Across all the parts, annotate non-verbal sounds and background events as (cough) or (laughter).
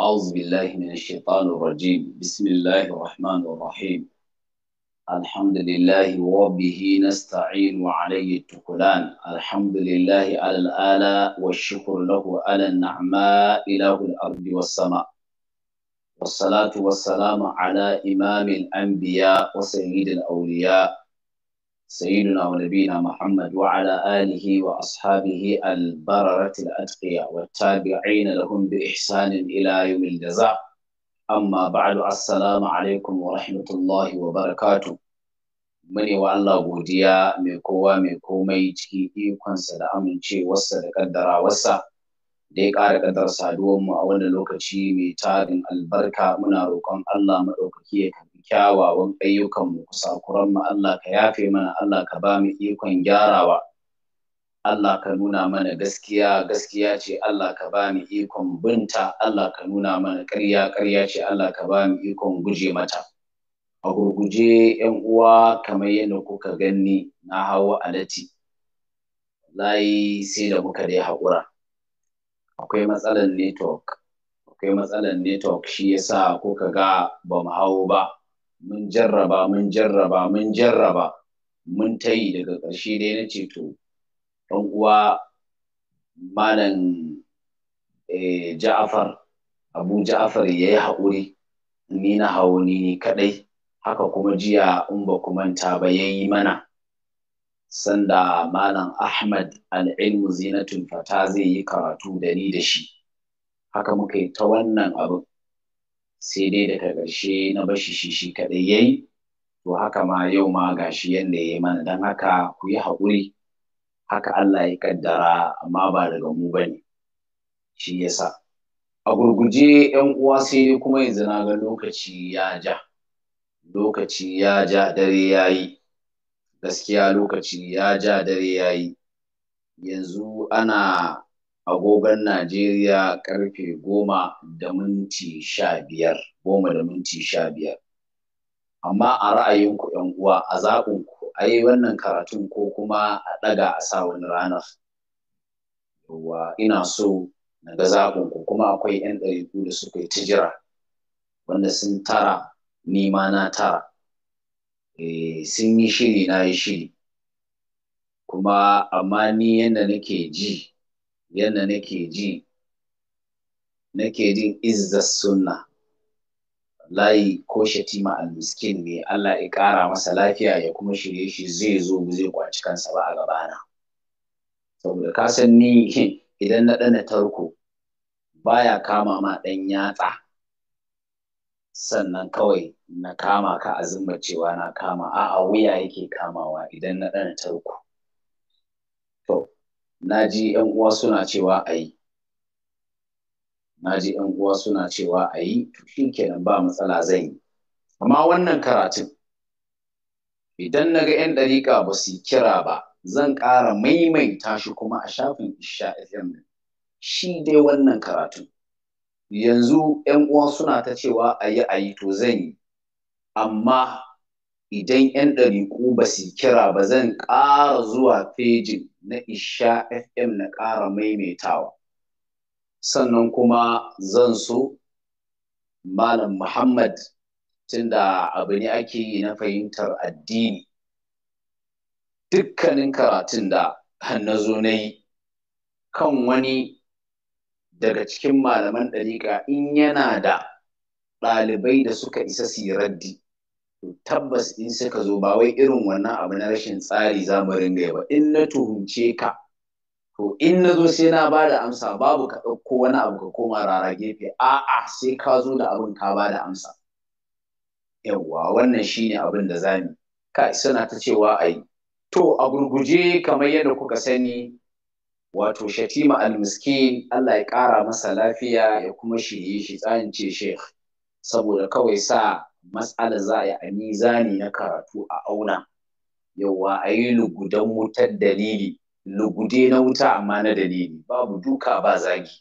أعوذ بالله من الشيطان الرجيم بسم الله الرحمن الرحيم الحمد لله وبه نستعين وعليه التكلان الحمد لله على الآلاء والشكر له على النعماء إله الأرض والسماء والصلاة والسلام على إمام الأنبياء وسيد الأولياء سيدنا ونبينا محمد وعلى آله وأصحابه البررة الأتقياء والتابعين لهم بإحسان إلى يوم الجزاء أما بعد السلام عليكم ورحمة الله وبركاته mune wa Allah godiya mai kowa mai komai ciki, ikonsa da amincewarsa da ƙaddarawarsa. da ya ƙara kaddar saduwar mu a wannan lokaci mai tarin albarka muna roƙon Allah maɗaukaki ya kyawawan ayyukanmu mu Allah ka yafe mana Allah ka ba mu ikon gyarawa Allah ka nuna mana gaskiya gaskiya ce Allah ka ba mu ikon binta Allah ka nuna mana ƙarya ƙarya ce Allah ka ba mu ikon guje mata a gurguje yan uwa kamar yadda kuka gani na hawa alati layi sai da muka dai haƙura akwai matsalar network akwai matsalar network shi yasa kuka ga ba mu hau ba mun jarraba mun jarraba mun jarraba mun ta yi daga ƙarshe dai na ce to ɗan uwa malam eh, ja'afar abu ja'afar ya yi haƙuri ni na hawo ni ne kaɗai haka kuma jiya in ba ku manta ba ya yi mana sanda malam ahmad al'ilmu zinatun fata zai yi karatu da ni da shi haka muka yi ta wannan abin sai dai daga ƙarshe na bashi shi shi kaɗai ya yi to haka ma yau ma gashi yadda ya yi mana don haka ku yi haƙuri haka Allah ya ƙaddara, amma ba daga mu ba ne shi yasa a gurguje yan uwa sai dai kuma yanzu na ga lokaci ya ja lokaci ya ja dare ya yi gaskiya lokaci ya ja dare ya yi yanzu ana agogon Najeriya karfe goma da minti sha biyar, goma da minti sha biyar. Amma a ra'ayinku ‘yan uwa a zaɓinku, a yi wannan karatun ko kuma a ɗaga a sa wani ranar. Yawwa ina so na ga zaɓinku kuma akwai ‘yan ɗariku da suka yi ta jira, wanda sun tara, ni ma na tara. Eh sun yi shiri na yi shiri. Kuma amma ni yadda nake ji yana nake ji nake jin izzar sunna layi ko shatima miskin ne Allah ya ƙara masa lafiya ya kuma shirye shi zai zo zai kwaci kansa ba a gabana saboda ka san ni (laughs) idan na ɗana tarko baya kama ma ɗan yatsa sannan kawai na kama ka a cewa na kama a'a wuya yake kamawa idan na ɗana tarko na ji ‘yan uwa suna cewa a yi na ji ‘yan uwa suna cewa a yi to shi kenan ba matsala zai yi amma wannan karatun idan na ga ‘yan ɗariƙa ba su kira ba zan ƙara maimaita shi kuma a shafin isha fm shi dai wannan karatun yanzu ‘yan uwa suna ta cewa a yi a yi to zan yi amma idan 'yan ɗariƙu ba su kira ba zan ƙara zuwa fejin na Isha FM na ƙara maimaitawa. Sannan kuma zan so Malam Muhammad tunda abu ne ake yi na fahimtar addini. Dukkanin karatun da na zo na yi kan wani daga cikin malaman ɗariƙa in yana da ɗalibai da suka isa su tabbas in suka zo ba wai irin wannan abu na rashin tsari za mu ringa ba in na tuhunce ka to in na zo sai na bada amsa babu ka ɗauko wani abu ka koma rara gefe a'a sai ka zo da abin ka ba da amsa yawwa wannan shine abin da za mu ka suna ta cewa a to a gurguje kamar yadda kuka sani wato shatima almiskin Allah ya ƙara masa lafiya ya kuma shirye shi tsayin ce sheikh saboda kawai sa matsala za a yi a mizani na karatu a auna yawa a yi lugudan wutar dalili lugude na wuta amma na dalili babu duka ba zagi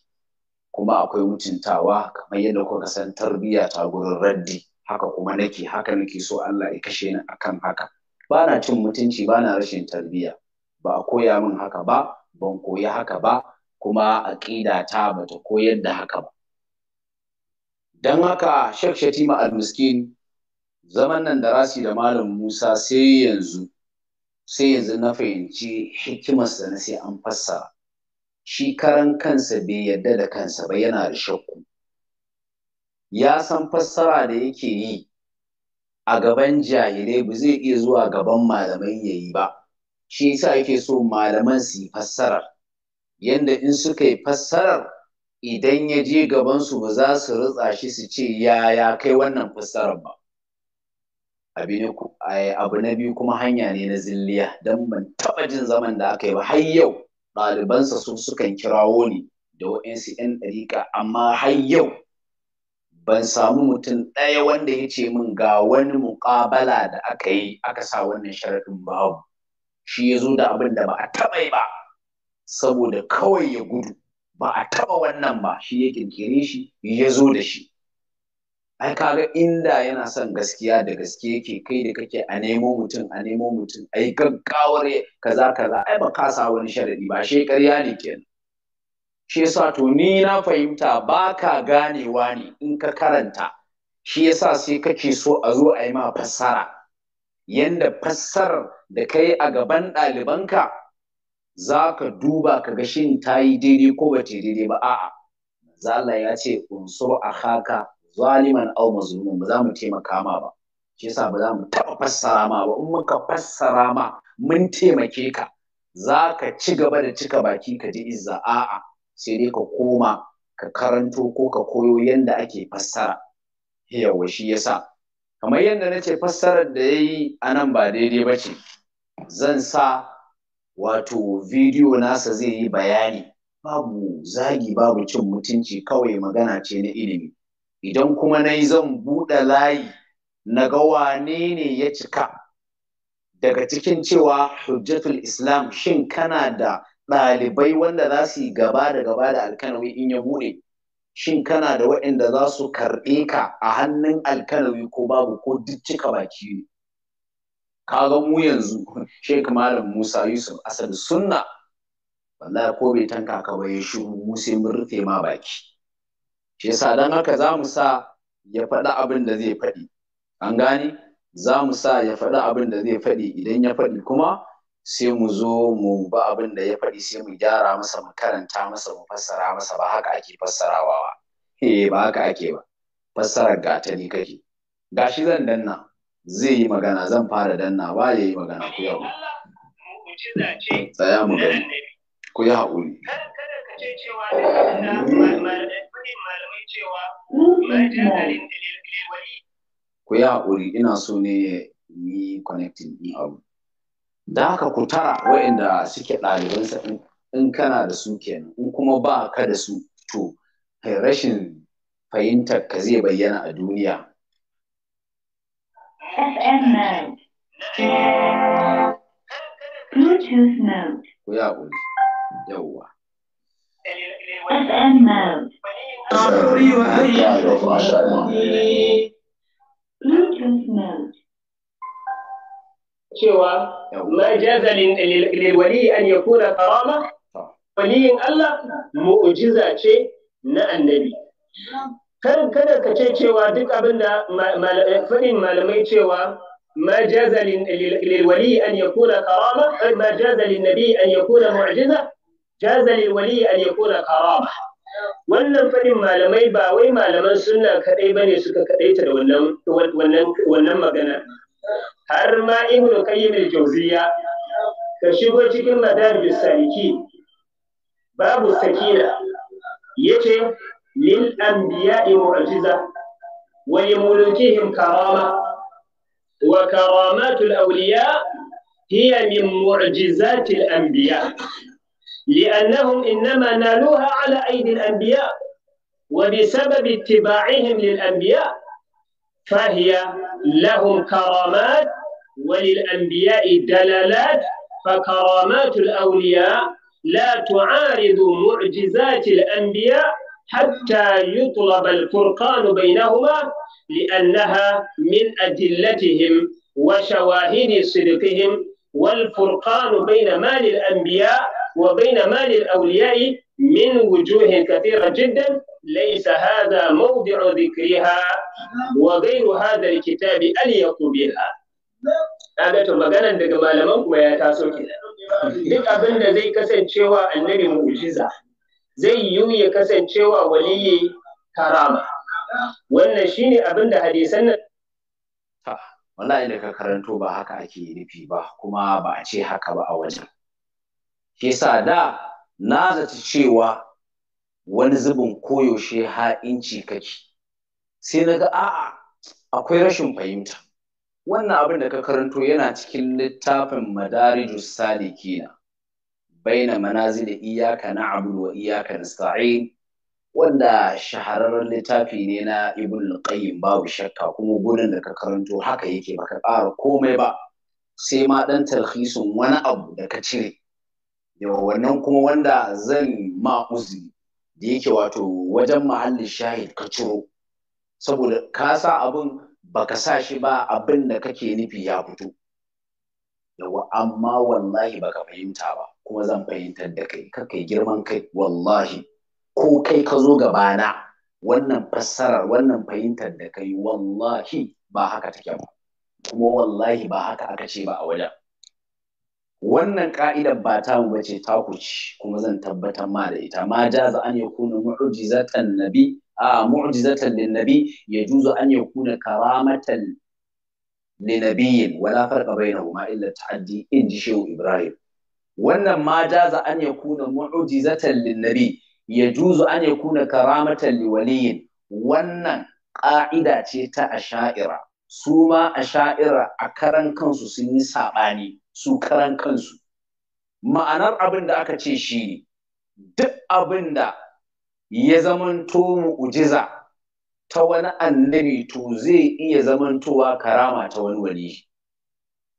kuma akwai mutuntawa kamar yadda kuka san tarbiyya ta gurin raddi haka kuma nake haka nake so Allah ya kashe ni akan haka ba na cin mutunci ba na rashin tarbiyya ba a koya min haka ba ban koyi haka ba kuma aqida ta bata koyar da haka ba don haka Sheikh shatima al-miskin zaman nan da rasi da malam musa sai yanzu sai yanzu na fahimci hikimarsa na sai an fassara shi karan kansa bai yarda da kansa ba yana da shakku ya san fassara da yake yi a gaban jahilai ba zai iya zuwa gaban malamai ya yi ba shi yasa yake so malaman su yi fassarar yanda in suka yi fassarar idan ya je gabansu ba za su rutsa shi su ce ya ya kai wannan fassarar ba abu na biyu kuma hanya ne na zilliya don ban taɓa jin zaman da aka yi ba har yau ɗalibansa su sukan kirawo ne da wa'insu 'yan ɗariƙa amma har yau ban samu mutum ɗaya wanda ya ce min ga wani muƙabala da aka yi aka sa wannan sharaɗin babu shi ya zo da abin da ba a taɓa yi ba saboda kawai ya gudu ba a taɓa wannan ba shi ya kirkire shi ya zo da shi ai kaga inda yana son gaskiya da gaske yake kai da kake a nemo mutum a nemo mutum ai gaggawar kaza kaza ai ba ka sa wani sharaɗi ba shi ƙarya ne kenan shi yasa to ni na fahimta ba ka ganewa ne in ka karanta shi yasa sai kake so a zo a yi ma fassara yanda fassarar da ka yi a gaban ɗalibanka za ka duba ka ga shin ta yi daidai ko ba ta daidai ba a'a zalla ya ce unsur a haka zaliman au mazlumun ba za mu taimaka ma ba shi yasa ba za mu taɓa fassara ma ba in muka fassara ma mun taimake ka za ka ci gaba da cika baki ka ji izza a'a sai dai ka koma ka karanto ko ka koyo yanda ake fassara yawa shi yasa kamar yadda na ce fassarar da ya yi a ba daidai ba ce zan sa wato bidiyo nasa zai yi bayani babu zagi babu cin mutunci kawai magana ce na ilimi idan kuma na yi zan buɗe layi na ga wane ne ya cika daga cikin cewa hujjatul islam shin kana da ɗalibai wanda za su yi gaba da gaba da alkanawi in ya buɗe shin kana da waɗanda za su karɓe ka a hannun alkanawi ko babu ko duk cika baki ne Ka ga mu yanzu Sheikh Malam Musa Yusuf Asad Sunna wallahi ko bai tanka ka ba ya shiru mu sai mun rufe ma baki shi yasa dan haka za mu sa ya faɗi abin da zai faɗi an gane za mu sa ya faɗi abin da zai faɗi idan ya faɗi kuma sai mu zo mu ba abin da ya faɗi sai mu gyara masa mu karanta masa mu fassara masa ba haka ake fassarawa ba eh ba haka ake ba fassarar gatani kake gashi zan danna zai yi magana zan fara danna ba ya yi magana ku yau tsaya mu ku yi haƙuri ku yi haƙuri ina so ne yi connecting in abu da haka ku tara waɗanda suke ɗalibansa in kana da su kenan in kuma ba ka da su to rashin fahimtar ka zai bayyana a duniya FM mode. Bluetooth mode. Ku ya ƙuri. Yawwa. FM mode. Bluetooth mode. cewa ma jaza lilwali an ya kuna karama waliyin Allah mu'ujiza ce na annabi kan kada ka ce cewa duk abin da eh, faɗin malamai cewa ma jaza an ya an yakuna karama eh, ma jaza lin nabi an yakuna mu'jiza jaza lil wali an yakuna karama wannan faɗin malamai ba wai malaman sunna kadai ne suka ta da wannan magana har ma ibnu qayyim al-jawziya ka shigo cikin madarijus saliki babu sakina yace للأنبياء معجزة ولملوكهم كرامة وكرامات الأولياء هي من معجزات الأنبياء لأنهم إنما نالوها على أيدي الأنبياء وبسبب اتباعهم للأنبياء فهي لهم كرامات وللأنبياء دلالات فكرامات الأولياء لا تعارض معجزات الأنبياء حتى يطلب الفرقان بينهما لأنها من أدلتهم وشواهد صدقهم والفرقان بين مال الأنبياء وبين مال الأولياء من وجوه كثيرة جدا ليس هذا موضع ذكرها وغير هذا الكتاب أليق بها هذا to maganan daga malaman kuma ya taso kenan duk abin da zai kasancewa zai yiwu ya kasancewa waliyi karama wannan shine abin da hadisan nan wallahi da ka karanto ba haka ake nufi ba kuma ba a ce haka ba a wajen ke sa da na zata cewa wani zubin koyaushe ha'inci kake sai na ga a'a akwai rashin fahimta wannan abin da ka karanto yana cikin littafin madarijus salikina baina iyaka na abu wa na sa'i wanda shahararren littafi ne na ibn al babu shakka kuma gurin da ka karanto haka yake baka ƙara komai ba sai ma ɗan talhisin wani abu da ka cire yawa wannan kuma wanda zan ma uzi da yake wato wajen mahallin shahid ka ciro saboda ka sa abin baka sa shi ba abin da kake nufi ya fito yawa amma wallahi baka fahimta ba kuma zan fahimtar da kai kar kai girman kai wallahi ko kai ka zo gabana wannan fassarar wannan fahimtar da kai wallahi ba haka take ba kuma wallahi ba haka aka ce ba a wajen wannan ka'idar ba ta mu bace ta kuci kuma zan tabbatar ma da ita ma jaza an yakuna mu'jizatan nabi a mu'jizatan lin nabi yajuzu an yakuna karamatan li nabiyyin wala farqa bainahuma illa ta'addi in ji shehu ibrahim wannan ma jaza an yakuna mu'jizatan ya yajuzu an yakuna karamatan liwaliyin wannan ƙa'ida ce ta asha'ira su ma asha'ira a karan kansu sun yi saɓani su karan kansu ma'anar abin da aka ce shi duk abin da ya zamanto mu'ujiza ta wani annabi to zai iya zamantowa karama ta wani wali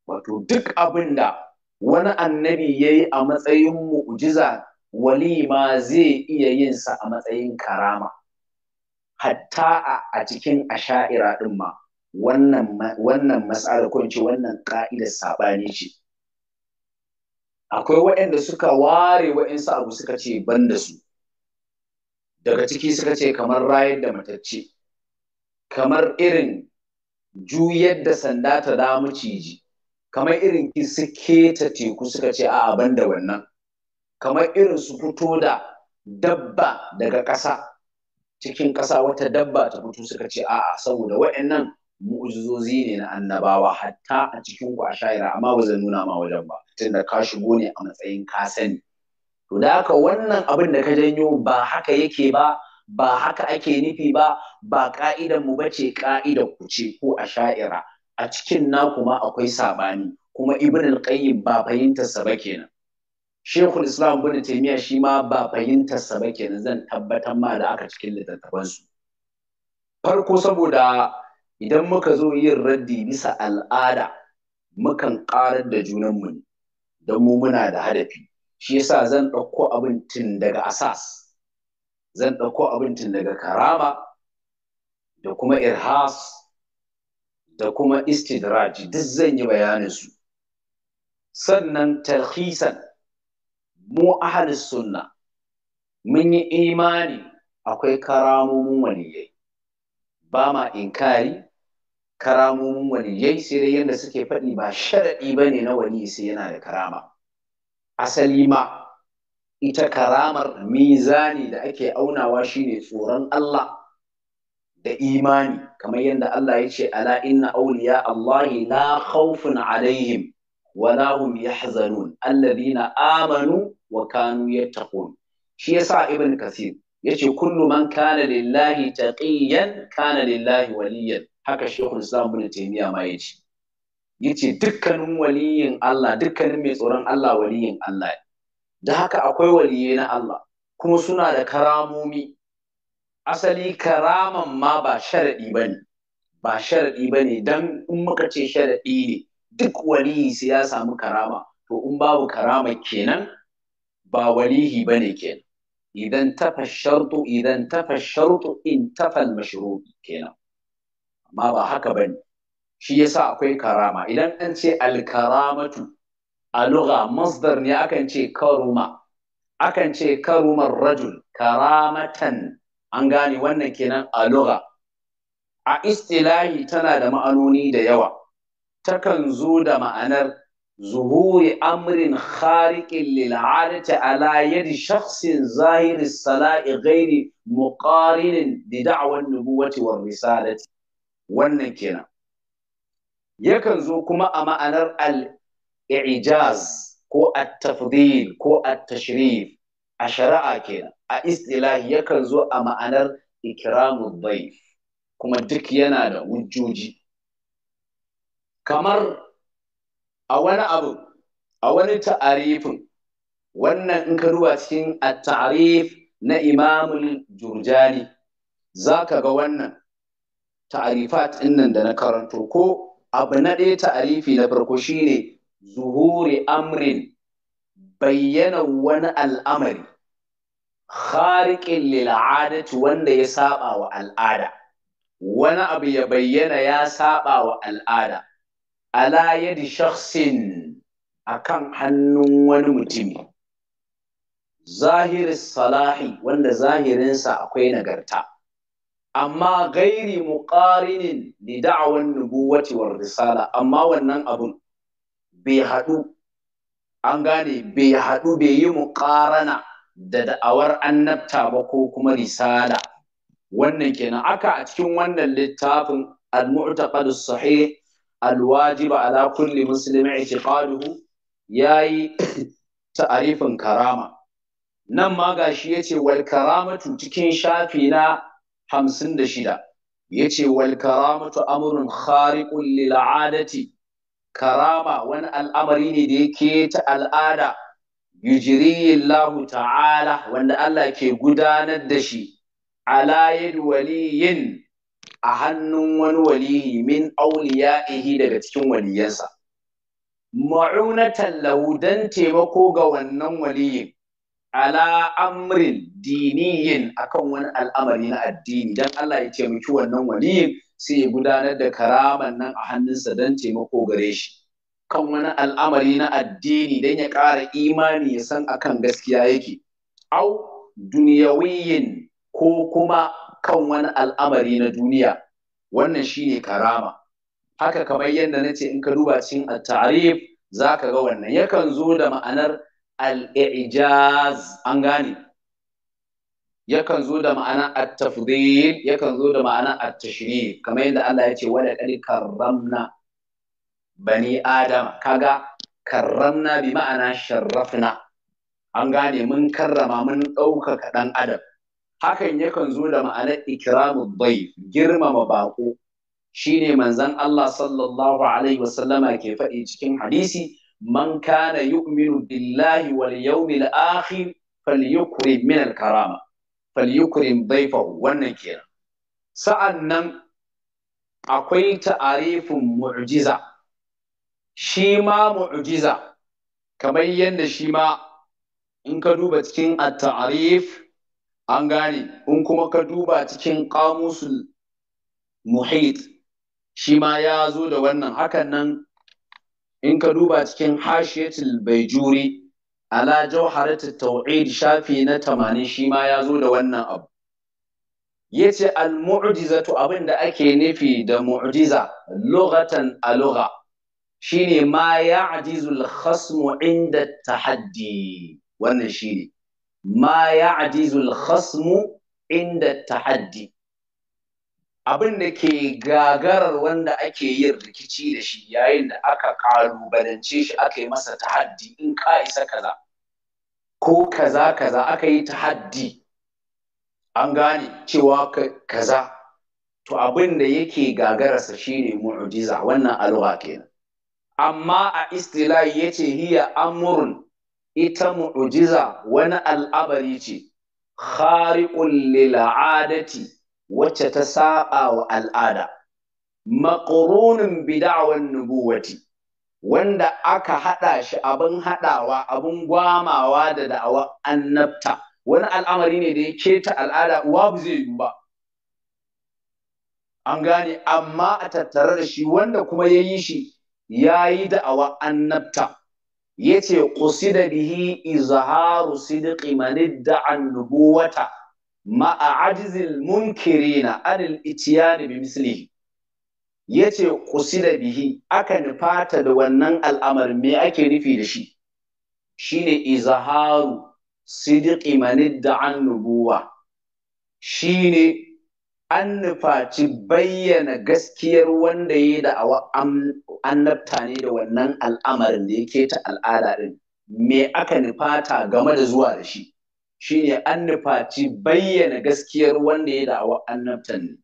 wato duk abin da wani annabi ya yi a matsayin mu'ujiza, walima zai iya yin sa a matsayin karama hatta a cikin asha'ira ɗin ma wannan mas'ala ko ce wannan ka'idar saɓani ce akwai waɗanda suka ware waɗansu abu suka ce ban da su daga ciki suka ce kamar rayar da matacce kamar irin juyar da sanda ta da maciji kamar irin su keta teku suka ce a abin da wannan kamar irin su fito da dabba daga ƙasa cikin ƙasa wata dabba ta fito suka ce a'a saboda waɗannan mu'ujizozi ne na annabawa hatta a cikin ku a sha'ira amma ba zai nuna ma wajen ba tunda ka shigo ne a matsayin ka sani to da haka wannan abin da ka janyo ba haka yake ba ba haka ake nufi ba ba ka'idanmu mu bace ka'idan ku ce ko a sha'ira a cikin na kuma akwai sabani kuma ibn al-qayyim ba fahimtar sa ba kenan shekul islam ibn taymiya shi ma ba fahimtar sa ba kenan zan tabbatar ma da aka cikin littattafan su farko saboda idan muka zo yin raddi bisa al'ada mukan karar da junan mu don mu muna da hadafi shi yasa zan ɗauko abin tun daga asas zan ɗauko abin tun daga karama da kuma irhas da kuma istidraj duk zan yi bayanin su sannan talhisan mu ahlus sunna mun yi imani akwai karamomin waliyai ba ma inkari karamomin waliyai sai dai yadda suke faɗi ba sharaɗi ba ne na wali sai yana da karama asali ma ita karamar mizani da ake aunawa shine tsoron Allah da imani kamar yadda Allah ya ce ala inna awliya Allahi la khawfun alaihim wa la hum yahzanun alladhina amanu wa kanu yattaqun shi yasa ibn kasir yace kullu man kana lillahi taqiyan kana lillahi waliyan haka shekul islam ibn taymiya ma yace yace dukkanin waliyin Allah dukkanin mai tsoron Allah waliyin Allah da haka akwai waliyai na Allah kuma suna da karamomi asali karaman ma ba sharaɗi ba ne ba sharaɗi ba ne don in muka ce sharaɗi ne duk waliyi sai ya samu karama to in babu karama kenan ba walihi ba ne kenan idan tafa shartu idan tafa shartu in tafa mashruti kenan amma ba haka ne. shi yasa akwai karama idan an ce alkaramatu a lugha masdar ne akan ce karuma akan ce karumar rajul karamatan an gane wannan kenan a lura a istilahi tana da ma'anoni da yawa takan zo da ma'anar zuhuri amrin khariqin lil adati ala yadi shakhsin zahiri sala'i ghairi muqarinin bi da'wan nubuwati wa risalati wannan kenan yakan zo kuma a ma'anar al-i'jaz ko at-tafdil ko at-tashrif a shari'a kenan a istilahi yakan zo a ma'anar ikramu bai kuma duk yana da hujjoji kamar a wani abu a wani ta'arifin wannan in ka duba cikin at-ta'rif na imamul jurjani zaka ga wannan ta'arifat ɗinnan da na karanto ko abu na ɗaya ta'arifi na farko shine zuhuri amrin bayyana wani al'amari khariƙin lil'adati wanda ya saba wa al'ada wani abu ya bayyana ya saba wa al'ada ala yadi shakhsin akan hannun wani mutumi zahiri salahi wanda zahirinsa akwai nagarta amma gairi muqarinin li da'awan nubuwati war risala amma wannan abun bai haɗu an gane bai haɗu bai yi muqarana da da'awar annabta ba ko kuma risala wannan kenan aka a cikin wannan littafin al-mu'taqad sahih al-wajib ala kulli muslim i'tiqaduhu yayi (coughs) tarifin karama nan ma gashi yace wal karamatu cikin shafi na 56 yace wal karamatu amrun khariqun lil 'adati karama wani al'amari ne da yake ta al'ada yujiriyillahu ta'ala wanda Allah ke gudanar da shi alayin waliyin a hannun wani waliyi min auliya'ihi daga cikin waliyansa ma'unatan lahu dan taimako ga wannan waliyin ala amrin diniyin akan wani al'amari na addini don Allah ya taimaki wannan waliyin sai ya gudanar da karaman nan a hannunsa dan taimako gare shi kan wani al'amari na addini don ya ƙara imani ya san akan gaskiya yake au duniyawiyin ko kuma kan wani al'amari na duniya wannan shine karama haka kamar yadda na ce in ka duba cin at-ta'rif ka ga wannan yakan zo da ma'anar al an gane yakan zo da ma'ana at-tafdil yakan zo da ma'ana at-tashrif kamar yadda Allah ya ce wala qad karramna bani adam kaga karramna bi ma'ana sharrafna an gane mun karrama mun ɗaukaka ɗan adam hakan yakan zo da ma'anar ikramu bai girmama baƙo shine manzon Allah sallallahu alaihi wasallama ke faɗi cikin hadisi man kana yu'minu billahi wal yawmil akhir falyukrim min al karama falyukrim dayfahu wannan kenan sa'annan akwai ta'arifin mu'jiza shi ma mu'jiza kamar yadda shi ma in ka duba cikin at-ta'rif an gane in kuma ka duba cikin qamusul muhit shi ma ya zo da wannan hakan nan in ka duba cikin hashiyatul baijuri ala jawharat tauhid shafi na tamanin shi ma ya zo da wannan abu yace al-mu'jizatu abin da ake nufi da mu'jiza lughatan a lugha shine ma ya'jizul khasmu inda tahaddi wannan shine ma ya'jizul khasmu inda tahaddi abin da ke gagarar wanda ake yin rikici da shi yayin da aka kalubalance shi aka yi masa tahaddi in ka isa kaza ko kaza kaza aka yi tahaddi an gane cewa kaza to abin da yake gagararsa shine mu'jiza wannan alwa kenan amma a istilahi ya ce hiya amurin ita mu'ujiza wani al'abari ce khari'un lil'adati wacce ta saba wa al'ada maqrunun bid'awan nubuwati wanda aka haɗa shi abin hadawa abin gwamawa da da'awa annabta wani al'amari ne da ya keta al'ada uwa zai yi ba an gane amma a tattare da shi wanda kuma ya yi shi ya yi da'awa annabta ya ce da bihi izharu sidqi man idda'a nubuwata ma'a ajizil munkirina anil itiyani bi ku yace da bihi aka nufata da wannan al'amar me ake nufi da shi shine izharu sidqi man idda'a nubuwa shine an nufaci bayyana gaskiyar wanda ya yi da'awa annabta ne da wannan al'amarin da ya ta al'ada ɗin me aka nufata game da zuwa da shi Shi ne an nufaci bayyana gaskiyar wanda ya yi da'awa annabtan ne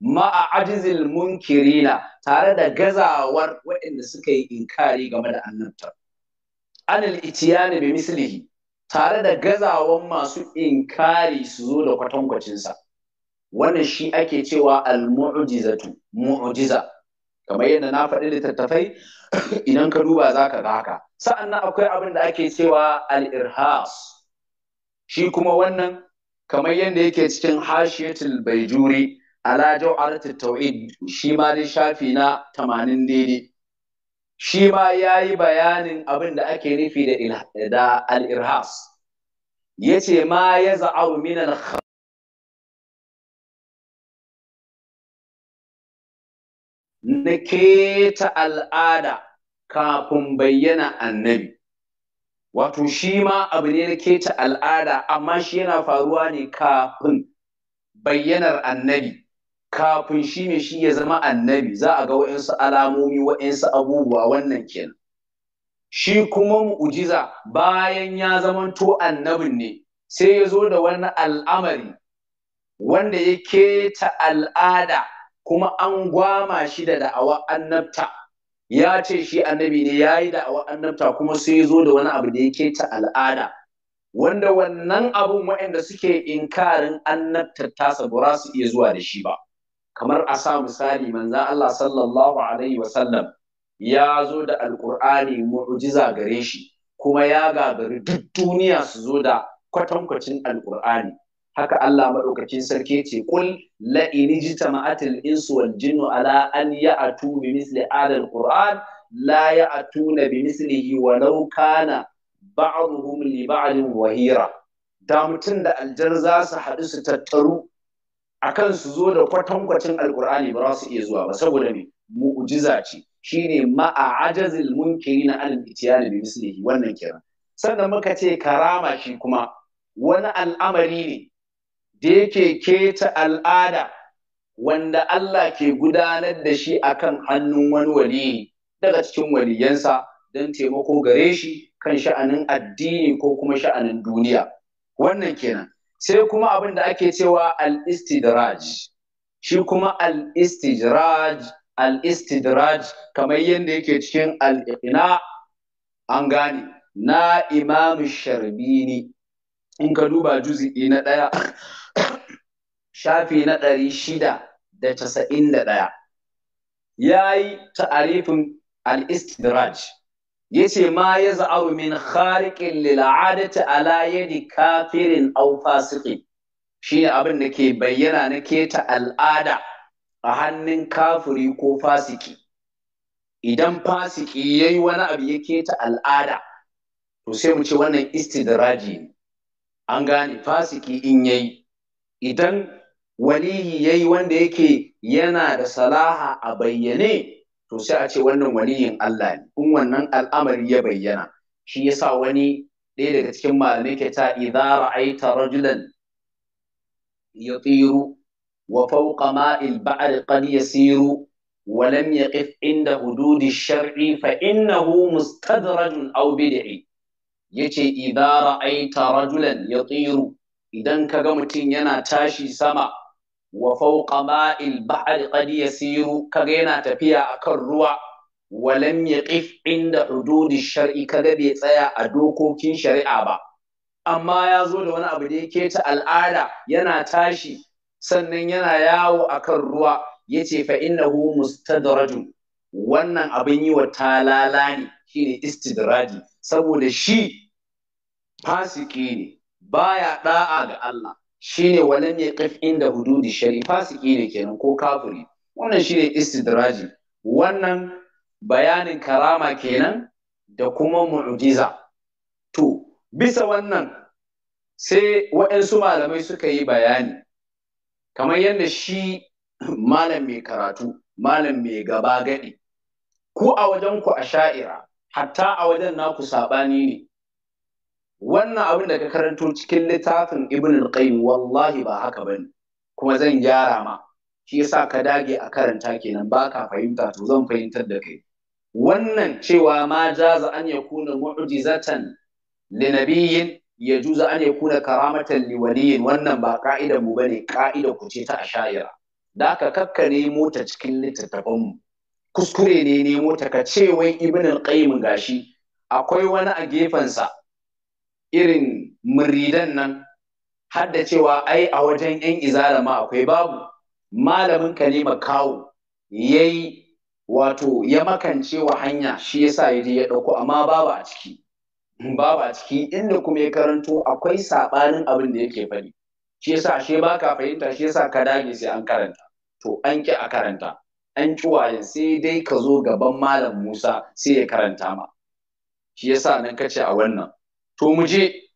ma'a ajizil munkirina tare da gazawar waɗanda suka yi inkari game da annabtar anil itiyani bi mislihi tare da gazawan masu inkari su zo da kwatankwacinsa wannan shi ake cewa al-mu'jizatu mu'jiza kamar yadda na faɗi littattafai (coughs) idan ka duba za ka ga haka sa'annan akwai abin da ake cewa al-irhas shi kuma wannan kamar yadda yake cikin hashiyatul baijuri ala jaw'aratul tauhid shi ma dai shafi na 80 daidai shi ma yayi bayanin abin da ake nufi da al-irhas yace ma yaz'u min al na keta al'ada kafin bayyana annabi wato shi ma abu ne na keta al'ada amma shi yana faruwa ne kafin bayyanar annabi kafin shi ne shi ya zama annabi za a ga wa'insu alamomi wa'insu abubuwa wannan kenan shi kuma mu'ujiza bayan ya zamanto annabin ne sai ya zo da wani al'amari wanda ya keta al'ada kuma an gwama shi da da'awa annabta ya ce shi annabi ne ya yi da'awa annabta kuma sai zo da wani abu da ya keta al'ada wanda wannan abun waɗanda suke inkarin annabtar tasa ba su iya zuwa da shi ba kamar a sa misali manzan Allah sallallahu alaihi wasallam ya zo da alkur'ani mu'jiza gare shi kuma ya gagari duk duniya su zo da kwatankwacin alkur'ani haka Allah maɗaukacin sarki ce kul la in jitama'atil insu wal jinnu ala an a bi misli adal qur'an la ya'tuna bi mislihi walau kana ba'dhum li ba'din wahira da mutum da aljar za su haɗu su tattaru akan su zo da kwatankwacin alkur'ani ba za su iya zuwa ba saboda me mu'jiza ce shine ma'a ajazil munkiri na alal bi mislihi wannan kiran. sannan muka ce karama shi kuma wani al'amari ne da yake keta al'ada wanda Allah ke gudanar da shi akan hannun wani wali daga cikin waliyansa don taimako gare shi kan sha'anin addini ko kuma sha'anin duniya wannan kenan sai kuma abin da ake cewa al’istidraj. shi kuma al’istidraj, al’istidraj kamar yadda yake cikin al’ina an gane na imamu sharbini in ka duba juzi'i na ɗaya (coughs) shafi na ɗari shida da casa'in da ɗaya ya yi ta'arifin al-istidraj ya ce ma ya za'aru min khariƙin lil'adati ala yadi kafirin au fasiki shi ne abin da ke bayyana na keta al'ada a hannun kafiri ko fasiki idan fasiki ya yi wani abu ya keta al'ada to sai mu ce wannan istidraji an gane fasiki in yayi idan waliyi yayi wanda yake yana da salaha a bayyane to sai a ce wannan waliyin Allah ne in wannan al'amari ya bayyana shi yasa wani ɗaya daga cikin malamai ke ta idza ra'aita rajulan yatiru wa fawqa ma'il ba'r qad yasiru wa lam yaqif inda hududi shar'i fa innahu mustadrajun aw bid'i yace idza ra'aita rajulan yatiru idan ka ga mutum yana tashi sama wa fauƙa ma'il bahr qad yasiru kaga yana tafiya akan ruwa walam yaqif inda hududi shar'i kaga bai tsaya a dokokin shari'a ba amma ya zo da wani abu da yake ta al'ada yana tashi sannan yana yawo akan ruwa yace fa innahu mustadraju wannan abin yi wa talala ne shine istidraji saboda shi fasiki ne baya ɗa'a ga Allah shine walam yaqif inda hududi shari fasiki ne kenan ko kafiri wannan shine istidraji wannan bayanin karama kenan da kuma mu'jiza to bisa wannan sai waɗansu malamai suka yi bayani kamar yadda shi malam mai karatu malam mai gaba gadi ku a wajen ku a sha'ira hatta a wajen naku saɓani ne wannan abin da ka karanto cikin littafin ibn al-qayyim wallahi ba haka bane kuma zan gyara ma shi yasa ka dage a karanta kenan baka fahimta to zan fahimtar da kai wannan cewa ma jaza an yakuna mu'jizatan li nabiyyin yajuza an yakuna karamatan li waliyin wannan ba ka'ida mu bane ka'ida ku ce ta ashaira da ka kakka nemo ta cikin littattafan mu kuskure ne nemo ta ka ce wai ibn al-qayyim gashi akwai wani a gefensa irin muridan nan har da cewa ai a wajen yan izala ma akwai babu malamin kalima kawo yayi wato ya makance wa hanya shi yasa ya je ya dauko amma babu a ciki babu a ciki inda kuma ya karanto akwai sabanin abin da yake faɗi shi yasa she ka fahimta shi yasa ka dage sai an karanta to an ki a karanta an ki sai dai ka zo gaban malam Musa sai ya karanta ma shi yasa nan kace a wannan to mu je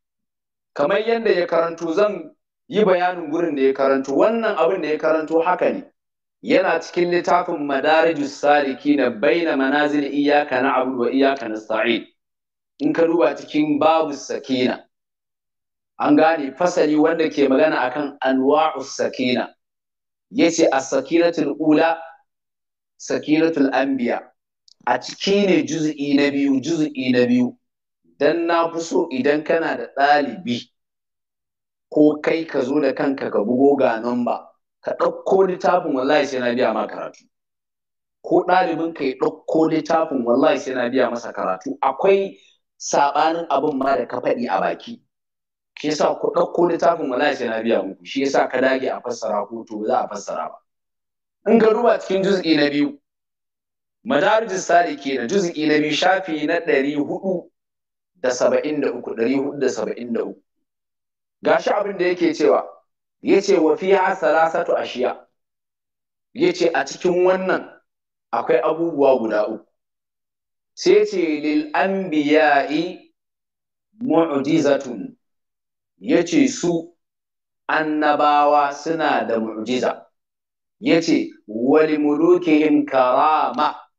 kamar yadda ya karanto zan yi bayanin gurin da ya karanto wannan abin da ya karanto haka ne yana cikin littafin madarijus saliki na baina manazil iyaka na abu wa iyaka na sa'id in ka duba cikin babu sakina an gane fasali wanda ke magana akan anwa'u sakina yace as-sakinatul ula sakinatul anbiya a ciki ne juz'i na biyu juz'i na biyu dan na fi so idan kana da ɗalibi ko kai ka zo da kanka ka bugo ga namba ka ɗauko littafin wallahi sai na biya ma karatu ko ɗalibin ka ya ɗauko littafin wallahi sai na biya masa karatu akwai saɓanin abin ma da ka faɗi a baki shi yasa ku ɗauko littafin wallahi sai na biya muku shi yasa ka dage a fassara ko to za a fassara ba in ka duba cikin juz'i na biyu madarijin saliki na juz'i na biyu shafi na ɗari huɗu. da saba'in da uku ɗari hudu da saba'in da uku Ga shi abin da yake cewa ya ce wa fiya a ashiya ya ce a cikin wannan akwai abubuwa guda uku sai ce lil an anbiya'i mu'jizatun ya ce su annabawa suna da mu'jiza ya ce wali mulukihim karama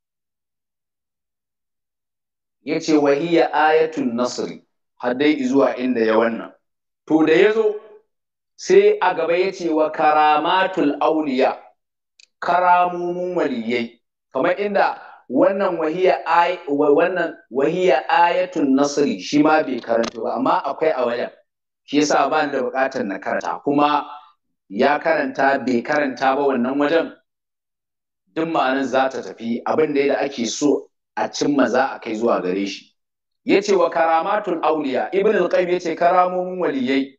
yace wa hiya ayatun nasri har dai inda ya wannan to da ya zo sai a gaba ya ce wa karamatul auliya karamumun waliyai kamar inda wannan wahiya ay wannan wahiya nasri shi ma bai karanta ba amma akwai a wajen shi yasa ba da bukatar na karanta kuma ya karanta bai karanta ba wannan wajen duk ma'anar za ta tafi abin da ake so a cimma za a kai zuwa gare shi Ya ce wa karamatul auliya ibn al-qayyim yace karamomin waliyai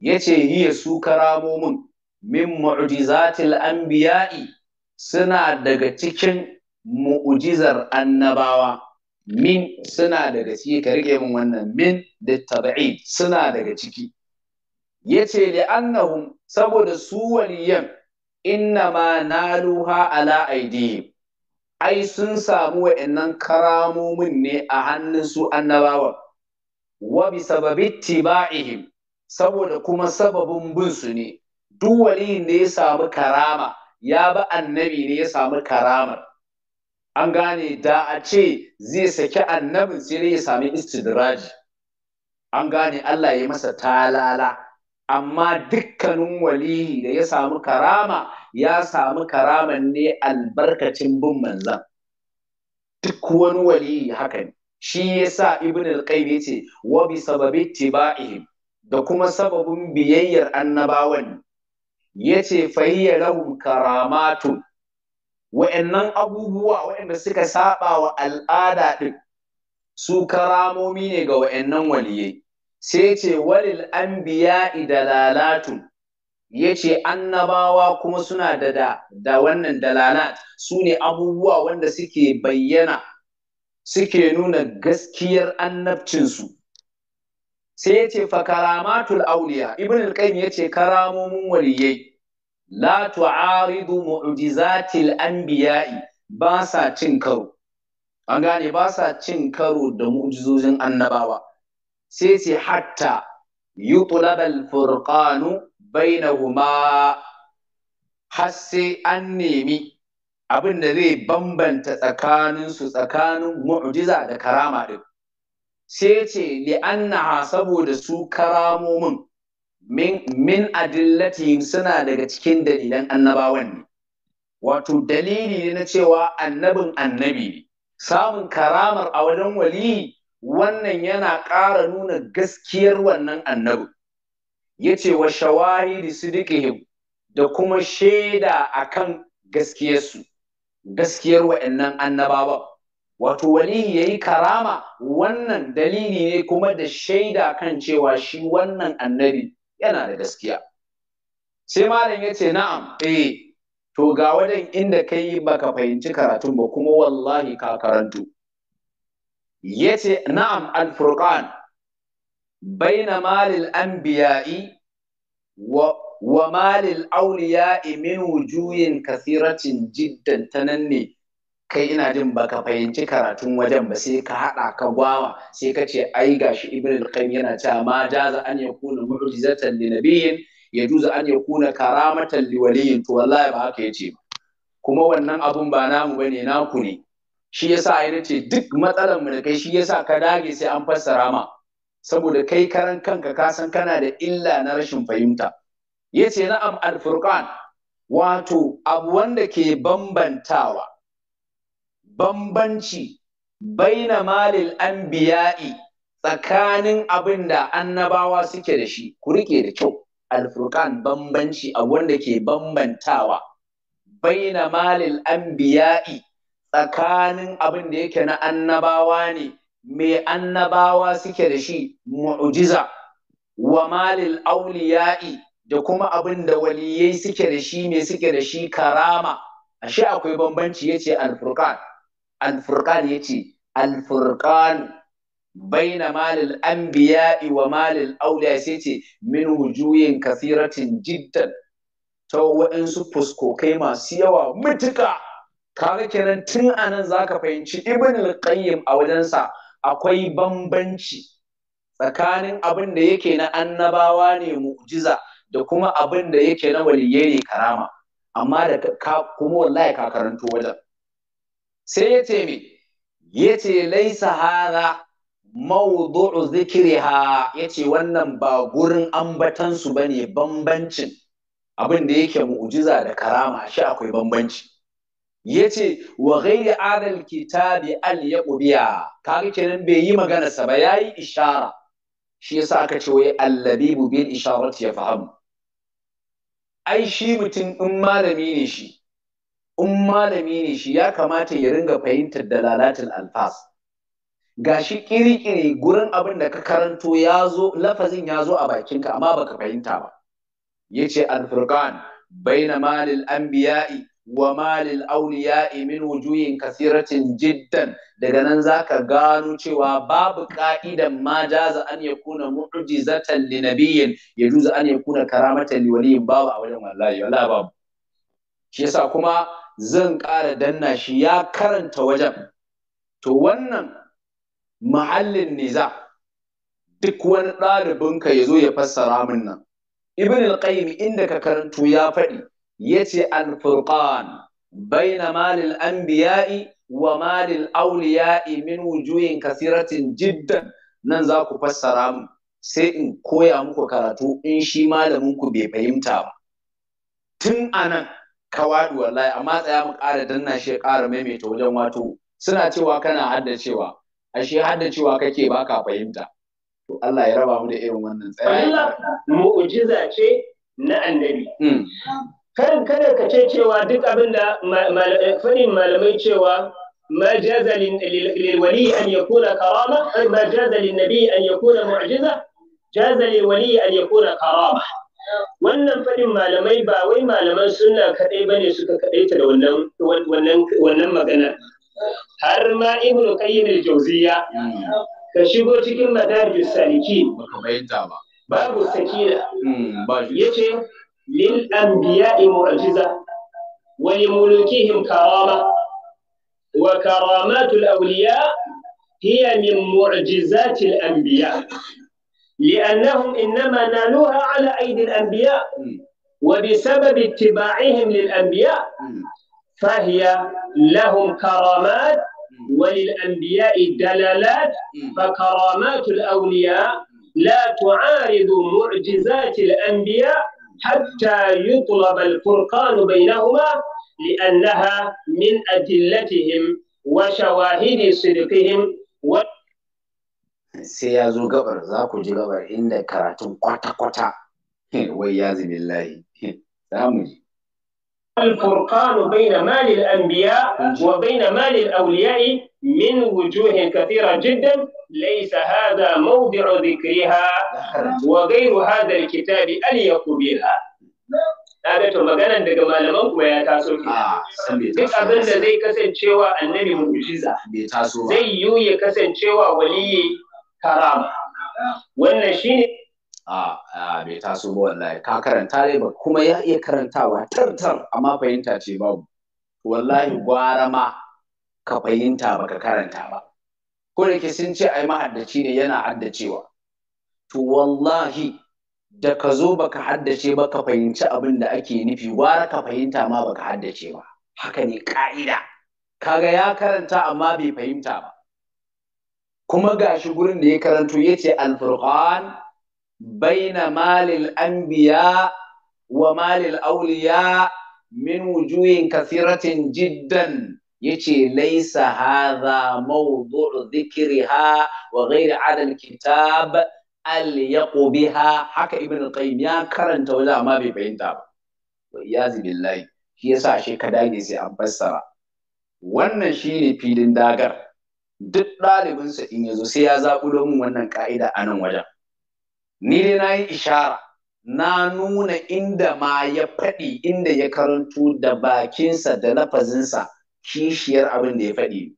Ya yace hiya su karamomin min mu'jizatil anbiya'i suna daga cikin mu'jizar annabawa min suna daga ciki ka rike min wannan min da tab'id suna daga ciki yace li annahum saboda su waliyan inna ma naluha ala aidihim ai sun samu wa'annan karamomin ne a hannun su annabawa, wa bi sababi tiba'ihim saboda kuma sababin bin su ne duk waliyin da ya samu karama ya ba annabi ne ya samu karamar an gane da a ce zai saki annabin sai ya sami istidraji an gane Allah ya masa talala amma dukkanin waliyi da ya samu karama ya samu karaman ne albarkacin bin manzan duk wani wali haka ne shi ya yasa ibn al-qayyim ce, wa bi sababi tiba'ihim da kuma sababin biyayyar annabawan Ya yace fahiyya lahum karamatun wa'annan abubuwa wa'anda suka saba wa al'ada ɗin su karamomi ne ga wa'annan waliyai sai ce walil biya idalalatun ya ce annabawa kuma suna da da, da wannan dalalat su ne abubuwa wanda suke bayyana suke nuna gaskiyar annabcinsu sai ya ce fa karamatul auliya ibn al-qayyim ya ce karamomin waliyai la tu'aridu mu'jizatil anbiya'i ba sa cin karo an gane ba sa cin karo da mu'jizojin annabawa sai ce hatta yutlab al-furqanu bainahuma har sai an nemi abin da zai bambanta tsakaninsu tsakanin mu'jiza da karama ɗin. Sai ce li'annaha saboda su karamomin min, min adillatihim suna daga cikin dalilan annabawan ne. Wato dalili ne na cewa annabin annabi ne. Samun karamar a wajen waliyi wannan yana ƙara nuna gaskiyar wannan annabin. yace wa shawahidi sidiqihim da kuma shaida akan gaskiyarsu gaskiyar wa'annan ba wato walihi yayi karama wannan dalili ne kuma da shaida kan cewa shi wannan annabi yana da gaskiya sai malam yace na'am eh to ga wadan inda kai baka fahimci karatun ba kuma wallahi ka karantu yace na'am al-furqan baina مال anbiya'i wa wa malil awliya'i min wujuhin kasiratin jiddan kai ina jin baka fahimci karatun wajen ba sai ka haɗa ka gwawa sai ka ce ai gashi ibn al-qayyim yana cewa ma jaza an yakuna mu'jizatan li nabiyyin yajuzu an yakuna karamatan li waliyyin to wallahi ba haka yace ba kuma wannan abun ba namu bane naku ne shi yasa ai nace duk matsalar mu da kai shi yasa ka dage sai an fassara ma saboda kai karan kanka ka san kana da illa na rashin fahimta ya ce na'am al-furqan wato abu wanda ke bambantawa bambanci baina malil anbiya'i tsakanin abin da annabawa suke da shi ku rike da kyau alfurkan bambanci abu wanda ke bambantawa baina malil anbiya'i tsakanin abin da yake na annabawa ne mai annabawa suke da shi Mu'ujiza. wa malil auliya'i da kuma abin da waliyai suke da shi ne suke da shi karama ashe akwai bambanci yace al-furqan al-furqan yace al-furqan baina malil anbiya'i wa malil auliya sai ce min wujuyin kasiratin jiddan ta waɗansu fuskokai masu yawa mutuka kaga kenan tun anan zaka fahimci ibn al-qayyim a wajensa akwai bambanci tsakanin abin da yake na annabawa ne mu'jiza da kuma abin da yake na waliyye ne karama amma da ka kuma wallahi ka karanto wajen sai ya ce me ya ce laisa hada mawdu'u zikriha ya ce wannan ba gurin ambatansu ba ne bambancin abin da yake mu'jiza da karama shi akwai bambanci yace wa ghairi adal kitabi al yaqubiya kaga kenan bai yi magana sa ba yayi ishara shi yasa aka ce wai allabibu bil isharati ya fahimu ai shi mutum in malami ne shi in malami ne shi ya kamata ya ringa fahimtar dalalatul alfas gashi kirikiri gurin abin da ka karanto ya zo lafazin ya zo a bakinka amma baka fahimta ba yace al-furqan baina malil anbiya'i wa malil auliya min wujuyin kasiratin jiddan daga nan za ka gano cewa babu ka'idan ma jaza an yakuna mu'jizatan li nabiyyin yajuzu an yakuna karamatan li waliyin babu a wajen wallahi wallahi babu shi yasa kuma zan ƙara danna shi ya karanta wajen to wannan mahallin niza duk wani ɗalibinka ya zo ya fassara min nan ibn al-qayyim inda ka karanto ya faɗi yace al-furqan baina malil anbiya'i wa malil auliya'i min wujuhin kasiratin jiddan nan za ku fassara mu sai in koya muku karatu in shi malamin ku bai fahimta ba tun anan ka wallahi amma tsaya mu ƙara danna shi ƙara maimaita wajen wato suna cewa kana haddacewa ashe haddacewa kake baka fahimta to Allah ya raba mu da irin wannan tsaya mu'jiza ce na annabi hmm. karin kada ka ce cewa duk abin da fadin malamai cewa an ya kuna أن يكون majazalin nabi an ya kuna mu'ajiza, jazalin wali an ya kuna karama wannan fadin malamai ba wai malaman sunna kaɗai ba ne suka ta da wannan magana har ma ibnu qayyim al-jawziya ka shigo cikin madarijus saliki babu sakira hmm, yace للأنبياء معجزة ولملوكهم كرامة وكرامات الأولياء هي من معجزات الأنبياء لأنهم إنما نالوها على أيدي الأنبياء وبسبب اتباعهم للأنبياء فهي لهم كرامات وللأنبياء دلالات فكرامات الأولياء لا تعارض معجزات الأنبياء Hatta حتى يطلب الفرقان بينهما لأنها من أدلتهم وشواهد صدقهم و sai ya zo gabar za ku ji gabar inda karatun kwata-kwata wai ya zini lahi za mu ji Al-Furqanu bayna malil anbiya wa bayna malil awliya'i من وجوه كثيرة جدا ليس هذا موضع ذكرها وغير هذا الكتاب أليق بها kaga to maganan daga malaman kuma ya taso ke ah, duk abin da zai kasancewa annabi mu'jiza zai yiwu ya kasancewa waliyi karama wannan shine a ah, ah, bai taso ba wallahi ka karanta dai ba kuma ya iya karantawa tartar amma fahimta ce babu wallahi mm. gwara ma ka fahimta ba ka karanta ba ko da ke sun ce ai ma'addaci ne yana addacewa to wallahi da ka zo ba ka haddace ba ka fahimci abin da ake nufi wara ka fahimta ma ba ka haddace ba haka ne ka'ida kaga ya karanta amma bai fahimta ba kuma ga shi gurin da ya karanto yace al alfurqan baina malil anbiya wa malil auliya min wujuyin kasiratin jiddan yace laisa hadha mawdu'u dhikriha wa ghairu adal kitab al biha haka ibn al-qayyim ya karanta wajen amma bai fahimta ba wa iyazi billahi shi yasa shi ka dage sai an fassara wannan shine filin dagar duk ɗalibinsa in yazo sai ya zaɓi domin wannan ƙa'ida a nan wajen ni dai na yi ishara na nuna inda ma ya faɗi inda ya karanto da bakinsa da lafazinsa kishiyar abin da ya faɗi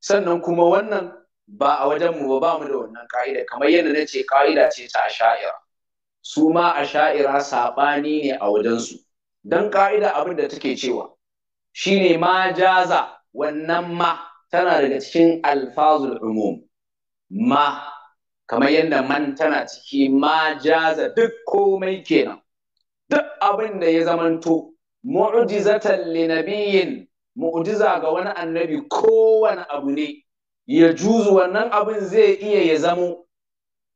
sannan kuma wannan ba a wajen mu ba mu da wannan ka'ida kamar yadda na ce ka'ida ce ta asha'ira su ma asha'ira saɓani ne a wajensu don ka'ida abin da take cewa shine ma jaza wannan ma tana daga cikin alfazul umum ma kamar yadda man tana ciki ma jaza duk komai kenan duk abin da ya zamanto mu'jizatan li nabiyyin mu'jiza ga wani annabi kowane abu ne ya juzu wannan abin zai iya ya zamo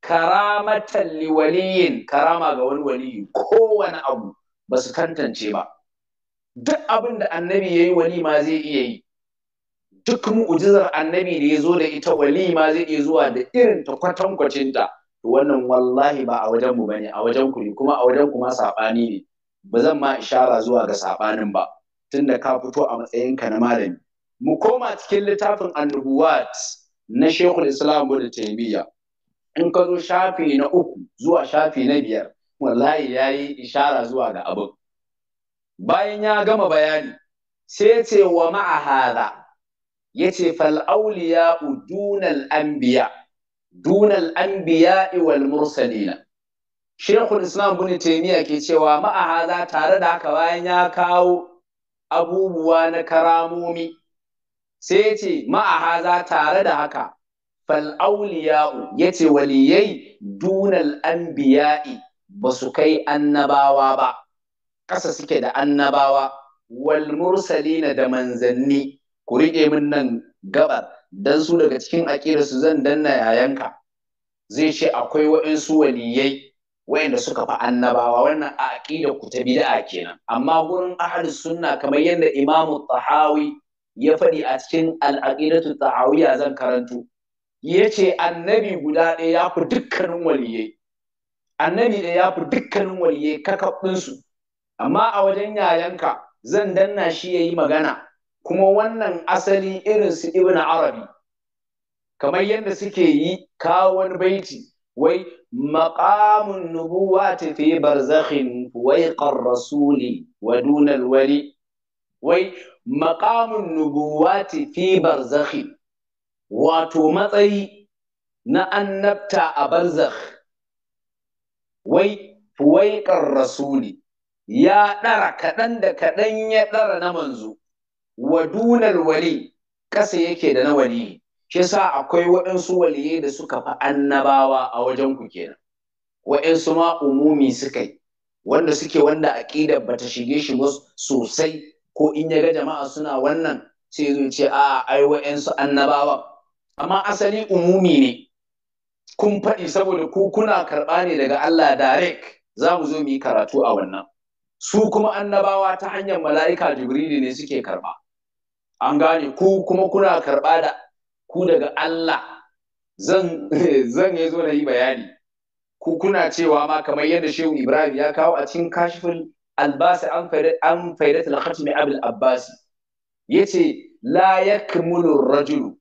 karamatan liwaliyin karama ga wani waliyi kowane abu ba su tantance ba duk abin da annabi ya yi wali zai iya yi duk mu'jizar annabi da ya zo da ita walima ma zai iya zuwa da irin ta kwatankwacinta to wannan wallahi ba a wajenmu ba ne a wajen ku ne kuma a wajen ku ma saɓani ne ba zan ma ishara zuwa ga saɓanin ba tunda ka fito a matsayinka na malami mu koma cikin littafin annubuwat na shekul islam da taimiyya in ka zo shafi na uku zuwa shafi na biyar wallahi ya yi ishara zuwa ga abin bayan ya gama bayani sai ce wa ma'ahada ya ce fal'auliya dunal anbiya dunal anbiya iwal mursalina shekul islam bin taimiyya ke cewa ma'ahada tare da haka bayan ya kawo abubuwa na karamomi sai ce ma'ahaza tare da haka fal'auliya'u ya ce waliyai dunal anbiya'i ba su kai annabawa ba ƙasa suke da annabawa wal mursalina da manzanni ku riƙe min nan gabar dan su daga cikin aƙirarsu zan danna yayanka zai ce akwai waɗansu waliyai wayanda suka fa annabawa wannan a aqida ku ta bid'a kenan amma gurin ahli sunna kamar yadda imamu tahawi ya faɗi a cikin al-aqidatu tahawiyya zan Ya yace annabi guda ɗaya ya fi dukkanin waliyai annabi ɗaya ya fi dukkanin waliyai kakabbin su amma a wajen yayanka zan danna shi yayi magana kuma wannan asali irin su ibn arabi kamar yadda suke yi kawo wani baiti wai مقام النبوة في برزخ فويق الرسول ودون الولي وي مقام النبوة في برزخ واتو مطي نأن نبتع برزخ وي فويق الرسول يا نرى كدن دا كدن يا نرى نمنزو ودون الولي كسي يكي دا نولي shi yasa akwai waɗansu waliye da suka fi annabawa a wajen ku kenan waɗansu ma umumi suka yi wanda suke wanda aƙidar ta shige shi ba sosai ko in ya ga jama'a suna wannan sai A'a ce a ai waɗansu annabawa amma asali umumi ne kun faɗi saboda ku kuna karɓa ne daga Allah direct za mu zo mu yi karatu a wannan su kuma annabawa ta hanyar mala'ika jibrili ne suke karɓa an gane ku kuma kuna karɓa da ku daga Allah zan (laughs) zan ya zo na yi bayani ku kuna cewa ma kamar yadda Shehu Ibrahim ya kawo a cikin kashifin albasi an faidat an faidat abin khatmi Ya ce, yace la ya kimulu rajulu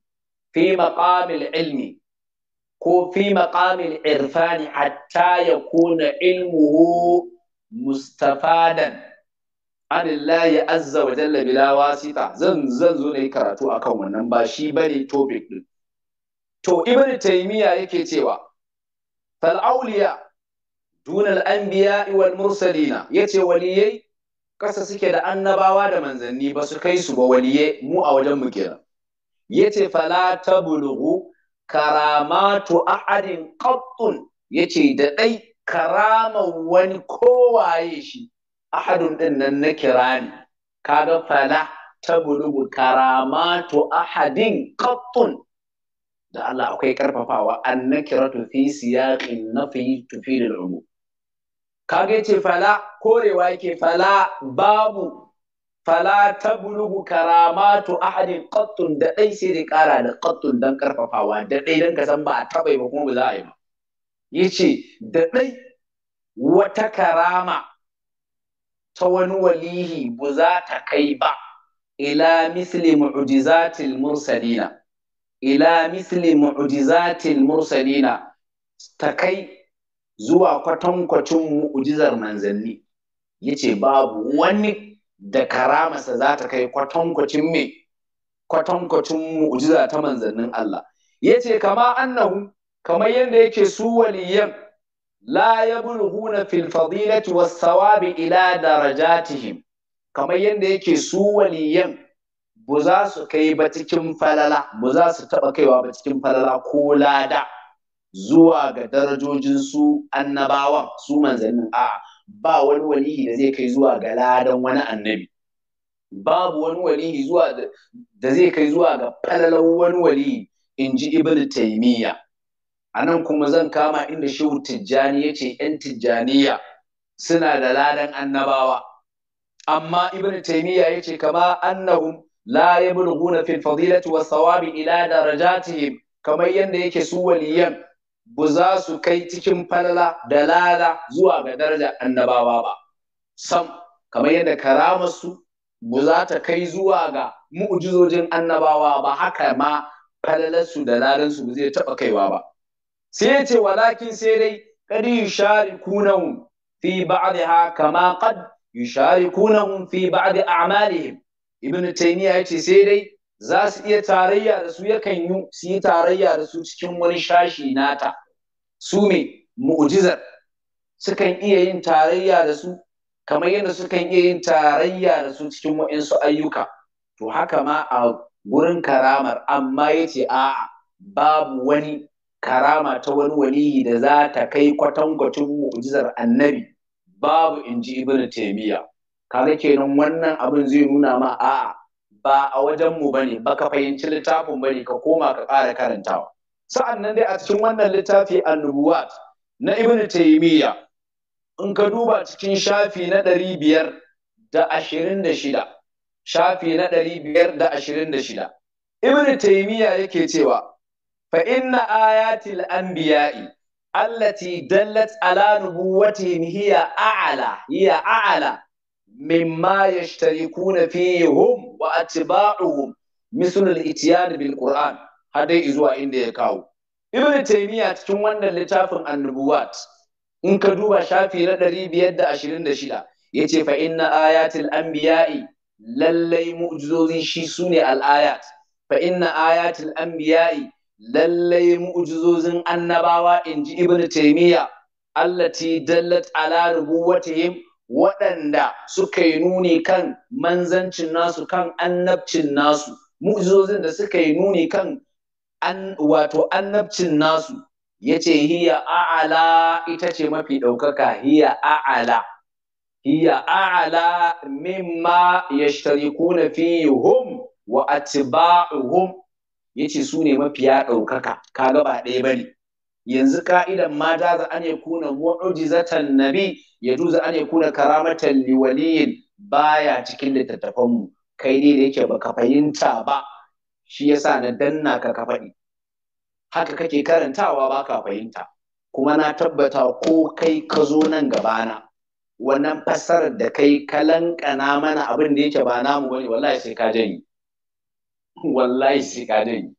fi maƙamil ilmi ko fi maƙamil irfani hatta kuna ilmuhu mustafadan anillahi azza wa jalla bila wasita zan zan zo nayi karatu akan wannan ba shi bane topic din to ibn taymiya yake cewa fal awliya dun al anbiya wal mursalina yace waliyai kasa suke da annabawa da manzanni ba su kai su ba waliye mu a wajen mu kenan yace fala tablughu karamatu ahadin qattun yace da dai karama wani kowaye shi ahadun din nan na kirani kaga fala ta bulugu karamatu ahadin qattun da Allah akwai karfafawa an nakiratu fi siyaqin nafi tufidul umum kaga yace fala korewa yake fala babu fala ta bulugu karamatu ahadin qattun da dai sai da kara da qattun dan karfafawa da dai dan ka ba a taba ba kuma ba za a yi ba yace da dai wata karama ta wani walihi bu za ta kai ba ila misli mu'jizatil mursalina ila misli mu'jizatil mursalina ta kai zuwa kwatankwacin mu'jizar manzanni yace babu wani da karamasa za ta kai kwatankwacin me kwatankwacin mu'jiza ta manzannin Allah yace kama annahu kamar yadda yake su waliyan la yablughuna fil fadilati was sawabi ila darajatihim kamar yadda yake su waliyan bu za su kai ba cikin falala bu za su taba kaiwa ba cikin falala ko lada zuwa ga darajojin su annabawan su manzannin a ba wani waliyi da zai kai zuwa ga ladan wani annabi babu wani waliyi zuwa da zai kai zuwa ga falalan wani waliyi in ji ibn taimiyya a nan kuma zan kama inda shehu tijjani ya ce ‘yan tijjaniya suna da ladan annabawa amma ibn taimiyya ya ce kama annahum la ya yabluguna fil fadilati wa sawabi ila darajatihim kamar yadda yake su waliyan bu za su kai cikin falala da lada zuwa ga darajar annabawa ba sam kamar yadda karamarsu bu za ta kai zuwa ga mu'ujizojin annabawa ba haka ma falalarsu da ladansu ba zai taɓa kaiwa ba sai ya ce walakin sai dai kad yusharikunahum fi ha kama qad yusharikunahum fi ba'd a'malihim ibnu taymiya ce sai dai za su iya tarayya da su yakan yi su yi tarayya da su cikin wani shashi nata su me mu'jizar sukan iya yin tarayya da su kamar yadda sukan iya yin tarayya da su cikin waɗansu ayyuka to haka ma a gurin karamar amma ya ce a'a babu wani karama ta wani waliyi da za ta kai kwatankwacin mu'jizar annabi babu in ji ibn taimiyya kaga kenan wannan abin zai nuna ma a'a ba a wajen mu bane ka fahimci littafin bane ka koma ka ƙara karantawa sa'an nan dai a cikin wannan littafi Nubuwat na ibn taimiyya in ka duba cikin shafi na ɗari biyar da ashirin da shida shafi na ɗari biyar da ashirin da shida ibn taimiyya yake cewa fa inna ayatil anbiya'i allati dallat ala nubuwatihim hiya a'la hiya a'la mimma yashtarikuna fihi hum wa atba'uhum misal al-ityan bil qur'an har dai inda ya kawo ibnu taymiya cikin wannan littafin annubuwat in ka duba shafi na shida, ya ce inna ayatil Ambiya'i lallai mu'jizozin shi sune al-ayat fa inna ayatil anbiya'i lallai mu'jizozin annabawa inji ibn taimiya allati dallat ala nubuwatihim waɗanda suka yi nuni kan manzancin nasu kan annabcin nasu mu'jizozin da suka yi nuni kan an wato annabcin nasu yace hiya a'ala ita ce mafi ɗaukaka hiya a'ala hiya a'ala mimma yashtarikuna fihum wa atba'uhum ya ce su ne mafiya ɗaukaka kaga ba ɗaya ba yanzu ka'idan ma da za an yakuna mu'jizatan nabi ya duza an kuna karamatan liwaliyin baya cikin littattafan mu kai ne da yake baka fahimta ba shi yasa na danna ka ka faɗi haka kake karantawa baka fahimta kuma na tabbata ko kai ka zo nan gabana wannan fassarar da kai ka lankana mana abin da yake ba namu bane wallahi sai ka janye wallahi sai ka dani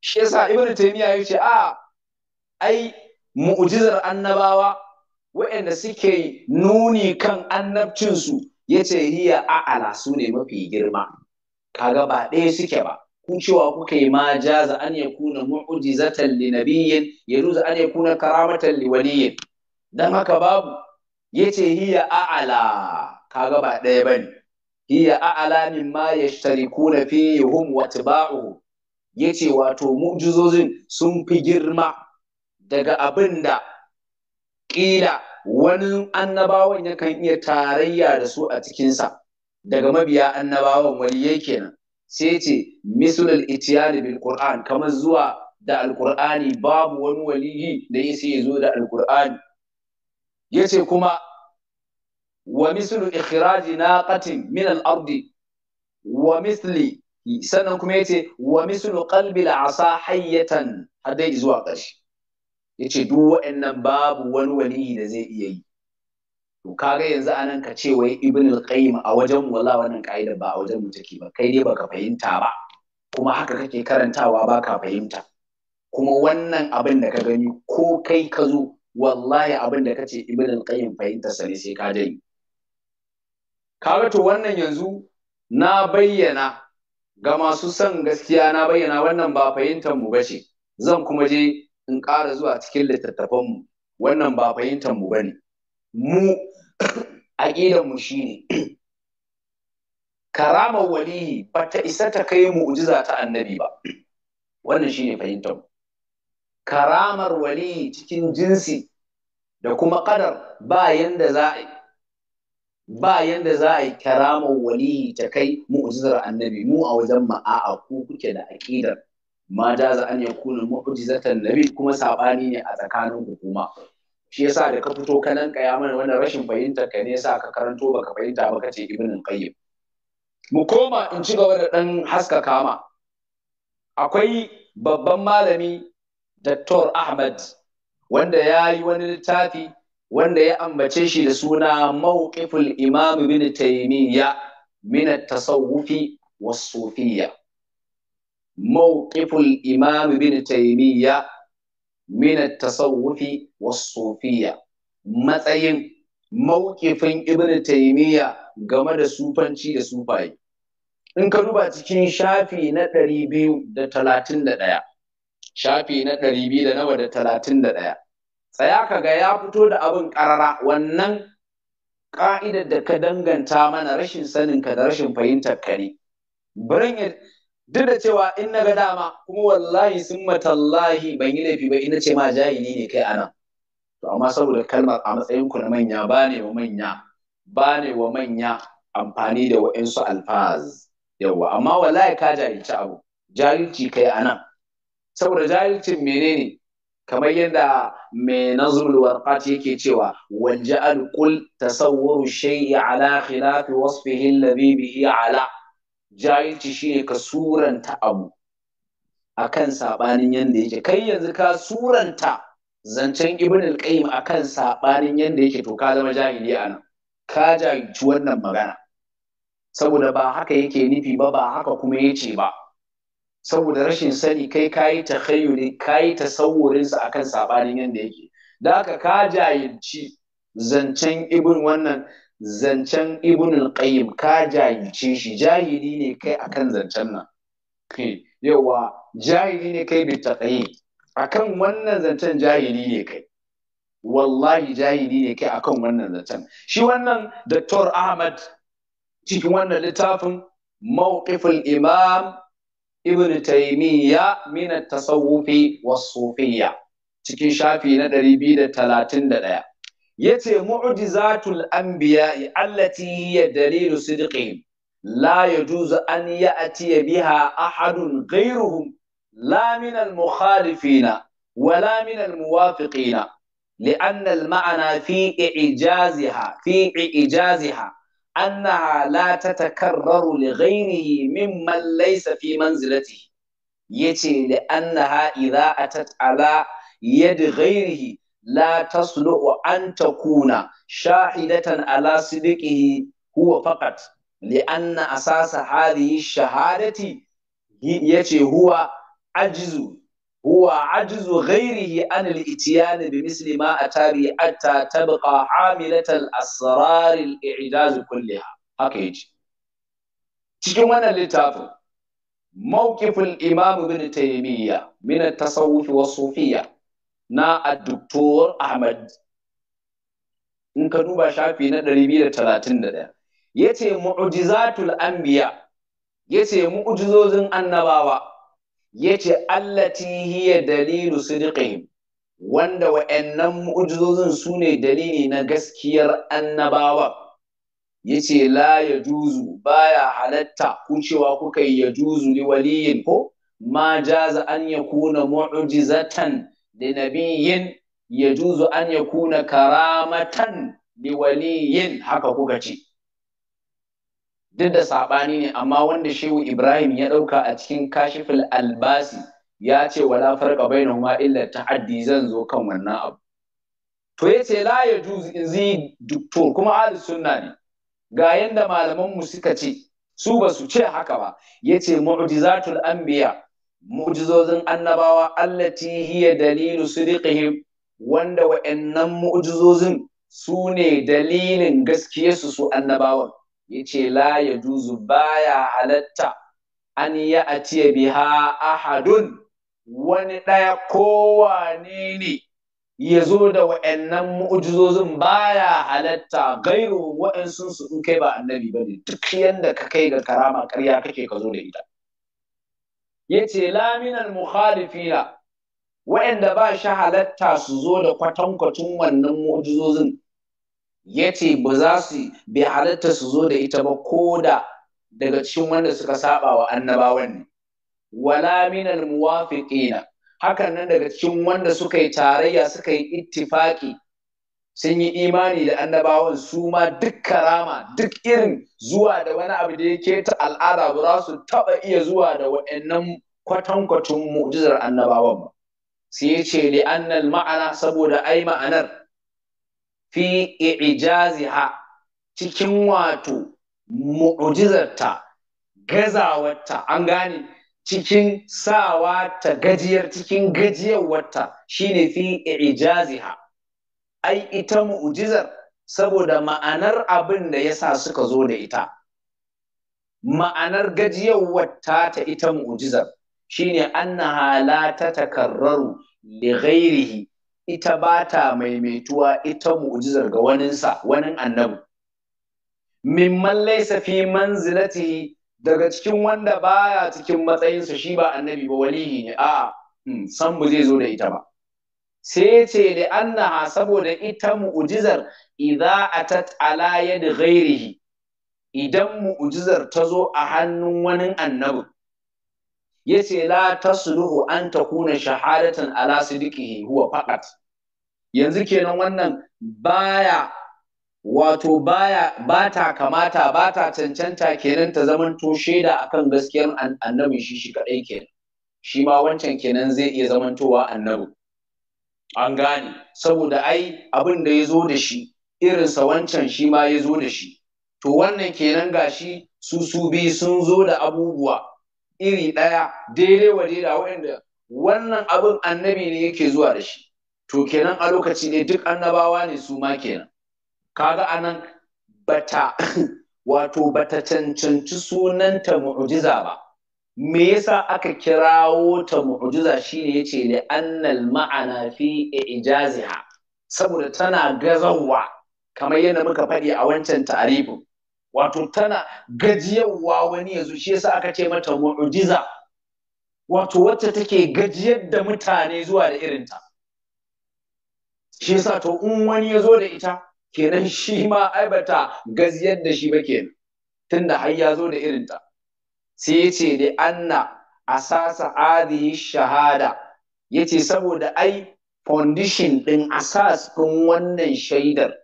shi yasa ibnu taymiya ce a ah, ai mu'jizar annabawa wa'anda suke nuni kan annabcinsu yace hiya a'ala su ne mafi girma kaga ba ɗaya suke ba ku cewa kuka yi ma jaza an kuna mu'jizatan li nabiyyin yajuzu an ya kuna karamatan li waliyyin dan haka babu yace hiya a'ala kaga ba ɗaya bane hiya a'ala mimma yashtarikuna fihi hum ba'u? Ya ce wato mu'jizozin sun fi girma daga abin da ƙila wani annabawan yakan iya tarayya da su a cikinsa daga mabiya annabawan waliyai kenan sai ce misulal itiyani bil qur'an kamar zuwa da alƙur'ani babu wani waliyi da ya sai zo da Ya yace kuma wa mislu ikhraji na min al-ardi wa misli sannan kuma yace wa mislu qalbi al-asa hayyatan har dai zuwa ƙarshe yace duk waɗannan babu wani waliyi da zai iya yi to kaga yanzu anan ka ce wai ibn al a wajen wala wannan kaida ba a wajen mu take ba kai dai baka fahimta ba kuma haka kake karantawa baka fahimta kuma wannan abin da ka gani ko kai ka zo wallahi abin da kace ibn al-qayyim fahimta ne sai ka jani kaga to wannan yanzu na bayyana ga masu son gaskiya na bayyana wannan ba fahimtar mu bace zan kuma je in ƙara zuwa cikin littattafan mu wannan ba fahimtar mu bane mu (coughs) aqidar mu shine (coughs) karamar waliyi ba ta isa ta kai mu'jiza ta annabi ba wannan shine fahimtar mu karamar waliyi cikin jinsi da kuma kadar ba yanda za a ba yanda za a yi karamar waliyi ta kai mu'jizar annabi mu a wajen ma'a'a ko kuke da aƙidar ma da za an yakuna mu'jizatan nabi kuma saɓani ne a tsakanin hukuma shi yasa da ka fito ka nan mana wannan rashin fahimtar ka ne sa ka karanto baka fahimta ba kace ibn qayyim mu koma in ci gaba da dan haska kama akwai babban malami Dr. Ahmad wanda ya yi wani littafi wanda ya ambace shi da suna mawqiful imam ibn taymiya min at-tasawufi was-sufiyya mawqiful imam ibn taymiya min at-tasawufi was-sufiyya matsayin mawqifin ibn taymiya game da sufanci da sufaye in ka duba cikin shafi na ɗari biyu da talatin da ɗaya shafi na ɗari biyu da nawa da talatin da ɗaya tsaya ka ga ya fito da abin ƙarara wannan ƙa'idar da ka danganta mana rashin sanin ka da rashin fahimtar ka ne barin ya duk da cewa in na ga dama kuma wallahi sun matallahi ban yi laifi ba ina ce ma jahili ne kai anan to amma saboda kalmar a matsayin ku na manya ba ne wa manya ba ne wa manya amfani da wa'insu alfaz yawa amma wallahi ka jahilci abu jahilci kai anan saboda jahilcin menene kamar yadda mai nazmul warqati yake cewa wal ja'al qul tasawwuru shay'i ala khilaf wasfihi alladhi bihi ala jahilci shine ka suranta abu akan sabanin yanda yake kai yanzu ka suranta zancen ibn al-qayyim akan sabanin yanda yake to ka zama jahili anan ka jahilci wannan magana saboda ba haka yake nufi ba ba haka kuma yace ba saboda rashin sani kai kayi takhayyuli kayi tasawurin sa akan sabanin yanda yake da haka ka jahilci zancen ibn wannan zancen ibn al-qayyim ka jahilce shi jahili ne kai akan zancen nan yawa jahili ne kai bi taqayyid akan wannan zancen jahili ne kai wallahi jahili ne kai akan wannan zancen shi wannan Dr. Ahmad cikin wannan littafin mawqiful imam ibn taymiya min at-tasawufi was-sufiyya cikin shafi na 231 yace mu'jizatul anbiya'i allati hiya dalilu sidqihim la yajuzu an ya'ti biha ahadun ghayruhum la min al-mukhalifina ولا من الموافقين لأن المعنى في إعجازها في إعجازها annaha la tatakarraru li ghairihi mimman laysa fi manzilatihi yace da annaha idza atat ala yad ghairihi la taslu'u an takuna shahidatan ala sidqihi huwa faqat li'anna asasa hadhihi shahadati yace huwa ajizu هو عجز غيره عن الاتيان بمثل ما اتى به حتى تبقى عامله الاسرار الاعجاز كلها هكيج cikin wannan littafin mawkifin imam ibn taymiya min at-tasawuf wa sufiyya na ad-doktor ahmad in ka shafi na 231 yace mu'jizatul anbiya yace mu'jizozin annabawa yace allati hiya dalilu sidqihim wanda wa'annan mu'jizozin su ne dalili na gaskiyar annabawa yace la yajuzu baya halatta ku cewa kuka yi yajuzu ni waliyin ko ma jaza an yakuna mu'jizatan li nabiyyin yajuzu an yakuna karamatan li waliyin haka kuka ce duk da saɓani ne amma wanda shehu ibrahim ya ɗauka a cikin kashifin albasi ya ce wala farka bainahuma illa ta'addi zan zo kan wannan abu to ya ce la ya juzu, in zi to kuma ahli sunna ne ga yanda malaman mu suka ce su ba su ce haka ba ya ce mu'jizatul anbiya mu'jizozin annabawa allati hiya dalilu sidiqihim wanda wa'annan mu'jizozin su ne dalilin gaskiyarsu su annabawan yace la juzu baya halatta an ya atiya biha ahadun wani ɗaya kowane ne ya zo da wa'annan mu'ujizozin baya halatta gairu wa'ansu su in kai ba annabi ba ne duk yanda ka kai ga karama ƙarya kake ka zo da ita ya ce laminan mukhalifina wa'anda ba shi halatta su zo da kwatankwacin wannan mu'ujizozin ya ce ba za su bi halatta su zo da ita ba ko da daga cikin wanda suka saba wa annabawan ne wala minal muwafiqina hakan nan daga cikin wanda suka yi tarayya suka yi ittifaki sun yi imani da annabawan su ma duk karama duk irin zuwa da wani abu da yake ta al'ada ba za su taba iya zuwa da wa'annan kwatankwacin mu'jizar annabawan ba sai ya ce li ma'ana saboda ai ma'anar fi ijaziha cikin wato mu'ujizarta gazawarta an gane cikin sawa ta gajiyar cikin gajiyarwarta shine fi ijaziha ai ita mu'ujizar saboda ma'anar abin da ya sa suka zo da ita ma'anar gajiyarwarta ta ita mu'ujizar shine annaha la ta takarraru li ghairihi ita ba ta maimaituwa ita mu'jizar ga waninsa wanin annabi mimman laisa fi manzilati daga cikin wanda baya cikin matsayinsa shi ba annabi ba walihi ne a hmm, san bu zai zo da ita ba sai ce da annaha saboda ita mu'ujizar idza atat ala yadi ghairihi idan mu'ujizar ta zo a hannun wani annabi Ya ce la tasluhu an takuna shahadatan ala sidiqihi huwa faqat yanzu kenan wannan baya wato baya bata kamata bata cancanta kenan ta zaman to shaida akan gaskiyar annabi shi shi kadai kenan shi ma wancan kenan zai iya zamantowa annabi an gane saboda ai abin da ya zo da shi irinsa wancan shi ma ya zo da shi to wannan kenan gashi su su biyu sun zo da abubuwa iri ɗaya daidai wa daida waɗanda wannan abin annabi ne yake zuwa da shi to kenan a lokaci ne duk annabawa ne su ma kenan kaga anan bata (laughs) wato bata cancanci sunanta mu'jiza ba me yasa aka kirawo ta mu'jiza shine yace li annal ma'ana fi ijaziha saboda tana gazawa kamar yadda muka faɗi a wancan ta'arifin wato tana gajiyarwa wani ya shi yasa aka ce mata mu'jiza wato wacce take gajiyar da mutane zuwa da irinta shi yasa to in wani ya zo da ita kenan shi ma ai bata gajiyar da shi ba kenan tunda har ya zo da irinta sai ya ce da anna asasa adihi shahada ya ce saboda ai foundation ɗin asas ɗin wannan shaidar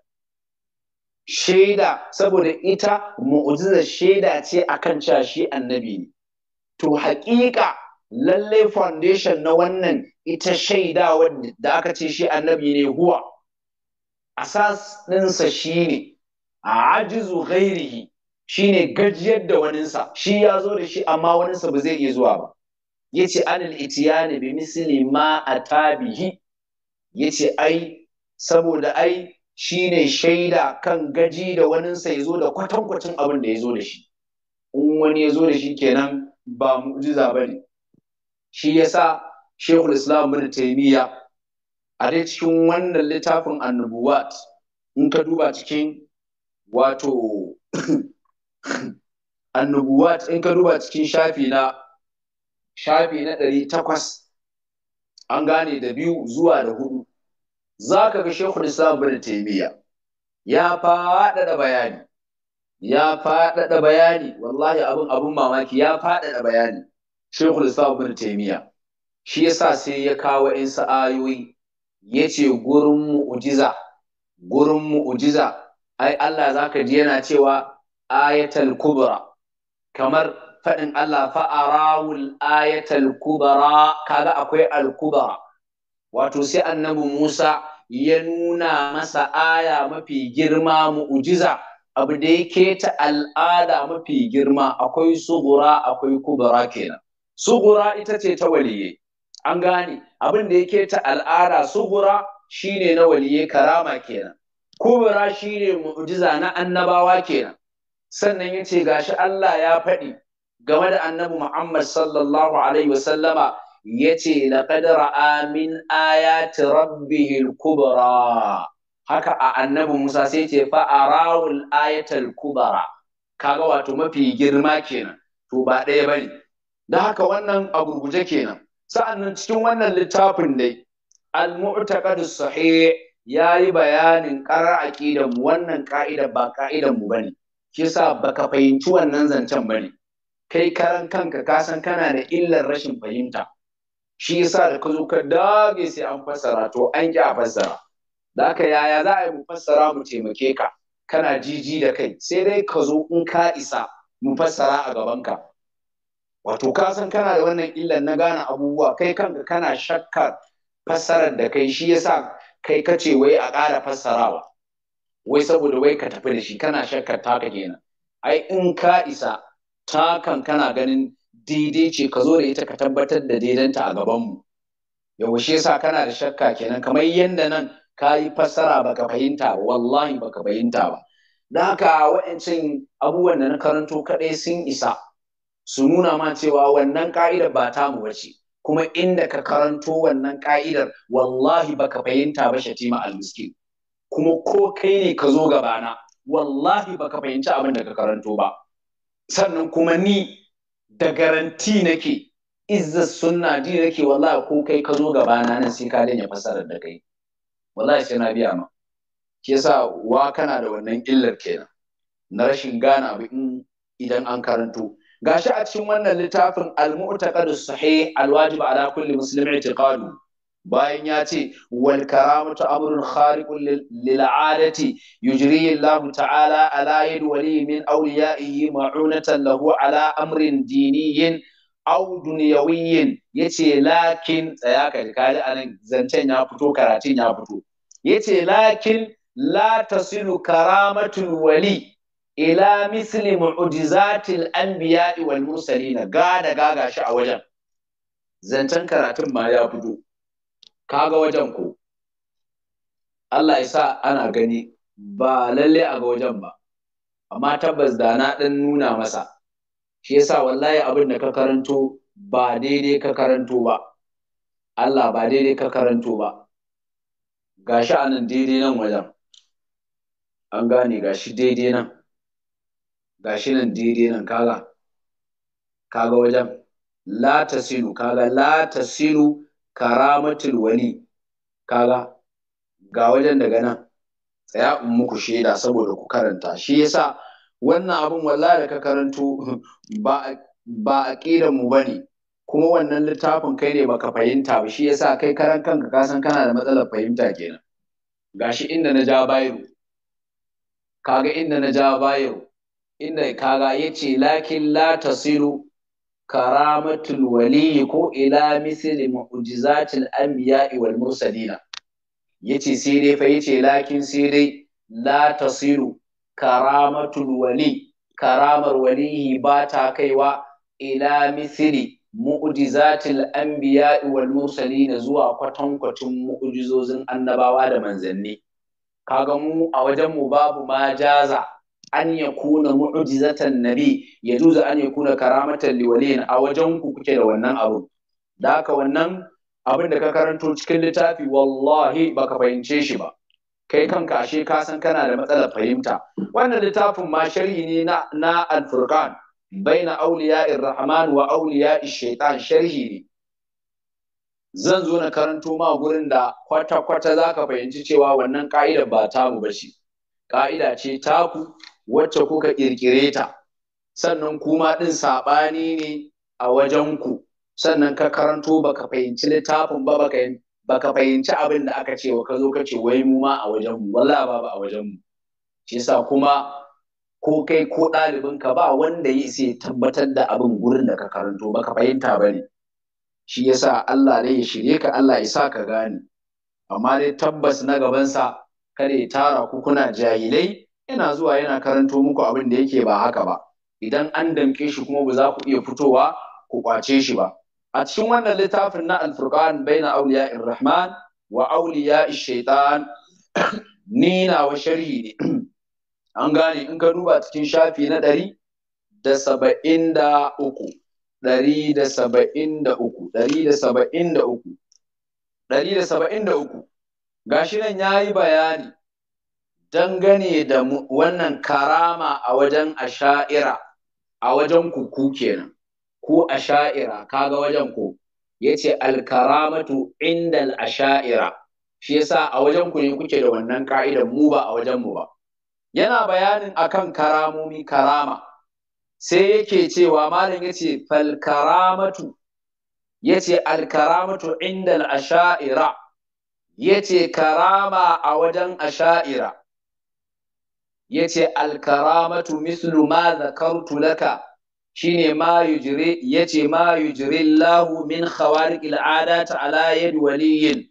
shaida saboda ita mu'ujizar shaida ce akan cewa shi annabi ne to haƙiƙa lallai foundation na wannan ita shaida da aka ce shi annabi ne huwa asas ɗinsa shi ne a ajizu ghairihi shi ne gajiyar da waninsa shi ya zo da shi amma waninsa ba zai iya zuwa ba ya ce anil itiyani bi misli ma a tabihi ya ce ai saboda ai Shi ne shaida kan gaji da waninsa ya zo da kwatankwacin abin da ya zo da shi in wani ya zo da shi kenan ba mu'jiza ba ne shi ya sa shekul islam bin taimiyya a dai cikin wannan littafin annubuwat in ka duba cikin wato (coughs) annubuwat in ka duba cikin shafi na shafi na ɗari takwas an gane da biyu zuwa da hudu zaka ga shekul islam bin Taymiya ya faɗaɗa bayani ya faɗaɗa bayani wallahi abin abun mamaki ya faɗaɗa bayani shekul islam bin Taymiya shi yasa sai ya kawo in sa'ayoyi ya ce gurin mu'ujiza gurin mu'ujiza ai Allah zaka ji yana cewa ayatal kubra kamar faɗin Allah fa fa'arawul ayatal kubra kaga akwai al kubra wato sai annabi Musa ya nuna masa aya mafi girma mu'ujiza abu da ya keta al'ada mafi girma akwai sugura akwai kubura kenan sugura ita ce ta waliye an gane abin da ya keta al'ada sugura shine na waliye karama kenan kubura shine mu'ujiza na annabawa kenan sannan ya ce gashi Allah ya faɗi game da annabi Muhammad sallallahu alaihi wasallama yace laqad ra'a min ayati rabbihil kubra haka a annabi Musa sai ce fa arawul ayatal kubra kaga wato mafi girma kenan to ba ɗaya bane da haka wannan a gurguje kenan sa'annan cikin wannan littafin dai al-mu'taqad sahih yayi bayanin qarar aqidan mu wannan ka'ida ba ka'idan mu bane kisa baka fahimci wannan zancen bane kai karan kanka ka san kana da illar rashin fahimta shi yasa da ka zo ka dage sai an fassara to an ki a fassara da ka yaya za a yi mu fassara mu taimake ka kana jiji da kai sai dai ka zo in ka isa mu fassara a gabanka wato ka san kana da wannan illan na gane abubuwa kai kanka kana shakkar fassarar da kai shi yasa kai ka ce wai a ƙara fassarawa wai saboda wai ka tafi da shi kana shakkar taka kenan ai in ka isa takan kana ganin daidai ce ka zo da ita ka tabbatar da daidanta a gabanmu yaushe sa kana da shakka kenan kamar yadda nan ka yi fassara baka fahimta ba wallahi baka fahimta ba Na haka wa'ancin abubuwan da na karanto kaɗai sun isa su nuna ma cewa wannan ka'idar ba ta mu bace kuma inda ka karanto wannan ka'idar wallahi baka fahimta ba shatima almiskin kuma ko kai ne ka zo gabana wallahi baka fahimci abin da ka karanto ba sannan kuma ni da garanti nake izza sunna ji nake wallahi ko kai ka zo gaba na nan sai ka danya fasarar da kai wallahi sai na biya ma ke sa wa kana da wannan illar kenan na rashin gane abu in idan an karanto gashi a cikin wannan littafin al-mu'taqadus sahih al-wajib ala kulli muslim i'tiqadu bayan ya ce wal karamatu amrun khariqun lil adati yujri Allah ta'ala ala yad wali min awliya'ihi ma'unatan lahu ala amrin diniyin aw dunyawiyyin yace lakin tsaya ka kali anan zancen ya fito karatun ya fito yace lakin la tasilu karamatu wali ila misli mu'jizatil anbiya'i wal mursalin ga da gaga shi a wajen zancen karatun ma ya fito kaga wajen ko Allah ya sa ana gani ba lalle a ga wajen ba amma tabbas da na ɗan nuna masa shi yasa wallahi abin da ka karanto ba daidai ka karanto ba Allah ba daidai ka karanto ba gashi anan daidai nan wajen an gane gashi daidai nan gashi nan daidai nan kaga kaga wajen la tasilu kaga la tasilu karamatul wali kaga ga wajen daga nan tsaya in muku shaida saboda ku karanta shi yasa wannan abin wallahi da ka karanto (laughs) ba ba aqidar mu bane kuma wannan littafin kai ne baka fahimta ba shi yasa kai karan kanka ka san kana da matsalar fahimta kenan gashi inda na ja bayro kaga inda na ja bayro inda kaga yace lakin la tasiru karamatul waliyi ko ila misli mu'jizatil anbiya wal mursalina yace sai dai fa yace lakin sai dai la tasiru karamatul wali karamar walihi ba ta kaiwa ila misli mu'jizatil anbiya wal mursalina zuwa kwatankwacin mu'jizozin annabawa da manzanni kaga mu a wajen mu babu majaza an ya kuna mu'jizatan nabi juza an ya kuna karamatan liwaliyin a wajen ku kuke da wannan abu da haka wannan abin da ka karanto cikin littafi wallahi baka fahimce shi ba kai kanka ashe ka san kana da matsalar fahimta wannan littafin ma sharhi ne na na al-furqan baina rahmanu, rahman wa ash shaitan sharhi ne zan zo na karanto ma gurin da kwata-kwata zaka ka fahimci cewa wannan ka'idar ba ta ba ce. Ka'ida ce taku wacce kuka ƙirƙire ta sannan kuma ɗin saɓani ne a wajenku sannan ka karanto baka fahimci littafin ba baka fahimci abin da aka ce wa ka zo ka ce wai mu ma a wajenmu walla ba ba a wajenmu shi sa kuma ko kai ko ɗalibinka ba wanda ya sai tabbatar da abin gurin da ka karanto baka fahimta ba ne shi yasa Allah ne ya shirye ka Allah ya sa ka gane amma dai tabbas na gabansa kada ya tara ku kuna jahilai yana zuwa yana karanto muku abin da yake ba haka ba idan an damke shi kuma ba za ku iya fitowa ku kwace shi ba a cikin wannan littafin na alfurqan baina awliya rahman wa awliya shaitan (coughs) ni na wa sharhi ne an gane in ka duba cikin shafi na ɗari da saba'in da uku ɗari da saba'in da uku ɗari da saba'in da uku ɗari da saba'in da uku gashi nan ya yi bayani dangane da wannan karama a wajen asha'ira a wajen kuku kenan ku asha'ira kaga wajen ku yace alkaramatu inda al-asha'ira shi yasa a wajen ku ne kuke da wannan ka'idar mu ba a wajen mu ba yana bayanin akan karamomi karama sai yake cewa malam yace fal karamatu yace al karamatu inda al ashaira yace karama a wajen ashaira yace alkaramatu mislu ma zakartu laka shine ma yujri yace ma yujri Allahu min khawariq al'adat ala yad waliyin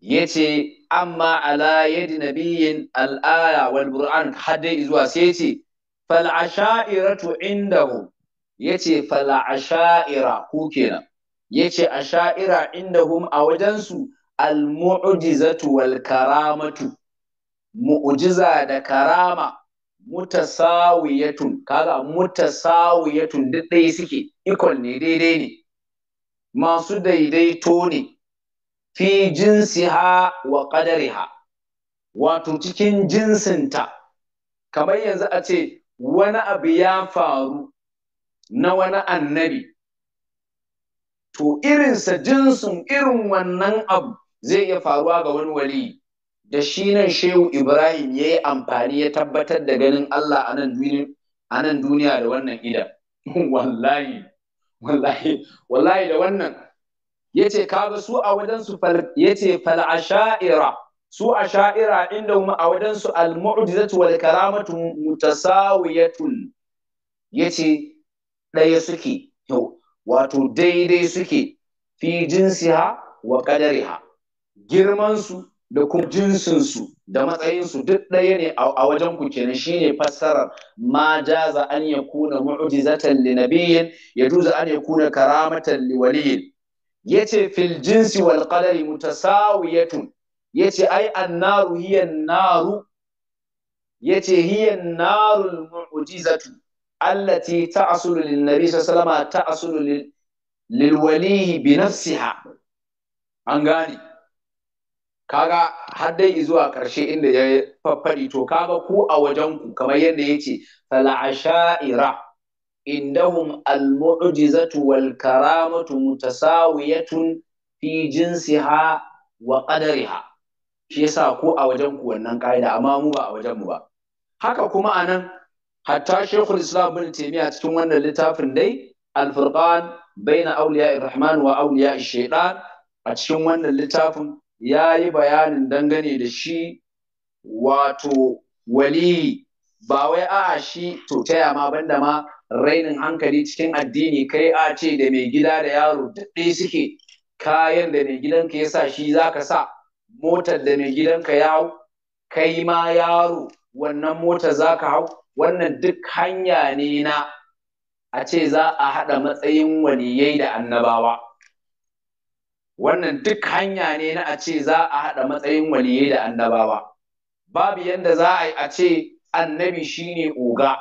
yace amma ala yad nabiyyin al'aya wal qur'an hadai izuwa, sai yace fal asha'iratu indahu yace fal asha'ira ku kenan yace asha'ira indahum a wajensu al mu'jizatu wal karamatu mu'ujiza da karama mutasawiyatun kaga mutasawiyatun duk ɗaya suke ikon ne daidai ne masu daidaito ne fi jinsiha wa qadariha wato cikin jinsinta kamar yanzu a ce wani abu ya faru na wani annabi to irinsa jinsin irin wannan abu zai iya faruwa ga wani waliyi da shi nan shehu ibrahim ya yi amfani ya tabbatar da ganin allah a nan duniya da wannan idan (laughs) wallahi wallahi wallahi da wannan ya ce kaga su a wajensu ya ce fal'asha'ira su a sha'ira inda a wajensu al-mu'jizatu wal karamatu mutasawiyatun ya ce ɗaya suke wato daidai suke fi jinsiha wa kadariha girmansu da kuma jinsinsu da matsayinsu duk ɗaya ne a wajen ku kenan ne fassarar ma jaza an ya kuna mu'jizatan li nabiyyin ya juza an ya kuna karamatan li waliyin yace fil jinsi wal qadari mutasawiyatun yace ai annaru hiya naru yace hiya narul mu'jizatu allati ta'sulu lin nabi sallallahu alaihi wasallam ta'sulu lil waliyi bi nafsiha an gane kaga har dai zuwa ƙarshe inda ya faffari to kaga ku a wajen ku? kamar yadda ya ce fal'asha'ira indahum al-mu'jizatu wal karamatu mutasawiyatun fi jinsiha wa qadariha shi yasa ku a wajen ku wannan ƙa'ida amma mu ba a wajen mu ba haka kuma anan hatta shekul islam bin taimiyya cikin wannan littafin dai al-furqan baina awliya rahman wa awliya ishe shaytan a cikin wannan littafin ya yi bayanin dangane da shi wato wali ba wai a shi to taya ma banda ma rainin hankali cikin addini kai a ce da mai gida da yaro daɗe suke kayan da mai gidanka ya sa shi za ka sa motar da mai gidanka ya hau kai ma yaro wannan motar za ka hau wannan duk hanya ne na a ce za a haɗa matsayin waliyai da annabawa wannan duk hanya ne na a ce za a haɗa matsayin waliyai da annabawa babu yadda za a yi a ce annabi shine oga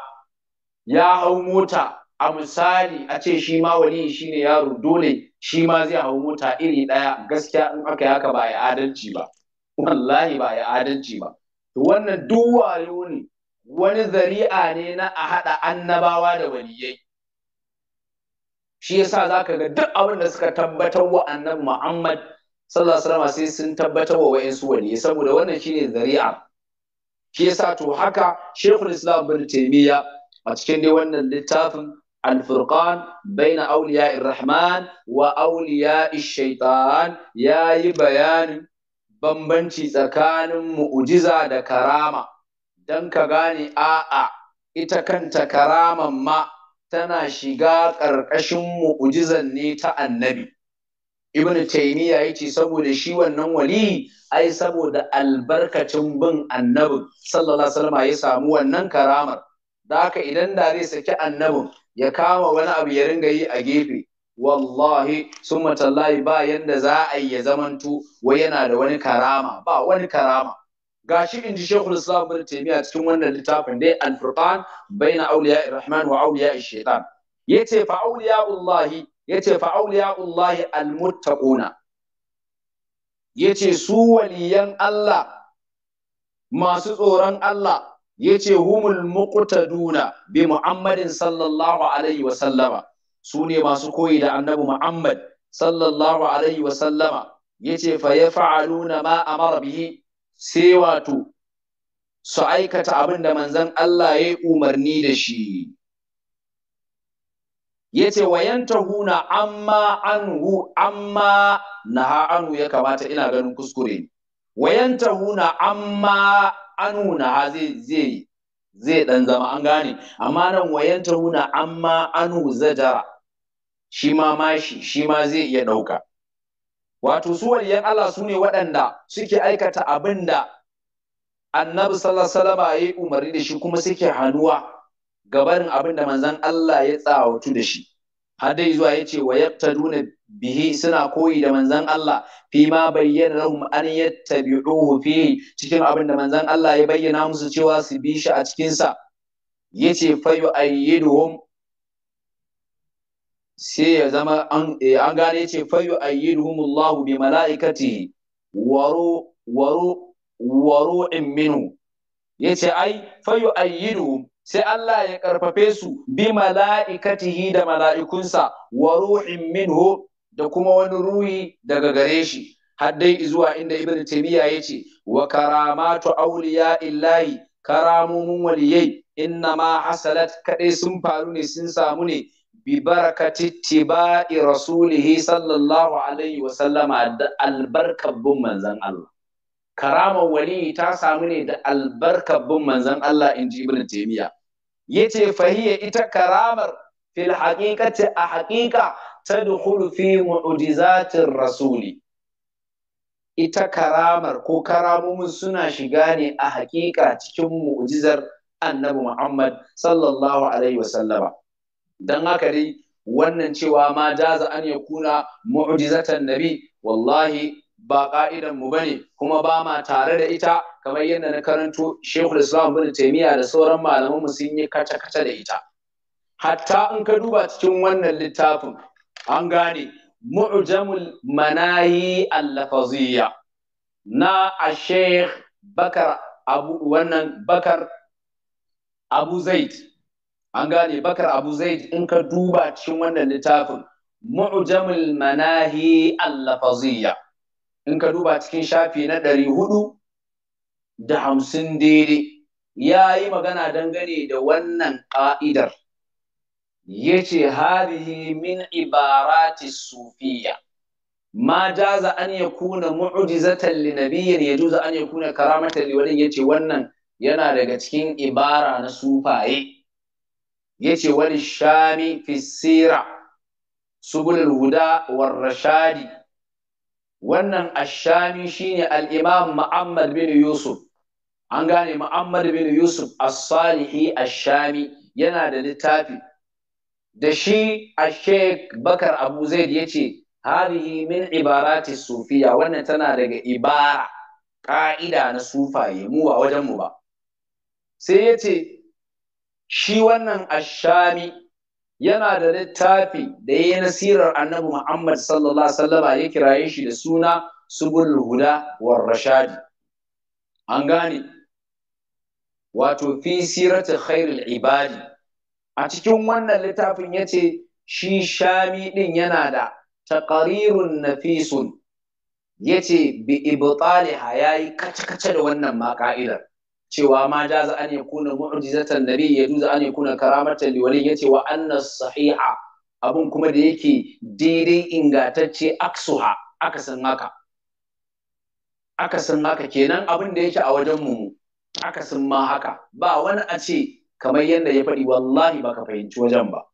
ya hau mota a misali a ce shi ma waliyi shine yaro dole shi ma zai hau mota iri ɗaya gaskiya in aka yi haka ba ya adalci ba wallahi ba ya adalci ba to wannan duk wayo ne wani zari'a ne na a haɗa annabawa da waliyai shi yasa ka ga duk abin da suka tabbatar wa annabi Muhammad sallallahu alaihi wasallam sai sun tabbatar wa wayansu wani saboda wannan shine zari'a shi yasa to haka Sheikhul Islam bin Taymiya a cikin dai wannan littafin baina Rahman wa أولياء Shaytan yayi bayanin bambanci tsakanin mu'jiza da karama. dan ka gane a'a ita kanta karaman ma. tana shiga ƙarƙashin mu'ujizan ne ta annabi ibn ya ce saboda shi wannan wali ai saboda albarkacin bin annabi sallallahu alaihi wasallam ya samu wannan karamar da haka idan da zai saki annabin ya kama wani abu ya ringa yi a gefe wallahi sun tallahi ba yanda za a yi ya zamanto wai yana da wani karama ba wani karama gashi in ji Sheikhul Islam bin Taymiyyah cikin wannan littafin dai Al-Furqan baina awliya Rahman wa awliya Shaitan yace fa awliya Allah yace fa awliya Allah al-muttaquna yace su waliyan Allah masu tsoron Allah yace humul muqtaduna bi Muhammadin sallallahu alaihi wa sallama su ne masu koyi da Annabi Muhammad sallallahu alaihi wa sallama yace fa yaf'aluna ma amara bihi sai wato su aikata abin da manzon Allah ya umarni da shi Ya ce yace huna amma anhu amma an anhu ya kamata ina ganin kuskure ne huna amma anhu ha zai zai zai ɗan zama an gane amma nan huna amma anhu zajara shi ma mashi shi ma zai iya ɗauka. wato su waliyan Allah su ne waɗanda suke aikata abin da annabi sallallahu alaihi wasallam ya yi umarni da shi kuma suke hannuwa gabarin abin da manzon Allah ya tsawatu da shi har dai zuwa yace wa yaqtaduna bihi suna koyi da manzon Allah fi ma bayyana lahum an yattabi'uhu fi cikin abin da manzon Allah ya bayyana musu cewa su bi shi a cikin sa yace fa yu'ayyiduhum sai ya zama an eh, gane ce fayu ayyidhumullahu bi mala'ikati waro waro minu,' ya ce, yace ai fayu ayyidu sai Allah ya karfafe su bi mala'ikatihi da mala'ikunsa wa ruhin da kuma wani ruhi daga gare shi haddai izuwa inda ibn taymiya yace wa karamatu awliya illahi karamumun waliyai inna ma hasalat kadai sun faru ne sun samu ne bi barakati tibai rasulihi sallallahu da albarkar bin Allah karamar wali ta samu ne da albarkar bin Allah in ji ibn taymiya yace fahiya ita karamar fil haqiqati a haqiqa tadkhulu fi mu'jizatir rasuli ita karamar ko karamomin suna shiga ne a haƙiƙa cikin mu'jizar annabi Muhammad sallallahu alaihi dan haka dai wannan cewa ma jaza an ya kuna mu'jizatan nabi wallahi ba ka'idan mu bane kuma ba ma tare da ita kamar yadda na karanto Sheikhul Islam bin Taymiyyah da sauran malaman mu sun yi kata-kata da ita hatta in ka duba cikin wannan littafin an gane mu'jamul manahi al-lafaziyya na Sheikh Bakar Abu wannan Bakar Abu Zaid an gane bakar abu zai in ka duba cikin wannan littafin mu'jamul manahi al-lafaziyya in ka duba cikin shafi na ɗari hudu da hamsin daidai ya yi magana dangane da wannan ƙa'idar ya ce harihi min ibarati sufiya ma jaza an ya kuna mu'ujizatan li nabiyyin ya juza an ya kuna karamatan li ya wannan yana daga cikin ibara na sufaye yace wani shami fi sira subulul huda war rashadi wannan ashami shine al-imam muhammad bin yusuf an gane muhammad bin yusuf as-salihi shami, yana da littafi da shi a sheik bakar abu zaid yace hadihi min ibarati sufiya wannan tana daga ibara ka'ida na sufaye muwa wajen mu ba sai yace shi wannan ashami yana da littafi da ya yi nasirar annabi Muhammad sallallahu Alaihi wasallama ya kiraye shi da suna subul huda wa rashadi an gane wato fi sirati khairul ibadi a cikin wannan littafin ya ce shi shami ɗin yana da taqarirun nafisun ya ce bi ya yi kace-kace da wannan maƙa'idar. cewa ma za an kuna mu'jizatan nabi duza an yakuna karamatan ya yace wa anna sahiha abun kuma da yake daidai ingantacce aksuha akasin haka akasin haka kenan abun da yake a wajen mu akasin ma haka ba wani a ce kamar yadda ya faɗi wallahi baka fahimci wajen ba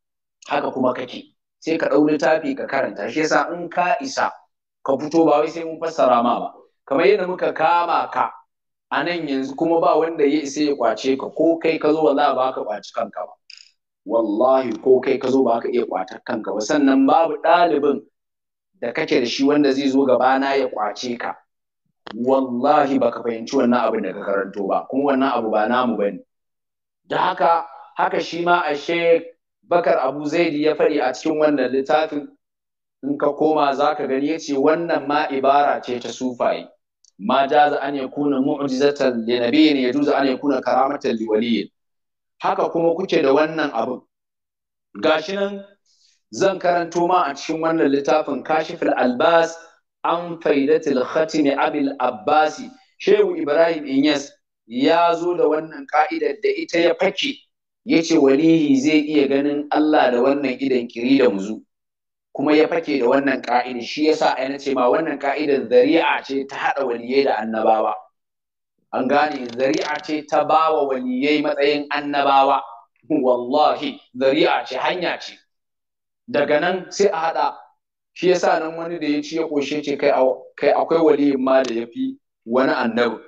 haka kuma kake sai ka ɗau littafi ka karanta shi yasa in ka isa ka fito ba wai sai mun fassara ma ba kamar yadda muka kama ka a nan yanzu kuma ba wanda ya isa ya kwace ka ko kai ka zo wallahi ba ka kwaci kanka ba wallahi ko kai ka zo ba ka iya kwatar kanka ba sannan babu ɗalibin da kake da shi wanda zai zo gaba na ya kwace ka wallahi baka fahimci wannan abin da ka karanto ba kuma wannan abu ba namu bane da haka haka shi ma a bakar abu zaidi ya faɗi a cikin wannan littafin in ka koma za ka gani ya ce wannan ma ibara ce ta sufaye ma jaza an yakuna mu'jizatan li nabiyyin yajuzu an yakuna karamatan li waliyyin haka kuma kuke da wannan abin gashi nan zan karanto ma a cikin wannan littafin kashiful albas an faidatul khatimi abil abbasi shehu ibrahim inyas ya zo da wannan ka'idar da ita ya fake ya ce walihi zai iya ganin allah da wannan idan ƙiri da muzu kuma ya fake da wannan ka'ida shi yasa ai nace ma wannan ƙa'idar zari'a ce ta haɗa waliyai da annabawa an gane zari'a ce ta ba wa waliyai matsayin annabawa wallahi zari'a ce hanya ce daga nan sai a hada shi yasa nan wani da ya ci ya koshe ce kai akwai waliyin ma da yafi wani annabi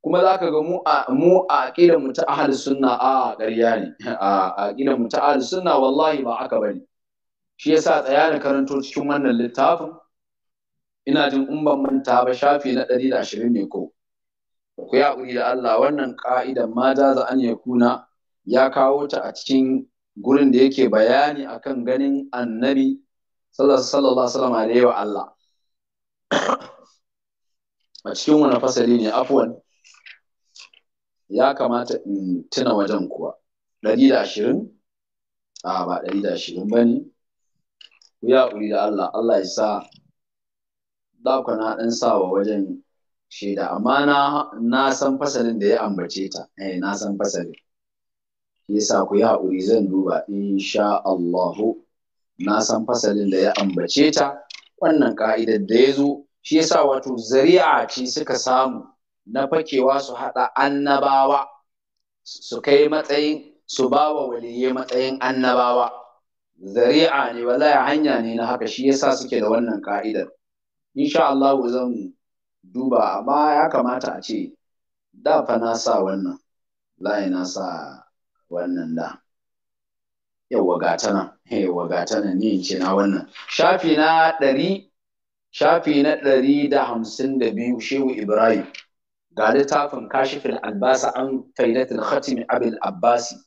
kuma za ka ga mu a mu a aqidar ta ahlus sunna a ƙarya ne (laughs) a aqidar mu ta ahlus sunna wallahi ba aka bane shi yasa tsaya da karanto cikin wannan littafin ina jin in ban manta ba shafi na 120 ne ko ku ya ƙuri da Allah wannan ka'idan ma jaza an ya kuna ya kawo ta a cikin gurin da yake bayani akan ganin annabi sallallahu alaihi wasallam alaihi wa Allah a cikin wani fasali ne afwan ya kamata in tuna wajen kuwa 120 a ba 120 bane ku ya ƙuri da Allah Allah ya sa za ku na ɗan sawa wajen shaida amma na san fasalin da ya ambace ta eh na san fasalin ya sa ku yi haƙuri zan duba insha Allahu na san fasalin da ya ambace ta wannan ka'idar da ya zo shi ya sa wato zari'a ce suka samu na fakewa su haɗa annabawa su kai matsayin su ba wa waliyyai matsayin annabawa zari'a ne wallahi hanya ne na haka shi yasa suke da wannan ka'idar insha Allah zan duba amma ya kamata a ce da fa na sa wannan layi na sa wannan da yawa gata nan yawa gata nan ni ce na wannan shafi na ɗari shafi na ɗari da hamsin da biyu shehu ibrahim ga littafin kashifin albasa an faidatul khatimi abil abbasi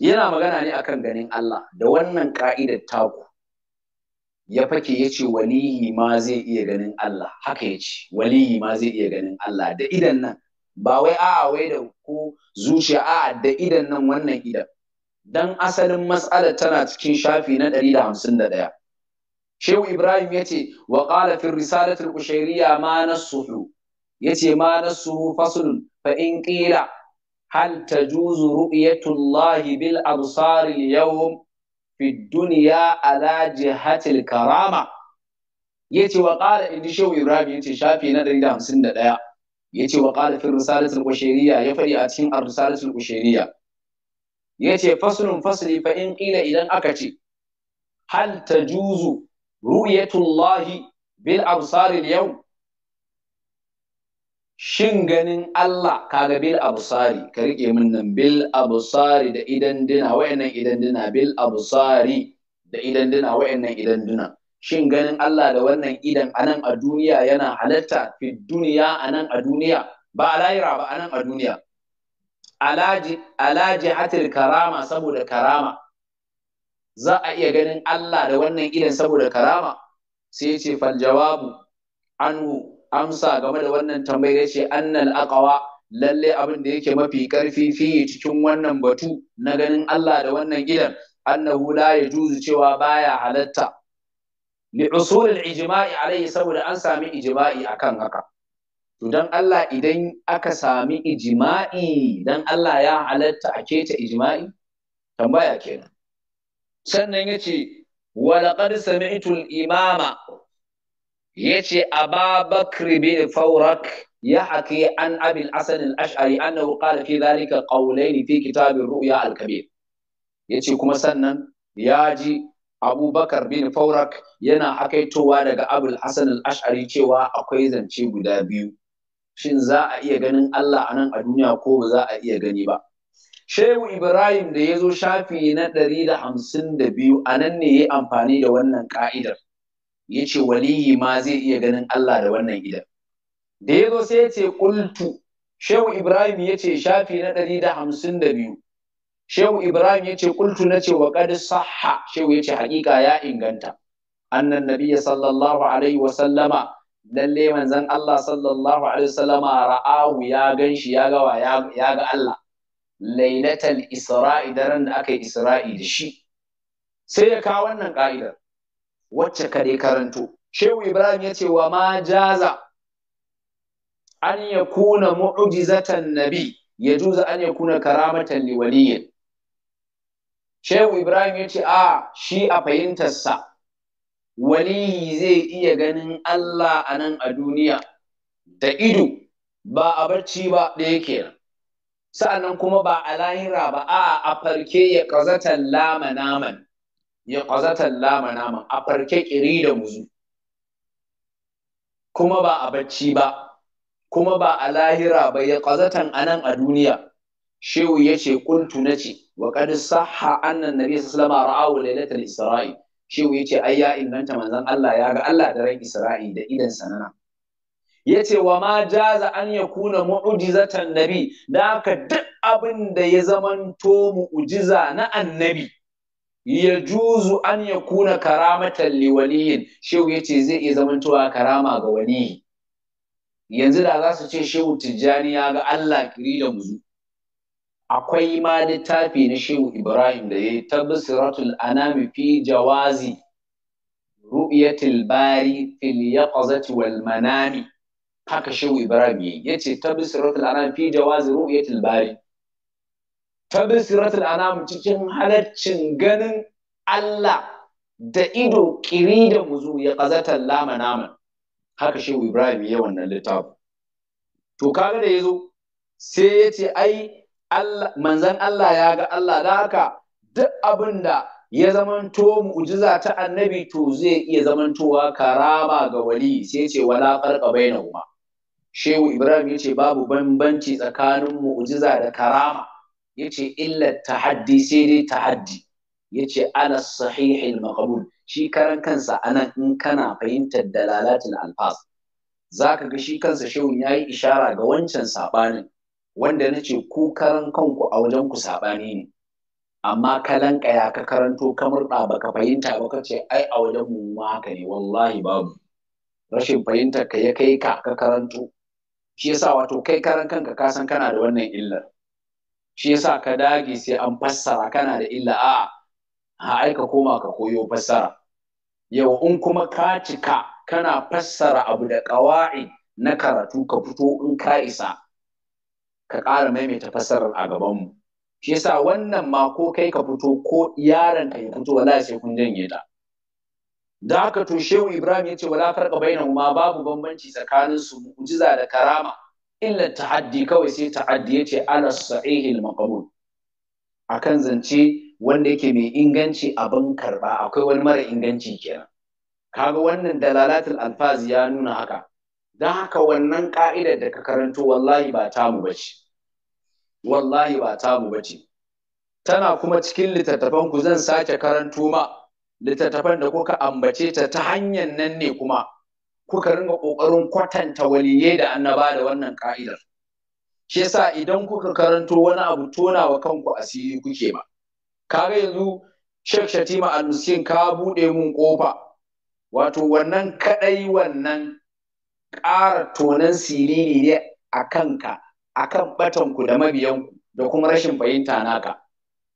yana magana ne akan ganin Allah da wannan ƙa'idar taku ya fake ya ce waliyi ma zai iya ganin Allah haka ya ce waliyi ma zai iya ganin Allah da idan nan ba wai a'a wai da ko zuciya a'a da idan nan wannan idan dan asalin mas'alar tana cikin shafi na 151 Shehu Ibrahim ya ce wa qala fi risalatil qushayriyya ma nasuhu yace ma nasuhu faslun fa in qila هل تجوز رؤية الله بالأبصار اليوم في الدنيا على جهة الكرامة يتي وقال إن شو إبراهيم يتي شافي ندري دام سند دايا يتي وقال في الرسالة البشرية يفري أتهم الرسالة البشرية يتي فصل فصل فإن قيل إذا أكتي هل تجوز رؤية الله بالأبصار اليوم shin ganin Allah kaga bil absari ka rike min nan bil absari da idan dina wayannan idan dina bil absari da idan dina wayannan idan dina shin ganin Allah da wannan idan anan a duniya yana halatta fi duniya anan a duniya ba a lahira ba anan a duniya alaji hatil karama saboda karama za a iya ganin Allah da wannan idan saboda karama sai ce fal jawabu anhu amsa game da wannan tambayar ce annal aqwa lalle abin da yake mafi karfi fiye cikin wannan batu na ganin Allah da wannan gidan annahu la yajuzu cewa baya halatta li usul al ijma'i alayhi saboda an sami ijma'i akan haka to dan Allah idan aka sami ijma'i dan Allah ya halatta a keta ijma'i tambaya kenan sannan yace wa laqad sami'tu al imama yace ababakr bin faurak يحكي عن أبي الحسن الأشعري أنه قال في ذلك قولين في كتاب الرؤيا الكبير يتي كما سنن ياجي أبو بكر بن فورك ينا حكي توارق أبو الحسن الأشعري تيوا أكويزن تي guda biyu shin za a iya ganin Allah a nan a duniya ko ba za a iya gani ba Shehu Ibrahim da ya zo shafi na ɗari da hamsin da biyu a nan ne ya amfani da wannan ƙa'idar ya ce waliyi ma zai iya ganin Allah da wannan gidan. da ya zo sai ya ce ƙultu shehu ibrahim ya ce shafi na ɗari da hamsin da biyu shehu ibrahim ya ce ƙultu na ce wa ƙadi sahha shehu ya ce haƙiƙa ya inganta annan nabiya sallallahu alaihi wa sallama lalle manzon Allah sallallahu alaihi wa sallama ra'ahu ya ganshi ya gawa ya ga Allah lailatal isra'i ran da aka yi isra'i da shi sai ya kawo wannan ƙa'idar wacce ka dai karanto shehu ibrahim ya ce wa ma jaza an ya kuna mu'jizatan nabi ya juza an ya kuna karamatan liwaliyin shehu ibrahim ya ce a shi a fahimtarsa waliyi zai iya ganin allah a nan a duniya da ido ba a barci ba ɗaya kenan sa'annan kuma ba a lahira ba a a farke ya ƙazatan lama naman ya ƙazatan lama nama a farke ƙiri da muzu kuma ba a bacci ba kuma ba a lahira ba ya ƙazatan a nan a duniya shehu ya ce kuntu na ce wa kad sahha annan nabi sallallahu alaihi wasallam lailatul isra'i shehu ya ce ai ya inganta manzon Allah ya ga Allah da ran isra'i da idan sanana ya ce wa ma jaza an ya kuna mu'ujizatan nabi da haka duk abin da ya zamanto mu'ujiza na annabi ya juzu an ya kuna karamatan liwaliyin shehu ya ce zai iya zamantowa karama ga waliyi yanzu da za su ce shehu tijjani ya ga Allah kiri da muzu akwai ma littafi na shehu ibrahim da ya yi tabbisiratul anami fi jawazi ru'yatil bari fil yaqazati wal manami haka shehu ibrahim ya ce tabbisiratul anami fi jawazi ru'yatil bari fa bisiratul anam cikin halaccin ganin Allah da ido kiri da muzu ya kazata lama naman haka shehu Ibrahim ya wannan littafin to kaga da yazo sai ya ce ai Allah manzon Allah ya ga Allah da haka duk abinda ya zamanto mu'jiza ta annabi to zai iya zamantowa karama ga wali sai ce wala farqa bainahuma shehu Ibrahim ya ce babu bambanci tsakanin mu'jiza da karama yace illa tahaddi sai dai tahaddi yace ala sahihil maqbul shi karan kansa anan in kana fahimtar dalalatul alfaz zaka ga shi kansa shehun yayi ishara ga wancan sabanin wanda nace ku karan kanku a wajen ku sabani ne amma kalan kaya ka karanto kamar da baka fahimta ba kace ai a wajen mu haka ne wallahi babu rashin fahimtar ka ya kai ka ka karanto shi yasa wato kai karan kanka ka san kana da wannan illar shi yasa ka dage sai an fassara kana da illa a a ai ka koma ka koyo fassara yau in kuma ka cika kana fassara abu da ƙawa'i na karatu ka fito in ka isa ka ƙara maimaita fassarar a gabanmu shi yasa wannan ma ko kai ka fito ko yaron ka ya fito wala sai kun janye ta da haka to shehu ibrahim ya ce wala farqa ma babu bambanci tsakanin su mu'jiza da karama illa ta'addi kawai sai ta'addi yace ala sahihil maqbul akan zance wanda yake mai inganci abin karba akwai wani mara inganci kenan kaga wannan dalalatul alfaz ya nuna haka don haka wannan ka'idar da ka karanto wallahi ba tamu bace wallahi ba mu bace tana kuma cikin littattafan ku zan sake karanto ma littattafan da kuka ambace ta ta hanyar nan ne kuma kuka ringa ƙoƙarin kwatanta waliyyai da annaba da wannan ƙa'idar. Shi yasa idan kuka karanto wani abu tona wa kanku asiri kuke ba. Kaga yanzu Sheikh Shatima al ka buɗe mun ƙofa. Wato wannan kadai wannan ƙara tonan siriri ne a kanka, a kan ɓatanku da mabiyanku da kuma rashin fahimta naka.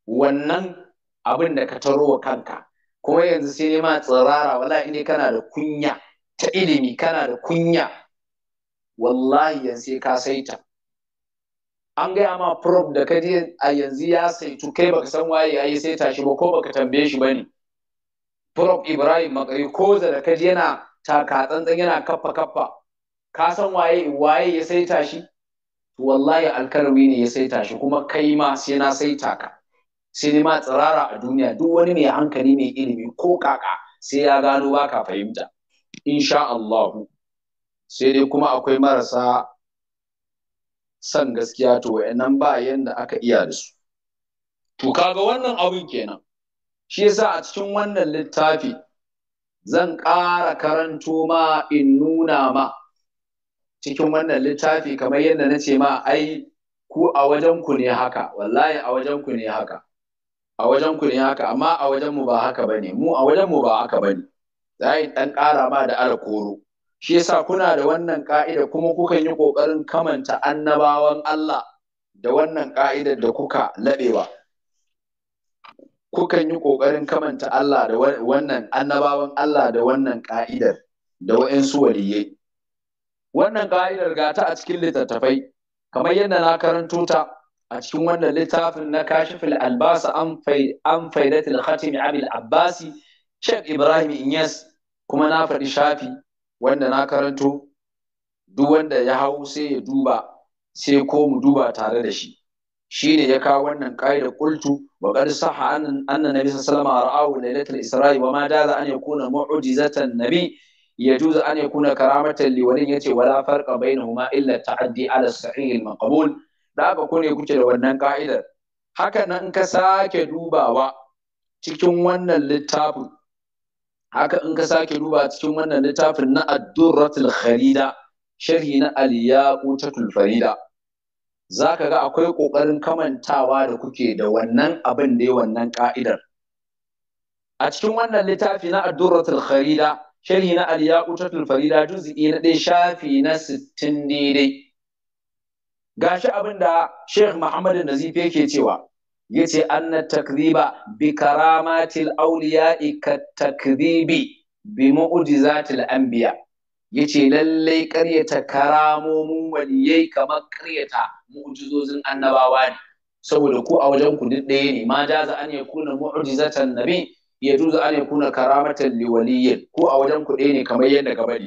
Wannan abin da ka taro wa kanka. Kuma yanzu sai ma tsirara wala ne kana da kunya. ta ilimi kana da kunya wallahi yanzu ka saita an gaya ma prof da ka je a yanzu ya saitu kai baka san waye ya yi saita shi ba ko baka tambaye shi bane prof ibrahim makari ko da ka je yana taka tsantsan yana kaffa kaffa ka san waye waye ya saita shi wallahi alkarmi ne ya saita shi kuma kai ma sai na saita ka sai ne ma tsirara a duniya duk wani mai hankali mai ilimi ko kaka sai ya gano baka fahimta insha Allah sai dai kuma akwai marasa san gaskiya to wayannan ba yanda aka iya da su to kaga wannan abin kenan shi yasa a cikin wannan littafi zan ƙara karanto ma in nuna ma cikin wannan littafi kamar yadda na ce ma ai ku a wajen ku ne haka wallahi a wajen ku ne haka a wajen ku ne haka amma a wajen mu ba haka bane mu a wajen mu ba haka bane za a ɗan ƙara ma da alkoro shi yasa kuna da wannan ka'ida kuma kukan yi ƙoƙarin kamanta annabawan Allah da wannan ka'idar da kuka laɓewa kukan yi ƙoƙarin kamanta Allah da wannan annabawan Allah da wannan ka'idar da wa'insu waliye. wannan ka'idar ga ta a cikin littattafai kamar yadda na karanto ta a cikin wannan littafin na kashifin albasa an faidatul khatimi abil abbasi Sheikh Ibrahim Inyas kuma na faɗi shafi wanda na karanto duk wanda ya hau sai ya duba sai ko mu duba tare da shi shine ya kawo wannan ƙa'ida qultu wa qad sahha anna anna nabiy sallallahu alaihi wasallam ra'ahu lailatul isra'i wa ma jaza an yakuna mu'jizatan nabi يجوز أن يكون yace wala ولا فرق بينهما إلا التعدي على الصحيح المقبول da aka ne kuke da wannan ka'idar haka nan ka sake dubawa cikin wannan littafin haka in ka sake duba cikin wannan littafin na addurratul kharida sharhi na al farida zaka ga akwai kokarin kamantawa da kuke da wannan abin da wannan ka'idar a cikin wannan littafi na addurratul kharida sharhi na al farida juz'i na dai shafi na 60 daidai gashi abin da Sheikh Muhammad Nazif yake cewa yace anna takdhiba bi karamatil awliya'i ka takdhibi bi mu'jizatil anbiya yace lallai karyata karamomin waliyai kamar ƙaryata mu'jizozin annabawa ne saboda ku a wajen ku duk ɗaya ne ma jaza an yakuna mu'jizatan nabi ya juzu an yakuna karamatan liwaliyyin ku a wajen ku ɗaya ne kamar yadda gaba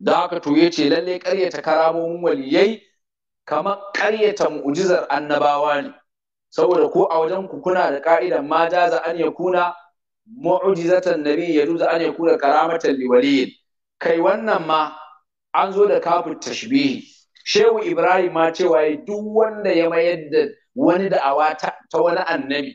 da haka to yace lallai ƙaryata karamomin waliyai kamar karyata mu'jizar annabawa ne saboda ko a wajen ku kuna da ka'idan ma jaza an yakuna mu'jizatan nabi duza, an yakuna karamatan liwaliyin kai wannan ma an zo da kafin tashbihi shehu ibrahim ma cewa ya duk wanda ya mayar da wani da'awa ta wani annabi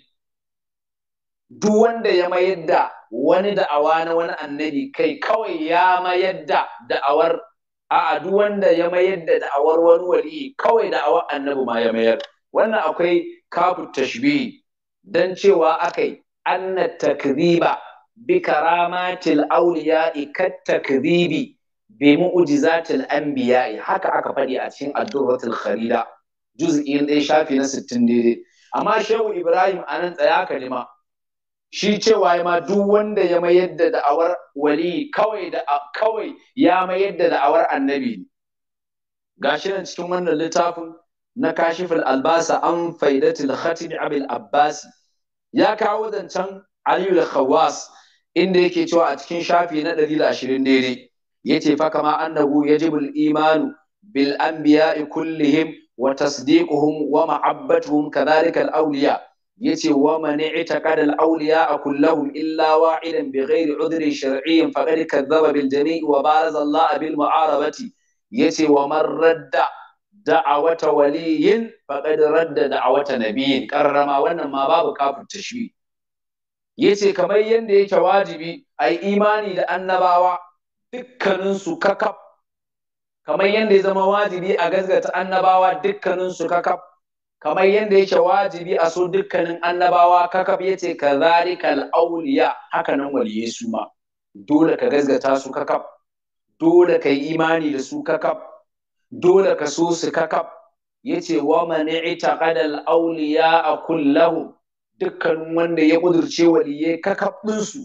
duk wanda ya mayar da wani da'awa na wani annabi kai kawai ya mayar da da'awar a duk wanda ya mayar da da'awar wani wali kawai da'awar annabi ma ya mayar wannan akwai kabu tashbihi dan cewa akai anna takdhiba bi karamatil awliya'i kat takdhibi bi mu'jizatil anbiya'i haka aka faɗi a cikin ad-durratul kharida juz'i ɗaya shafi na 60 daidai amma shehu ibrahim anan tsaya ka nima shi cewa ma duk wanda ya mayar da da'awar wali kawai da kawai ya mayar da da'awar annabi gashi nan cikin wannan littafin na kashifin albasa an faidatil khatim abil abbasi ya kawo zancen aliyu khawas inda yake cewa a cikin shafi na 120 daidai yace fa kama annahu yajibul imanu bil anbiya'i kullihim wa tasdiquhum wa ma'abbatuhum kadhalika al awliya yace wa man i'taqada al awliya kullahum illa wa'idan bighairi udhrin shar'iyyin faqad kadhaba bil jami' wa baraza Allah bil mu'arabati yace wa man radda da'awata waliyin faqad radda da'awata nabiyin karrama wannan ma babu kafin tashwi yace kamar yanda yake wajibi ai imani da annabawa dukkanin su kakaf kamar yanda ya zama wajibi a gazgata annabawa dukkanin su kakaf kamar yanda yake wajibi a so dukkanin annabawa kakaf yace kadhalikal awliya hakanan waliyai su ma dole ka gazgata su kakaf dole ka yi imani da su kakaf dole ka so su kakaf ce wa man i'taqada al a kullahu Dukkan wanda ya kudurce waliyai kakaf din su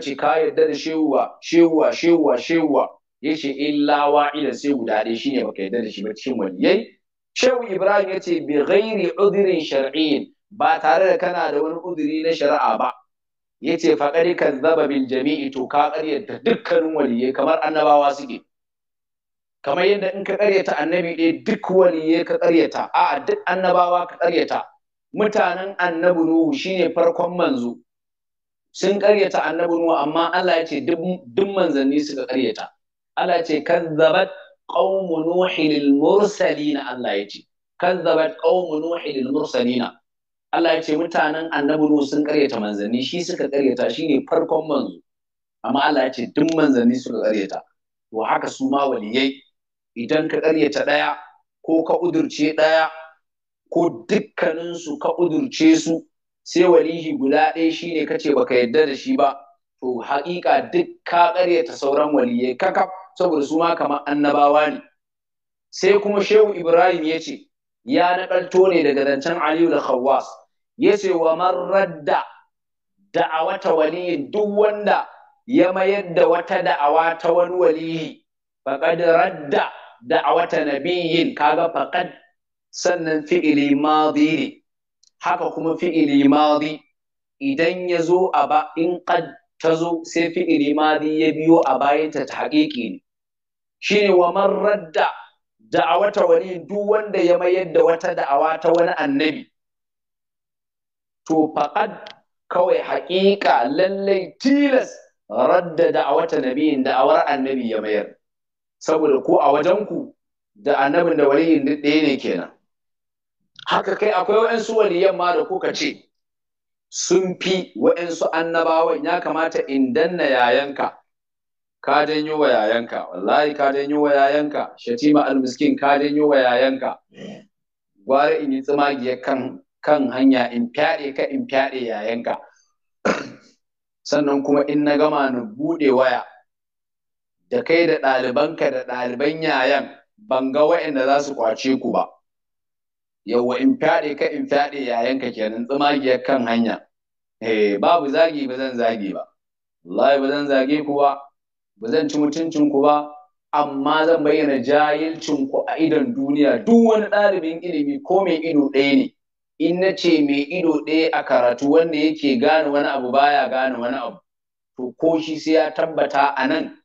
ce ka yarda da shewa shewa shewa shewa ce illa wa'ida sai guda dai shine baka yarda da shi ba cikin waliyai shehu ibrahim yace bi ghairi udhrin shar'iyyin ba tare da kana da wani uduri na shari'a ba yace kan zaba bil jami'i to ka da dukkanin waliyai kamar annabawa suke kamar yadda in ka karyata annabi ɗaya duk wani ya ka karyata a duk annabawa ka karyata mutanen annabi nuhu shine farkon manzo sun karyata annabi nuhu amma Allah ya ce duk manzanni suka karyata Allah ya ce kazzabat qaumu nuhi lil mursalina Allah ya ce kazzabat qaumu nuhi lil mursalina Allah ya ce mutanen annabi nuhu sun karyata manzanni shi suka karyata shine farkon manzo amma Allah ya ce duk manzanni suka karyata to haka su ma waliyai idan ka ƙaryata ɗaya ko ka udurce ɗaya ko dukkaninsu ka udurce su sai walihi guda ɗaya shine kace baka yarda da shi ba to haƙiƙa duk ka ƙaryata sauran waliyai kakaf saboda su ma kamar annabawa ne sai kuma shehu ibrahim ya ce ya naɗarto ne daga zancen aliyu da Hawwa. ya ce wa marar da'awata waliyin duk wanda ya mayar da wata da'awa ta wani walihi faƙad radda da'awata nabiyyin kaga faqad sannan fi'ili madi ne haka kuma fi'ili madi idan ya zo a ba in qad tazo sai fi'ili madi ya biyo a bayanta ta haƙiƙi ne shine wa man radda da'awata wani duk wanda ya mayar da wata da'awa ta wani annabi to faqad kawai haƙiƙa lallai tilas radda da'awata nabiyin da'awar annabi ya mayar saboda ko a ku da annabin da waliyin duk ɗaya ne kenan haka kai akwai waɗansu waliyan ma da kuka ce sun fi waɗansu annabawan ya kamata in danna yayanka ka janyo wa yayanka wallahi ka janyo wa yayanka shatima almiskin ka janyo wa yayanka gware in yi tsima kan kan hanya in fyaɗe ka in fyaɗe yayanka (coughs) sannan kuma in na gama na buɗe waya da kai da ɗalibanka da ɗaliban yayan ban ga waɗanda za su kwace ku ba yawwa in fyaɗe ka in fyaɗe yayanka kenan tsimagiyar kan hanya eh babu zagi ba zan zage ba wallahi ba zan zage ku ba ba zan ci mutuncin ku ba amma zan bayyana jahilcin ku a idon duniya duk wani ɗalibin ilimi ko mai ido ɗaya ne in na ce mai ido ɗaya a karatu wanda yake gane wani abu baya gane wani abu to ko shi sai ya tabbata a nan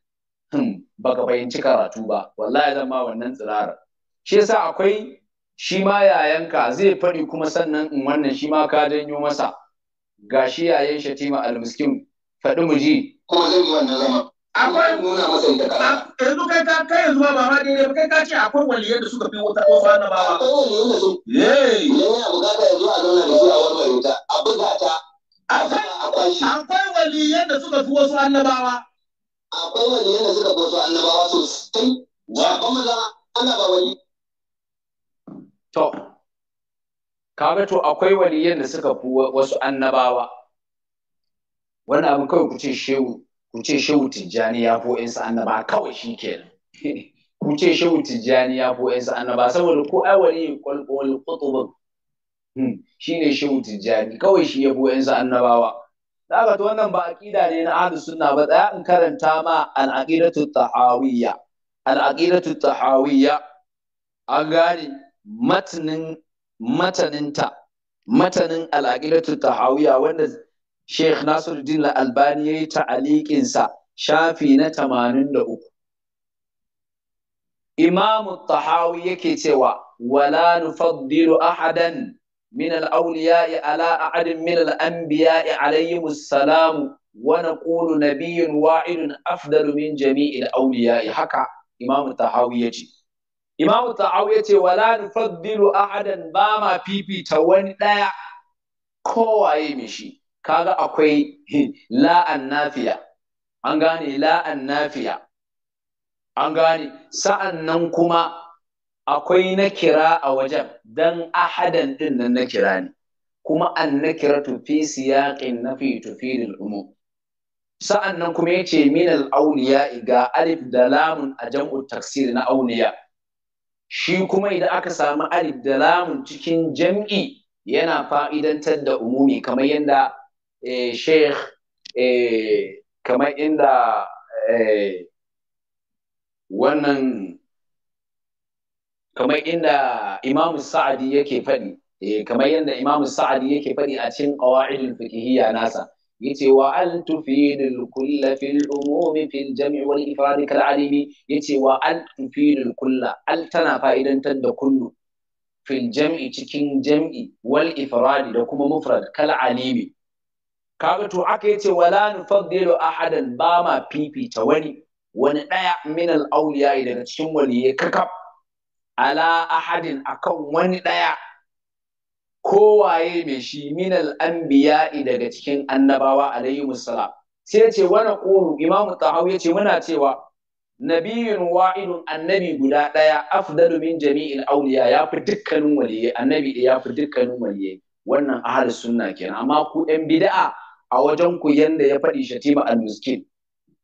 baka fahimci karatu ba wallahi zan ma wannan tsirarar shi yasa akwai shi ma yayanka zai faɗi kuma sannan in wannan shi ma ka janyo masa gashi yayan shatima almiskin faɗi mu ji kuma zan yi wannan zama akwai nuna masa ita kana yanzu kai ka kai yanzu ba ma dai kai ka ce akwai waliyan da suka fi wata wasu annabawa akwai waliyan da su yayi yayi abu ka yanzu a zauna da shi a warware ta a buga akwai waliyan da suka fi wasu annabawa akwai wani yadda suka boso annabawa sosai sabon manzon Allah ba to kaga to akwai waliyan da suka fi wasu annabawa Wani abin kawai ku ce shehu ku shehu tijjani ya fi wa'insu annaba kawai shi kenan (laughs) ku ce shehu tijjani ya fi wa'insu annaba saboda ko ai wani kwalkwal hmm, shi ne shehu tijjani kawai shi ya fi wa'insu annabawa Daga to wannan ba aqida ne na ahlus sunna ba tsaya in karanta ma al-aqidatu tahawiyya. Al-aqidatu tahawiyya an gane matanin mataninta matanin al-aqidatu tahawiyya wanda Sheikh Nasiruddin Al-Albani yayi ta'aliqin sa shafi na 83. Imam Tahawi yake cewa wala nufaddilu ahadan من الأولياء على أحد من الأنبياء عليهم السلام ونقول نبي واحد أفضل من جميع الأولياء حكى إمام الطحاوي إمام الطحاوي ولا نفضل أحدا باما بيبي توان لا كواي مشي كذا أكوي لا النافية أنغاني لا النافية أنغاني سأنن كما akwai na kira a wajen dan ahadan din nan na kira ne kuma an na kira tufi siyaƙin na fi tufi lil'umu sa'an nan kuma yace minal auliya ga alif da lamun a jam'u taksir na auliya shi kuma idan aka samu alif da lamun cikin jam'i yana fa'idantar da umumi kamar yadda eh, sheikh eh, kamar inda eh, wannan kamar inda Imamu Sa'adi yake faɗi eh, kamar yadda Imam Sa'adi yake faɗi a cikin qawaidul fiqhiyya nasa yace wa an tufidul kulla fil umumi fil jam'i wal ifrad kal alimi yace wa an tufidul kulla al tana fa'idantar da kullu fil jam'i cikin jam'i wal ifrad da kuma mufrad kal alimi kaga to aka yace wala nufaddilu ahadan ba ma ta wani wani daya min al awliya daga cikin waliyai kakab ala ahadin akan wani ɗaya kowaye mai shi minal anbiya daga cikin annabawa alayhi musallam sai ce wani ƙoro Imam tahawu ya ce muna cewa nabiyun wa'idun annabi guda ɗaya afdalu min jami'il auliya ya fi dukkanin waliyai annabi ya fi dukkanin waliyai wannan ahal sunna kenan amma ku yan bida'a a wajen ku yanda ya faɗi shatima al-miskin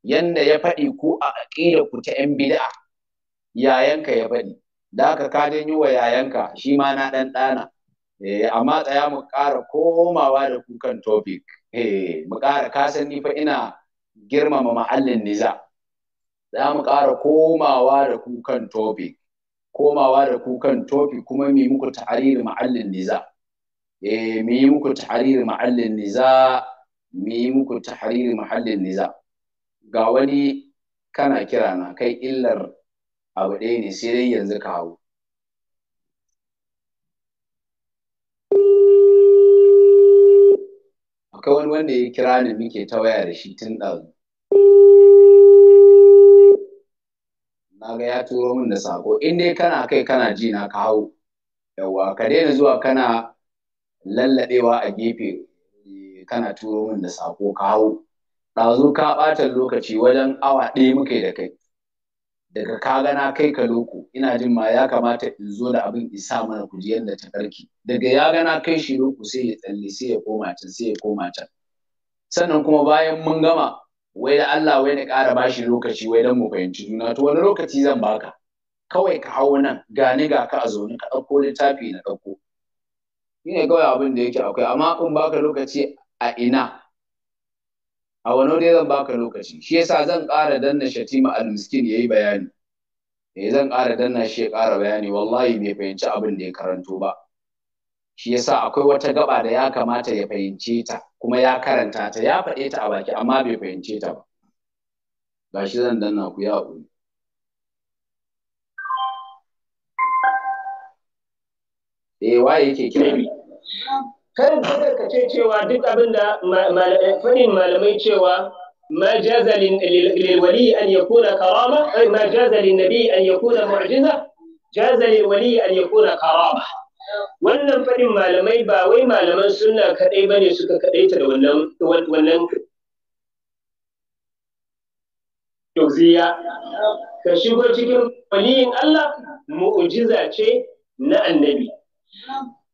yanda ya faɗi ku a aqida ku ta yan bida'a yayanka ya faɗi da aka ka yi wa yayanka shi ma na ɗan ɗana. eh amma tsaya mu ƙara komawa da kukan topic eh mu ƙara kasan ni fa ina girmama ma'allin niza za mu ƙara komawa da kukan topic komawa da kukan topic kuma mu yi muku ta'ariri ma'allin niza eh mu yi muku ta'ariri ma'allin niza mu yi muku ta'ariri ma'allin niza ga wani kana kira na kai illar abu ɗaya ne sai dai yanzu ka hau akwai wani wanda ya kira ni muke ta waya da shi tun ɗazu na ga ya turo min da sako in dai kana kai kana ji na ka hau yawwa ka daina zuwa kana lallaɓewa a gefe eh, kana turo min da sako ka hau ɗazu ka ɓata lokaci wajen awa ɗaya muke da kai daga ka gana kai ka loko ina jin ma ya kamata in zo da abin isa mana kujiyar da ta karki daga ya gana kai shi loko sai ya tsalle sai ya koma can sai ya koma can sannan kuma bayan mun gama wai da Allah wai na ƙara bashi lokaci wai dan mu fahimci juna to wani lokaci zan baka kawai ka hau nan gani ga ka a zaune ka ɗauko littafi na ɗauko shi ne kawai abin da yake akwai amma in baka lokaci a ina a wani wuri zan baka lokaci shi yasa zan ƙara danna shatima al-miskin yayi bayani eh zan ƙara danna shi ƙara bayani wallahi bai fahimci abin da ya karanto ba shi yasa akwai wata gaba da ya kamata ya fahimce ta kuma ya karanta ta ya faɗe ta a baki amma bai fahimce ta ba gashi zan danna ku ya ku eh waye yake kira kar kada ka ce cewa duk abin da fadin malamai cewa ما جاز للولي أن يكون كرامة أي ما جاز للنبي أن يكون معجزة جاز للولي أن يكون كرامة wannan fadin malamai ba wai malaman sunna kadai bane suka kadaita da wannan wannan tauziya ka shigo cikin waliyin Allah mu'jiza ce na annabi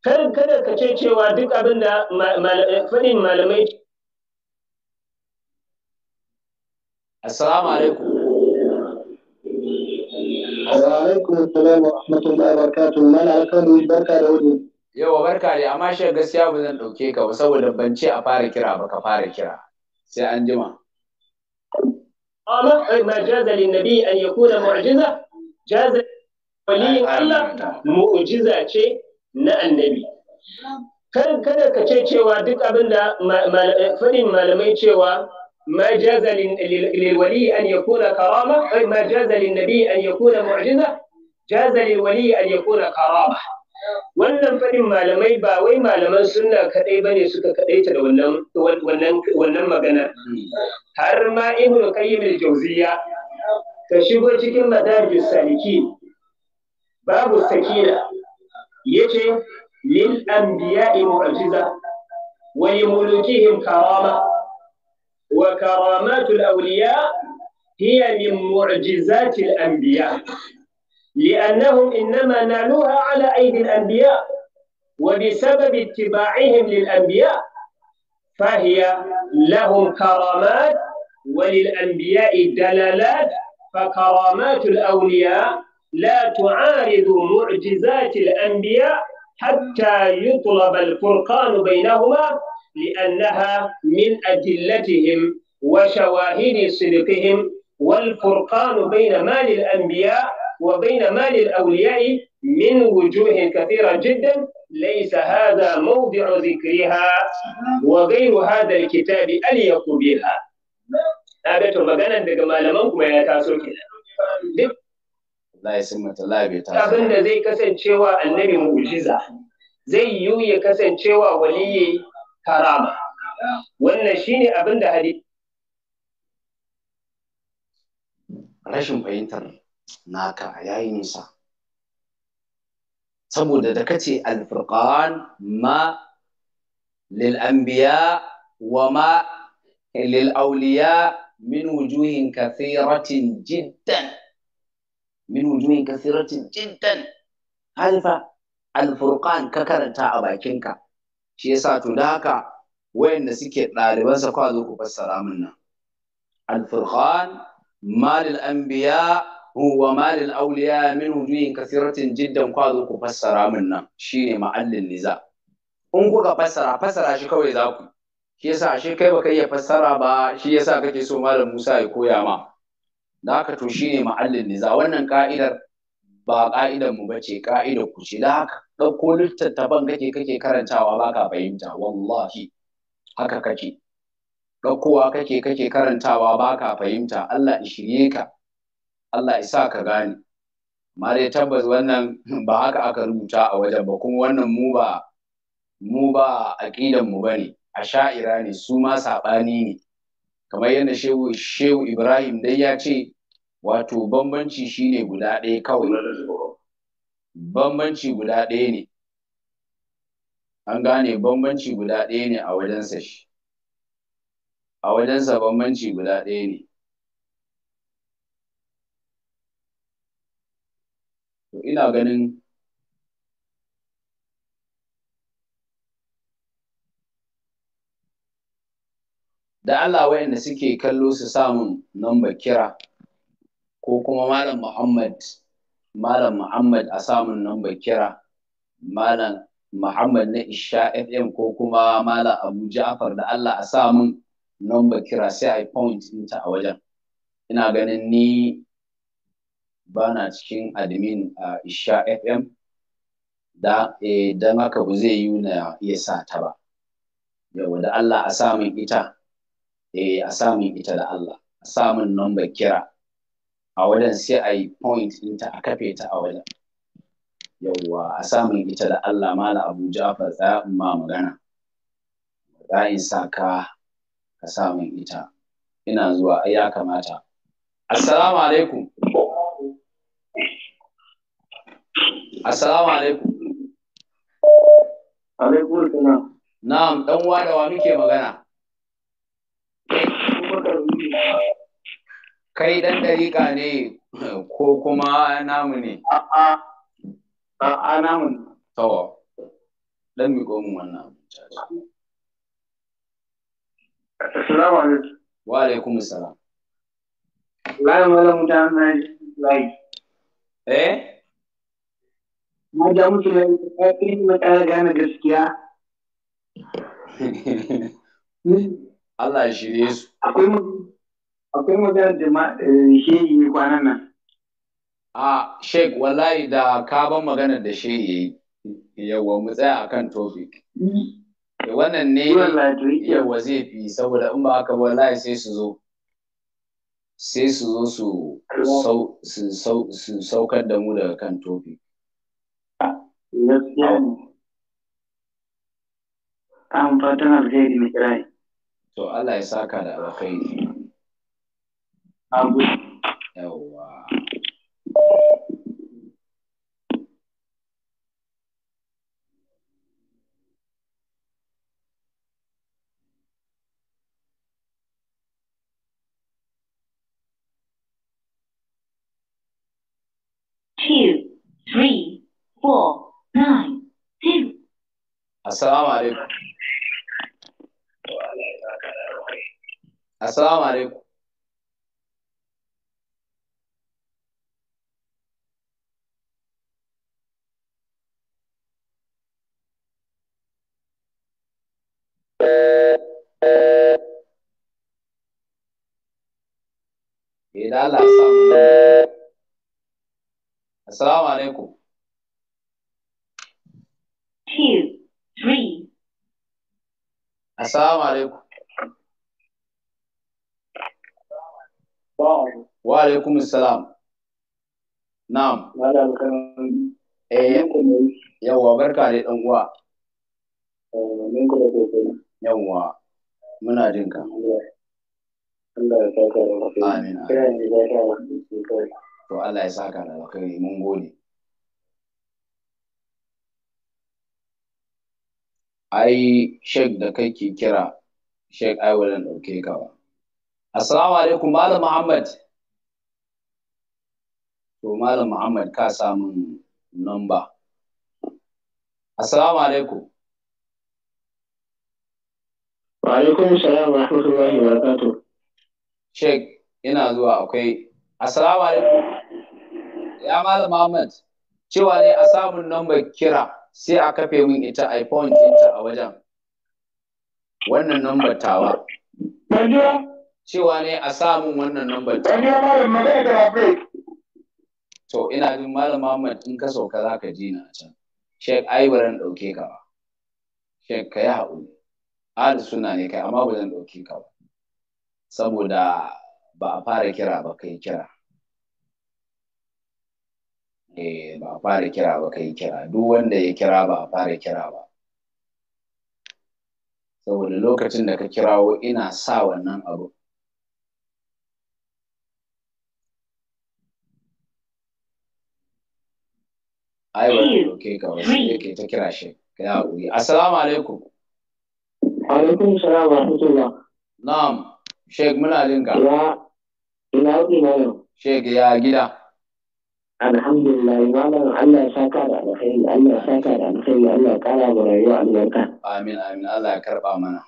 kar kada ka ce cewa duk abin da faɗin malamai assalamu alaikum alaikum salam wa rahmatullahi wa barakatuh mana alƙawari, barka da wuri yawa barka ne amma shi gaskiya ba zan ɗauke ka ba saboda ban ce a fara kira ba ka fara kira sai an jima amma eh, ma jaza lin nabi an yakuna mu'jiza jaza waliyin Allah mu'jiza ce na annabi kar kada ka ce cewa duk abin da fadin malamai cewa ما جاز للولي أن يكون كرامة ما جاز للنبي أن يكون معجزة جاز للولي أن يكون كرامة wannan fadin malamai ba wai malaman sunna kaɗai bane suka kaɗaita da wannan magana har ma ibnu qayyim al-jawziya Ka shigo cikin madarijus saliki babu sakina يجي للأنبياء معجزة ولملوكهم كرامة وكرامات الأولياء هي من معجزات الأنبياء لأنهم إنما نالوها على أيدي الأنبياء وبسبب اتباعهم للأنبياء فهي لهم كرامات وللأنبياء دلالات فكرامات الأولياء لا تعارض معجزات الأنبياء حتى يطلب الفرقان بينهما لأنها من أدلتهم وشواهد صدقهم والفرقان بين مال الأنبياء وبين مال الأولياء من وجوه كثيرة جدا ليس هذا موضع ذكرها وغير هذا الكتاب أليق بها هذا تبغانا دقما لمنكم يا تاسوكي duk wallahi abin da zai kasancewa annabi mu'jiza zai yiwu ya kasancewa waliyi karama wannan shine abin da hadisi rashin fahimtar naka yayi nisa saboda da kace al ma lil anbiya wa ma lil awliya min wujuhin kathiratin jiddan min wujuhin kasiratin jiddan halifa alfurqan ka karanta a bakinka shi yasa to da haka wayanda suke ɗaliban sa kwa zo ku fassara min nan alfurqan malil anbiya huwa malil awliya min wujuhin kasiratin jiddan kwa zo ku fassara min nan shine ma'allin niza in kuka fassara fassara shi kawai za ku shi yasa ashe kai baka iya fassara ba shi yasa kake so malam Musa ya koya ma da haka to ne ma'allin niza wannan ka'idar ba ka'idar mu ce, ka'idar ku ce da haka ɗauko littattafan kake kake karantawa ba ka fahimta wallahi haka kake ɗaukowa kake kake karantawa ba ka fahimta Allah ya shirye ka Allah ya sa ka gane amma tabbas wannan (laughs) ba haka aka rubuta a wajen ba kuma wannan mu ba mu ba aqidan mu bane sha'ira ne su ma sabani ne kamar yadda shehu shehu ibrahim dai ya ce wato bambanci shine guda ɗaya kawai bambanci guda ɗaya ne an gane bambanci guda ɗaya ne a wajensa shi a wajensa bambanci guda ɗaya ne to ina ganin da Allah wayanda suke kallo su samun number kira ko kuma malam Muhammad malam Muhammad a samun number kira malam Muhammad na Isha FM ko kuma malam Abu Ja'far da Allah a samun number kira sai a point ɗinta a wajen ina ganin ni ba na cikin admin a Isha FM da eh, da haka ba zai yi na ya sa ta ba. Yau da Allah a samun ita eh a samun ita da Allah a samun number kira a wajen sai a yi point ɗinta a kafe ta a wajen yawwa a samun ita da Allah mala Abu Ja'far za ma magana za in sa ka ka samun ita ina zuwa ya kamata assalamu alaikum assalamu alaikum alaikum salam na'am dan wa da wa muke magana Kai ɗan dariƙa ne ko kuma namu ne? A'a, a namu ne. Tawa, ɗan miƙo min wannan Assalamu alaikum. Wa alaikum assalam Lai mutan mutane lai. Eh? Na ga mutu da ƙarfi na ƙara gane gaskiya. (laughs) Hmm. Allah shirye su. Akwai akwai magana da eh, shehi kwanan nan a sheik wallahi da ka ban magana da shehi yawa mu tsaya akan topic wannan ne yawa zai fi saboda in ba aka wallahi sai su zo sai su zo su saukar da mu daga kan topic an fatan alkhairi na kirai to Allah ya saka da alkhairi abin yawa Two, three, four, nine, two. Assalamu alaikum. Assalamu alaikum. Idan eh, Assalamu alaikum. Assalamu alaikum. Wa alaikum salam. Na'am. Eh, yawa barka ne dan uwa. Eh, yawwa muna jin ka amin to Allah ya saka da alkhairi mun gode ai shek da kake kira shek ai wannan dauke ka ba assalamu alaikum malam muhammad to malam muhammad ka samu number assalamu alaikum Wa alaikum salam wa rahmatullahi wa barakatuh. Sheikh ina zuwa akwai Assalamu alaikum. Ya Malam Muhammad cewa ne a samun nambar kira sai a kafe min ita iPhone ɗinta a wajen. Wannan nambar tawa. Cewa ne a samun wannan nambar tawa. To ina jin Malam Muhammad in ka sauka za ka ji na can. Sheikh ai ɗauke ka ba. Sheikh ka yi haƙuri. ahli suna ne kai amma ba zan ɗauki ka ba saboda ba a fara kira ba kai kira eh ba a fara kira ba kai kira duk wanda ya kira ba a fara kira ba saboda lokacin da ka kirawo ina sa wannan abu ai ba ɗauke ka wasu yake ta kira shi ka yi assalamu alaikum Alaikum salam wa rahmatullah. Na'am, Sheikh muna jin ka. Ya ina yi yau? Sheikh ya gida. Alhamdulillah malam Allah ya saka da alkhairi Allah ya saka da alkhairi Allah ya kara mu rayuwa a albarka. Amin amin Allah ya karba mana.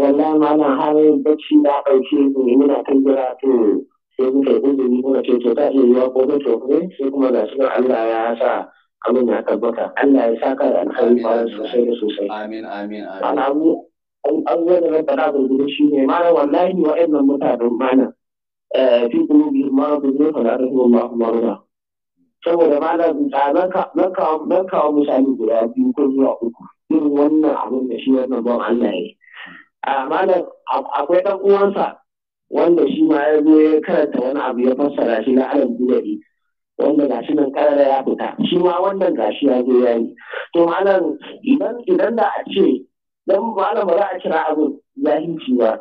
Wallahi malam har bacci na dauke ni ina kan jira to sai muka uzuri muka ce to ta iya ko ta to ne sai kuma ga shi Allah ya sa abin ya tabbata Allah ya saka da alkhairi sosai da sosai. Amin amin amin. Alamu an zo da nan faɗa gurgudu shi ne mana wallahi wa'annan mutanen mana eh, fi kuma qulubi ma gurgudu fa la rahimahullahu marra saboda mana zan kawo misali guda biyu ko zuwa uku irin wannan abin da shi ya ban Allah ya a malam akwai ɗan uwansa wanda shi ma ya zo ya karanta wani abu ya fassara shi na alam bidari wanda gashi nan karara ya fita shi ma wannan gashi ya zo ya yi to malam idan idan da a ce don malam ba za a kira abin jahilci ba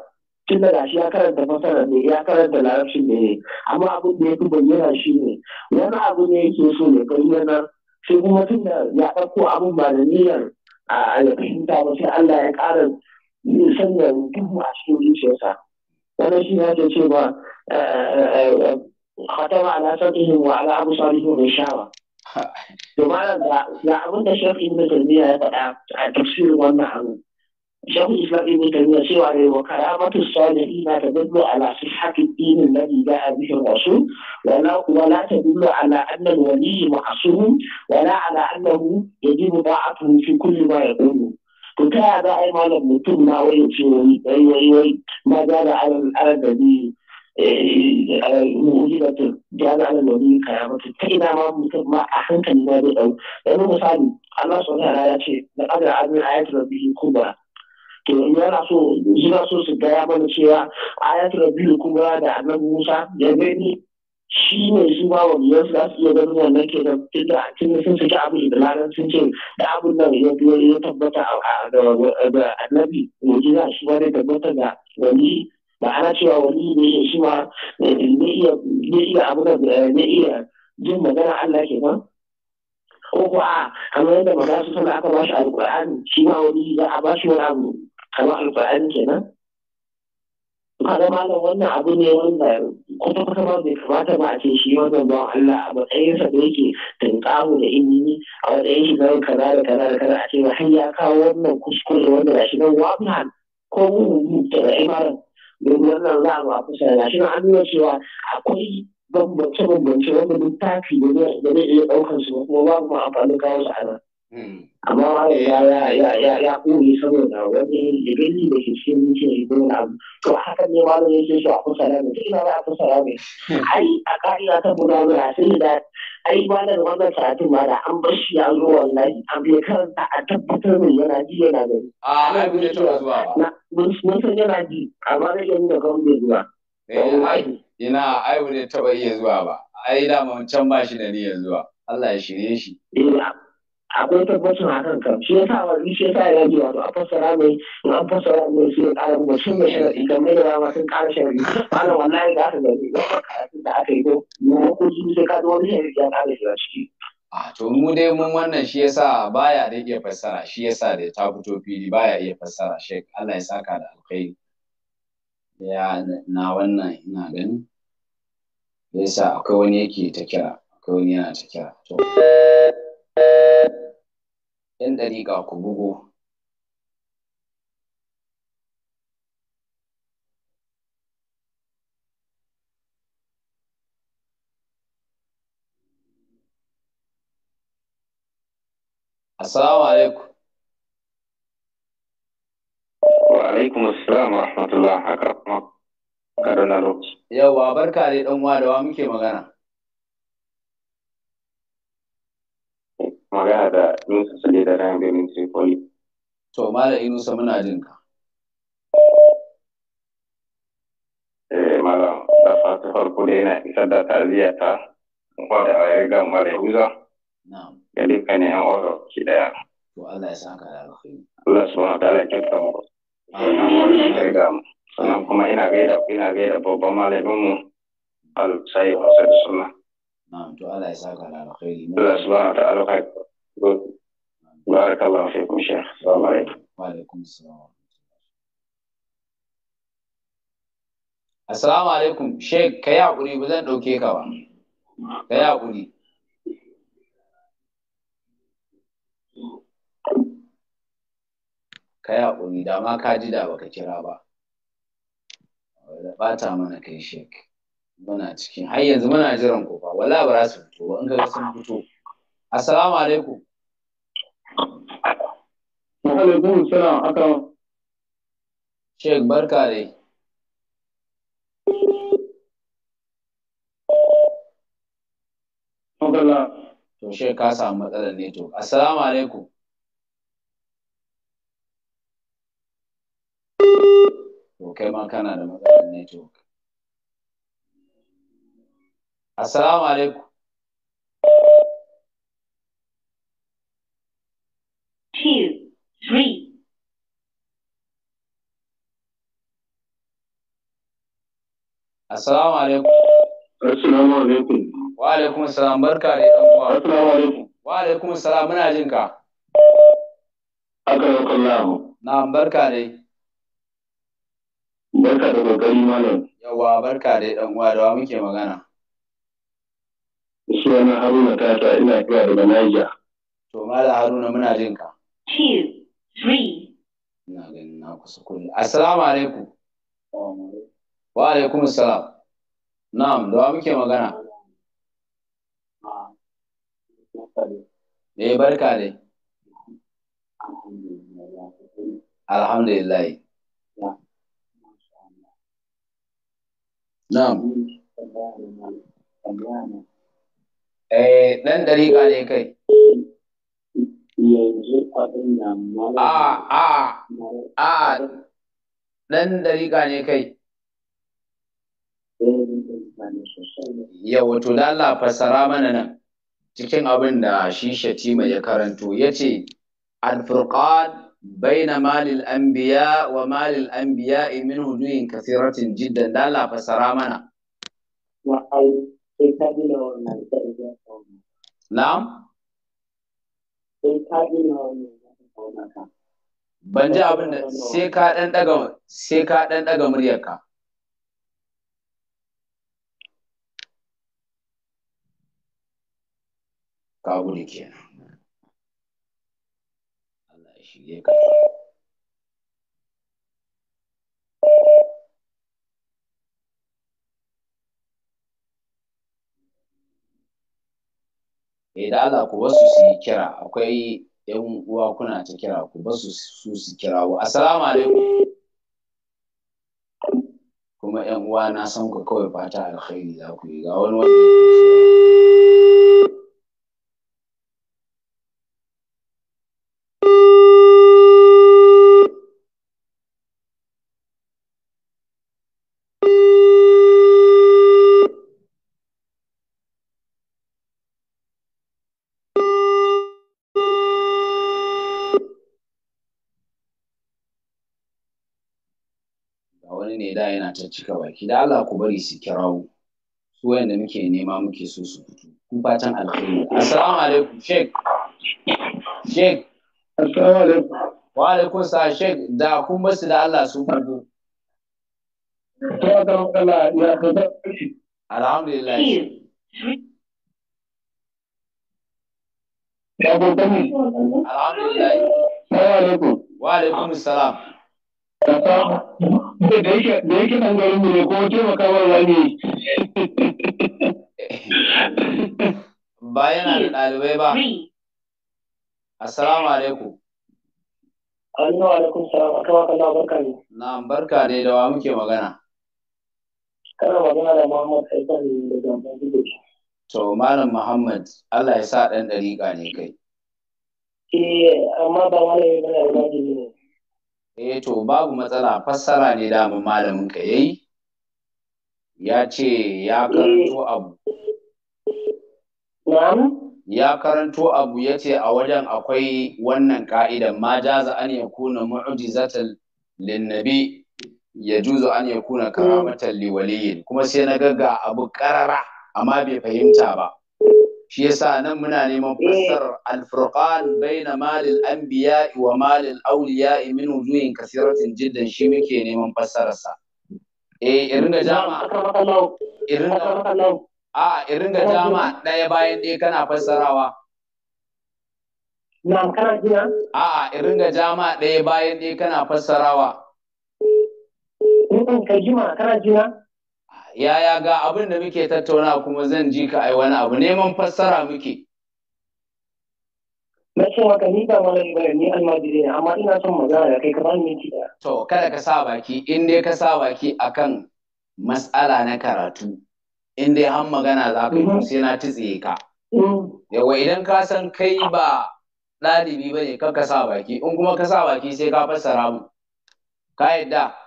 tun da gashi ya karanta fasara ne ya karanta larabcin ne amma abin da ya fi bayyana shi ne wani abu ne yake so ya bayyanar sai kuma tun da ya ɗauko abin ba da niyyar a alfahimta ba sai Allah ya ƙara sanya duhu a cikin zuciyarsa wannan shi ne ke cewa eh, eh, eh, khatama ala sakihin wa ala abu salihu mai shawa to malam da abin da shafi ibn ya faɗa a tafsirin wannan abu شيخ الاسلام ابن تيميه na da الصالحين تدل على صحه الدين الذي جاء به الرسول ولا ولا تدل على ان الولي معصوم ولا على انه يجب طاعته في كل ما يقوله to ta yaya za a yi malam mutum na wai ce wai wai wai ma za da alal nabi mu'ujibatun ta ina ma ma a hankali ma zai ɗau misali Allah ya ce da abin ayatul rabbihi kubra to yana so suna so su gaya mana cewa ayatul rabbi kuma da annabi Musa ya gani shi ne su ba wa biyar su su iya ganin wannan ke da tunda tunda sun saki abu da laran sun ce da abin nan ya tabbata da annabi mujiza shi ba ne tabbata da wani ba ana cewa wani ne shi ma ne iya ne iya abu da eh, ne iya jin magana Allah ke ba ko ko a kamar yadda magana su tana aka ba shi alƙur'ani shi ma wani za a ba shi wani abu kamar alfahari kenan kaga malam wannan abu ne wanda kuma kuma bai kamata ba a ce shi wannan ba Allah a matsayinsa da yake tunkahu da ilimi a matsayin shi zai kaza da kaza da kaza a ce ba. har ya kawo wannan kuskure wanda ga shi nan wabhan ko mun da imaran domin wannan za a kusa da shi Na an nuna cewa akwai bambance bambance wanda tafi da zai iya ɗaukar su kuma babu ma amfanin kawo su a nan. amma ya ya ya ya kuri saboda wani dalili da ke cikin mutum ko wani abu to haka ne ma ne yake a kusa da mutum ina za a kusa da mutum ai a ka'ida ta munawara sai da ai ba da wannan karatu ma da an bar shi ya zo wallahi an bai karanta a tabbatar mai yana ji yana gani a ne bi tura zuwa ba mun san yana ji amma zai yi da bai zuwa eh, ina ai ba ne taba iya zuwa ba ai da can ba shi da ni zuwa Allah ya shirye shi eh, akwai tabbacin hakan kam shi yasa wani shi yasa ya ji wato a fassara mai in an fassara mai sai ya ƙara kuma sun mai sharadi da mai da ma sun ƙara sharadi wannan wallahi da aka gani da karatun da aka yi ko mu ko su sai ka wani sharadi ya ƙara shiga ciki a to mu dai mun wannan shi yasa baya da iya fassara shi yasa da ta fito fili baya iya fassara shek Allah ya saka da alkhairi ya na wannan ina ganin yasa akwai wani yake ta kira akwai wani yana ta kira to ‘yan dariƙa ku bugo! Assalamu alaikum. Wa alaikum assalam wa rahmatullah haka kuma karnar Yawa barka dai ɗan uwa da wa muke magana. magana da Yunusa Sale da Ryan Birnin Tripoli. To, Malam Yunusa muna jin ka. Eh, Malam, da fata farko dai yana isar da ta'aziyya ta ba da wayar ga Malam Yunusa. Na'am. Ga dukkan an uwa shi daya. To, Allah ya saka da alkhairi. Allah subhanahu wa ta'ala ya kinta mu. Sannan kuma ina gaida ina gaida babban malamin mu Al-Sayyid Hussein Sunnah. Na'am to Allah ya saka da alkhairi. Allah subhanahu wa ta'ala ka barakallahu fiikum Sheikh. Assalamu Wa assalam. Assalamu alaikum Sheikh kai hakuri ba zan dauke ka ba. Kai hakuri. Kai hakuri da ma ka ji da baka kira ba. Bata mana kai Sheikh. muna cikin har yanzu muna jiran ku ba wala ba za su fito ba in ka sun fito assalamu alaikum alaikum salam aka Shek barka dai To she ka samu matsalar ne to. Assalamu alaikum. To kai ma kana da matsalar to. Assalamu alaikum. Assalamu alaikum. Assalamu alaikum. Wa alaikum salam barka da ɗan uwa. Assalamu alaikum. Wa alaikum salam muna jin ka. Akramakallahu. Na'am barka dai. Barka da gari malam. Yawa barka dai ɗan uwa da wa muke magana. sunana Haruna Tata ina kira daga Niger. To Malam Haruna muna jin ka. Ina ganin na kusa kulli. Assalamu alaikum. Wa alaikum salam! Na'am, da wa muke magana? Eh barka dai. Alhamdulillah. Na'am. Eh, ɗan dariƙa ne kai. Yanzu kwaɗin A, a, a, dariƙa ne kai. Eh, Yawa, to lalla fassara mana nan cikin abin da shi Shatima ya karanto ya ce, bai baina malil anbiya wa malil anbiya min huduyin kasiratin jiddan lalla fassara mana. Wa'ai, sai ta wannan na'am eh, ban ji abin da sai ka ɗan ɗaga sai ka ɗan muryarka idan eh, da Allah ku basu su yi kira akwai yan uwa kuna ta kira ku basu su su kira wa assalamu alaikum kuma yan uwa na san ku kawai fata alkhairi za ku yi ga wani wani ta cika baki da Allah ku bari su kirawo su wanda muke nema muke so su fito ku fatan alheri assalamu alaikum sheik sheik assalamu alaikum wa alaikum sa sheik da kun basu da Allah su fito alhamdulillah alhamdulillah wa alaikum salam da yake nan garin mu ne kuma taimaka za mu yi ba yana da ɗalibai ba assalamu alaikum Assalamu alaikum salam akawa kallon barka ne Na barka ne da wa muke magana kana magana da Muhammad Aikan daga Maiduguri to malam Muhammad Allah ya sa ɗan ɗariƙa ne kai eh amma ba wani yana da ne eh to babu matsala fassara ne da malamin ka yayi ya ce ya karanto abu ya karanto abu ya ce a wajen akwai wannan ka'idan ma jaza an ya kuna mu'jizatan linnabi ya juzo an ya karamatan liwaliyin kuma sai na ga abu karara amma bai fahimta ba shi yasa nan muna neman fassarar Alfurqan baina malil anbiya wa malil awliya min wujuhin kasiratin jiddan shi muke neman fassarar sa eh irin da jama irin da a irin da jama daya bayan daya kana fassarawa na kana a A'a, irin da jama ɗaya bayan ɗaya kana fassarawa. In ka jima kana jina? yaya ga abin da muke tattauna kuma zan ji ka ai wani abu neman fassara muke na ce maka ni ta malami ba ni almajiri ne amma ina son magana da kai ka bani minti ɗaya to kada ka sa baki in dai ka sa baki akan matsala na karatu in dai har magana za ka yi mm-hmm. sai na ka mm. yawa idan ka san kai ba ɗalibi ba ne ka sa baki in kuma ka sa baki sai ka fassara mu ka yadda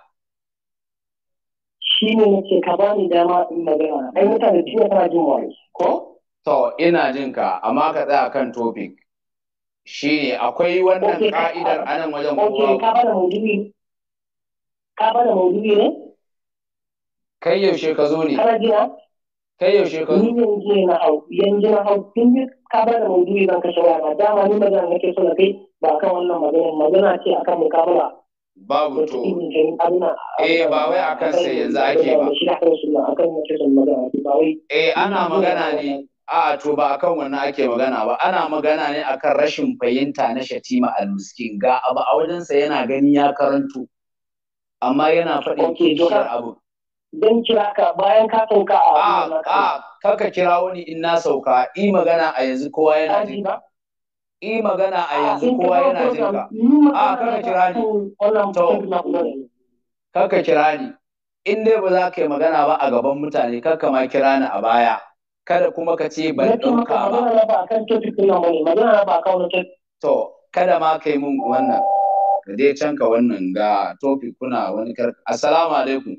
shi ne nake ka bani dama in magana ai mutane tun yana jin wani ko to ina jin ka amma ka tsaya kan topic shi ne akwai wannan ka'idar a nan wajen kowa ka bada maudu'i ka bada maudu'i ne kai yaushe ka zo ne kana jira kai yaushe ka zo ni yanzu na hau yanzu na hau tun ka bada maudu'i zan kashe waya dama ni magana nake so na kai ba kan wannan magana magana ce akan mukabala babu to eh ba wai akan sai yanzu ake ba eh ana magana ne a to ba akan wannan ake magana ba ana magana ne akan rashin fahimta na shatima al ga abu a wajensa yana gani ya karanto amma yana faɗin kishiyar abu dan kira ka bayan ka sauka a a kaka kira wani in na sauka i magana a yanzu kowa yana jin ka. yi magana a yanzu kowa yana jin ka a ah, kaka kira ni to kaka kira ni in dai ba za ka yi magana ba a gaban mutane kaka ma kira ni a baya kada kuma ka ce ban ɗauka ba to kada ma ka yi mun wannan ka dai can ka wannan ga topic kuna wani kar assalamu alaikum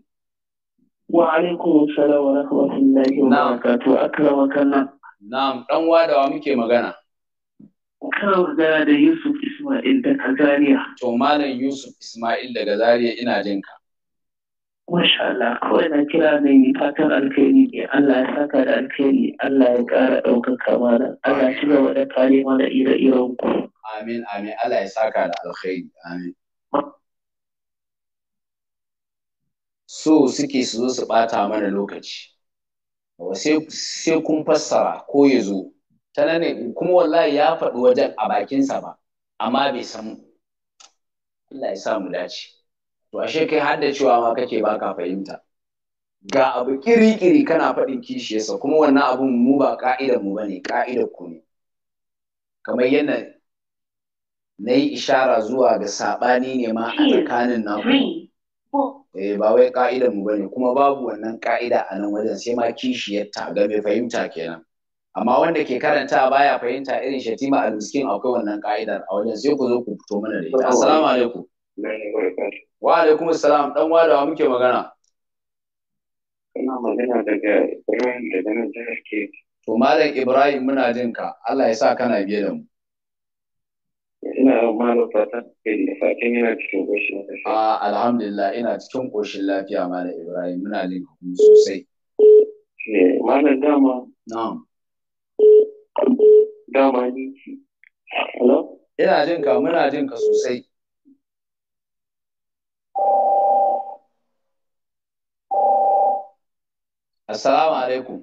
wa alaikum assalam wa rahmatullahi wa barakatuh akrama kana na'am dan wadawa muke magana kana magana da Yusuf Ismail daga Zaria. To Malam Yusuf Ismail daga Zaria ina jin ka. Masha Allah, kawai na kira ne ni fatan alkhairi ne, Allah ya saka da alkhairi, Allah ya ƙara ɗaukaka mana, Allah shi gaba da kare mana ire-iren ku. Amin, amin, Allah ya saka da alkhairi, amin. So suke su zo su ɓata mana lokaci, sai kun fassara ko ya zo ta nan kuma wallahi ya faɗi wajen a bakinsa ba amma bai san Allah ya sa mu dace to ashe kai har da cewa ma kake baka fahimta ga abu kiri-kiri kana faɗin kishiyarsa kuma wannan abun mu ba ka'idar mu bane ka'idar ku ne kamar yana na yi ishara zuwa ga saɓani ne ma a tsakanin ku. eh ba wai ka'idar mu bane kuma babu wannan ka'ida a nan wajen sai ma kishiyarta ga mai fahimta kenan amma wanda ke karanta baya fahimta irin shatima a miskin akwai wannan ka'idar a wajen sai ku zo ku fito mana da ita assalamu alaikum wa alaikum assalam dan wadawa muke magana ina magana daga Ibrahim da dana jihar to malam Ibrahim muna jin ka Allah ya sa kana biye da mu ina malam fatan fatan yana cikin koshin lafiya a ah, alhamdulillah ina cikin koshin lafiya malam Ibrahim muna jin ka kuma sosai eh, malam dama na'am dama ni ce. Hello? Ina jin ka, muna jin ka sosai. Assalamu alaikum.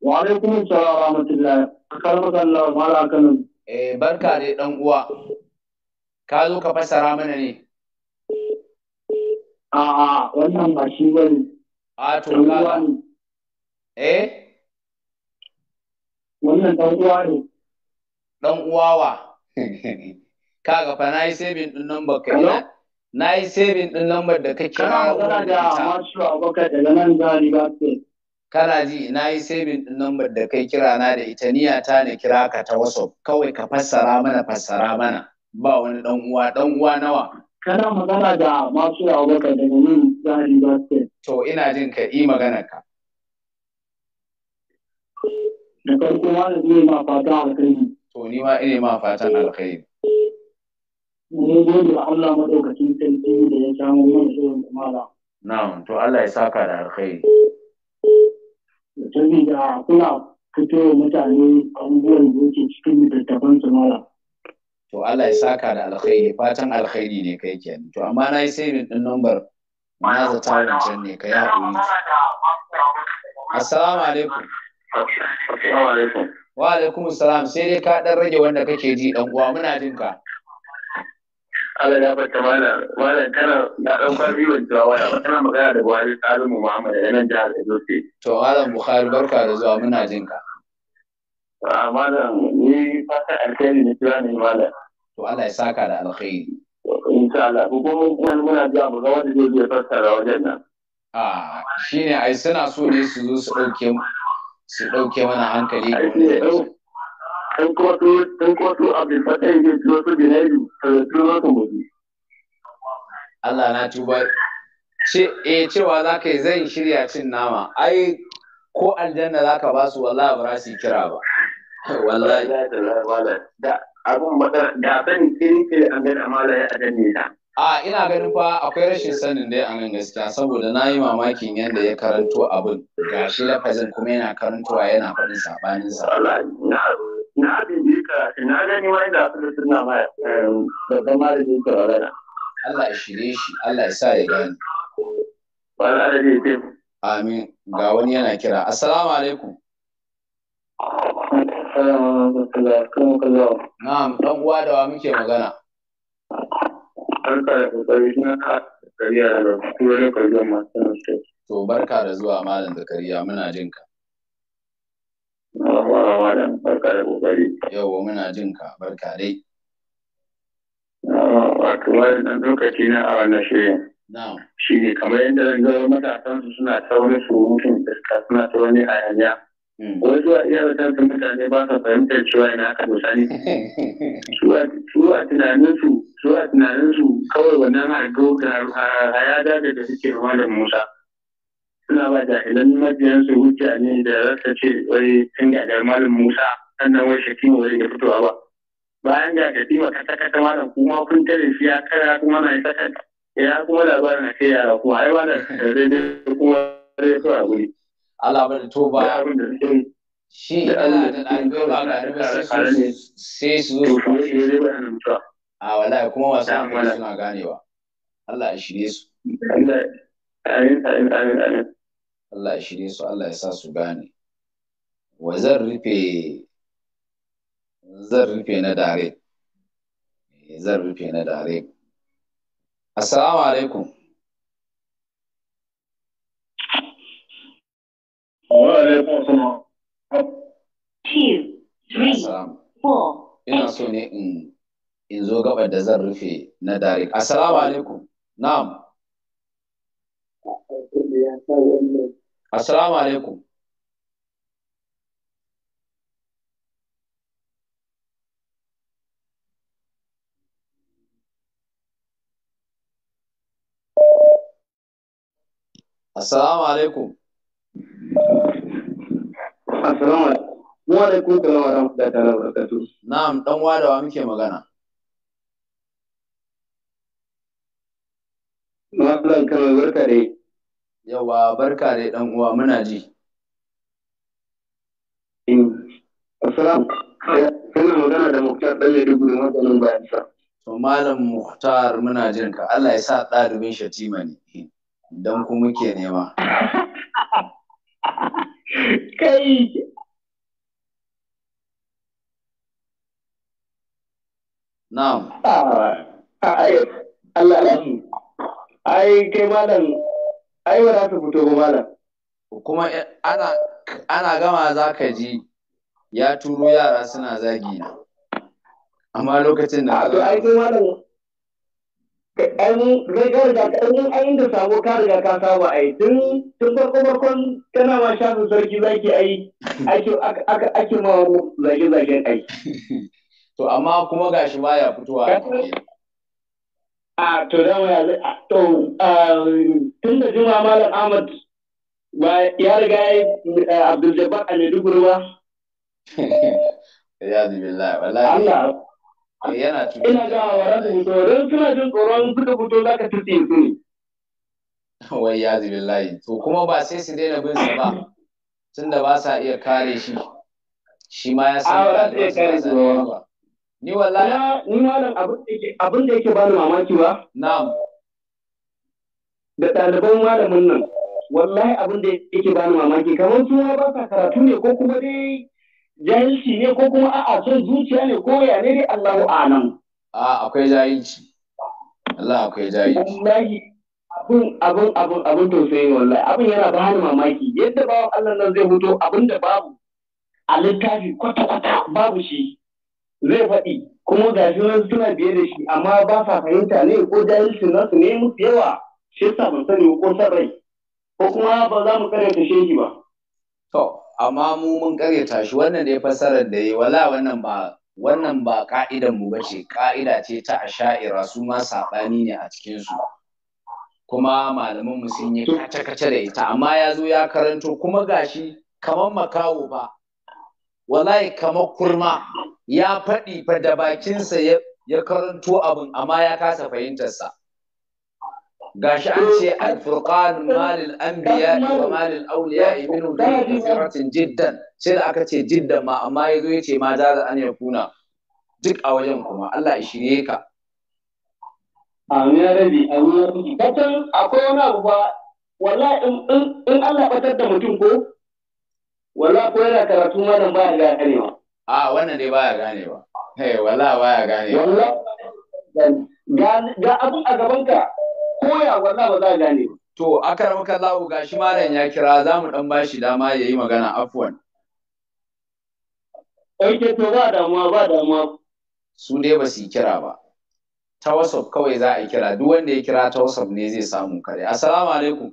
Wa alaikum assalam wa rahmatullahi. Karbar Allah wa alakanin. Eh barka dai dan uwa. Ka zo ka fassara mana ne. A'a wannan ba shi bane. A to ka. Eh? wannan dan uwa ne dan uwa wa (laughs) kaga fa nayi saving din number kai na nayi saving din lambar da kake kana magana da masu abokai daga nan zari ba kana ji na yi saving din number da kai kira na da ita niya ta ne kira ka ta WhatsApp kawai ka fassara mana fassara mana ba wani dan uwa dan uwa nawa kana magana da masu Abubakar daga nan zari ba to ina jin ka yi magana ka da farko ma da zai ma fata alkhairi to ni ma ina ma fatan alkhairi mun gode wa Allah madaukakin sarki da ya samu mun shirin kamala na'am to Allah ya saka da alkhairi saboda kuna fito mutane abubuwan da yake cikin littattafan su mala to Allah ya saka da alkhairi fatan alkhairi ne kai kenan to amma na yi saving ɗin nambar. na zata wancan ne kai haƙuri assalamu alaikum Wa alaikum salam sai dai ka dan rage wanda kake ji dan uwa muna jin ka. Allah ya fata mana mana kana da dan kwabi wanda waya kana magana da Buhari Alimu Muhammad da nan jihar Edo State. To Malam Buhari barka da zuwa muna jin ka. A ah, malam ni fata alkhairi ne kira ne malam. To Allah ya saka da alkhairi. Insha Allah ko kuma muna jira mu ga wanda zai fassara wajen nan. Ah shine ai suna so ne su zo su dauke mu su ɗauke mana hankali ga wani ɗan kwato ɗan kwato abin fata yake tuwa su binari karatu wasu mutu Allah na tuba ce e cewa za ka yi zan shirya cin nama ai ko aljanna za ka ba su wallahi ba za su kira ba (laughs) wallahi da abin da ban kirkir abin amala ya adani ta a ina ganin fa akwai rashin sanin dai a nan gaskiya saboda na yi mamakin yadda ya karanto abin ga shi lafazin kuma yana karantowa yana faɗin sabanin sa na bibika na gani wani da aka suna ma babban malamin kwararra Allah ya shirye shi Allah ya sa ya gani wala da dai dai amin ga wani yana kira assalamu alaikum na'am dan uwa da wa muke magana an kara da masu to barka da zuwa malam zakariya muna jin ka barka da kokari yawa muna jin ka barka dai wato wannan lokaci na a wannan shirin shi ne kamar yadda zan ga matasansu suna ta wani surutun iska suna ta wani hayaniya wai zuwa iya wajen mutane ba sa fahimtar cewa ina aka dosa ne su a tunaninsu su a tunaninsu kawai wannan hayada da da suke ruwa da musa suna ba idan mabiyansu hujja ne da za ta ce wai sun musa sannan wai shakima wai da fitowa ba bayan ga shakima kata kata malam kuma ya kara kuma na ita ya kuma na kuma daidai kuma Allah bada toba shi yana da ɗalibai ba ga su. sai su zo su a wallahi kuma wasu hankali suna ganewa Allah ya shirye su Allah ya shirye su Allah ya sa su gane wa zan rufe zan rufe na dare eh, zan rufe na dare assalamu alaikum Wa alaikum salam. Two, three, four. Ina so ne in in zo gabar da zan rufe na dare. Assalamu alaikum. Na'am. Assalamu alaikum. Assalamu alaikum. Assalamu alaikum. Wa alaikum salam wa rahmatullahi ta'ala wa barakatuh. Na'am, dan wadawa muke magana. Malam Kamal barka dai. Yawa barka dai dan uwa muna ji. Mm. Assalamu kana magana da Muktar dan Maiduguri maganin bayan sa. To Malam Muktar muna jin ka. Allah ya sa ɗalibin shatima ne. Dan ku muke nema. (laughs) Kai! Na'am. Ah, Allah rasu. Ai kai malam ai ba za su fito ba malam. Kuma eh, ana gama za ka ji ya turo yara suna zagi na. Amma lokacin da. Ah, ai kai malam an riga da in ayin da sabo ka riga ka saba ai tun tun farko farkon kana ma shafin sarki za ki ake aka ake ma zage zagen ai to amma kuma gashi baya fitowa a to da ya to tun da juma malam Ahmad ba ya riga ya Abdul Jabbar a Maiduguri ba (laughs) ya billahi wallahi Eh, ina ga wara da hito don suna jin tsoron suka fito za ka tutse su ne (laughs) wai ya zibillahi to kuma ba sai su daina bin sa ba tunda ba sa iya kare shi shi ma ya san ba da kare shi ba ni wallahi ni malam abin da yake abin da yake bani mamaki ba na'am da ɗaliban malamin nan wallahi abin da yake bani mamaki kamar su ba sa karatu ne ko kuma dai jahilci ne ko kuma a'a son zuciya ne ko ya ne dai Allahu alam a akwai jahilci Allah akwai jahilci wallahi abin abin abin abin tausayi wallahi abin yana ba ni mamaki yadda bawan Allah nan zai fito abin da babu a littafi kwata kwata babu shi zai faɗi kuma ga shi nan suna biye da shi amma ba sa fahimta ne ko jahilcin nasu ne musu yawa shi yasa ban sani ko san rai ko kuma ba za mu karanta shehi ba to amma mu mun karyata shi wannan ne fassarar da yi wala wannan ba wannan ba ka'idan mu bace ka'ida ce ta asha'ira su ma sabani ne a cikin su kuma malamin mu sun yi kace kace da ita amma ya zo ya karanto kuma gashi kamar makawo ba wallahi kamar kurma ya faɗi fa da bakinsa ya karanto abin amma ya kasa fahimtarsa gashi an ce al-furqan malil anbiya wa malil awliya ibnu bi kathratin jiddan sai da aka ce jiddan ma amma yazo yace ma za an ya kuna duk a wajen kuma Allah ya shirye ka amin ya rabi amin ya rabi kasan akwai wani abu ba wallahi in in Allah batar da mutum ko wallahi ko yana karatu ma nan baya ganewa a wannan ne baya ganewa hey wallahi baya ganewa wallahi ga abun a gaban ka koya walla ba za a gane ba to akar maka lawo gashi malam ya kira za mu dan bashi dama ya yi magana afwan Ɗauke to ba damuwa ba damuwa su dai ba su kira ba ta wasaf kawai za a kira duk wanda ya kira ta wasaf ne zai samu kare assalamu alaikum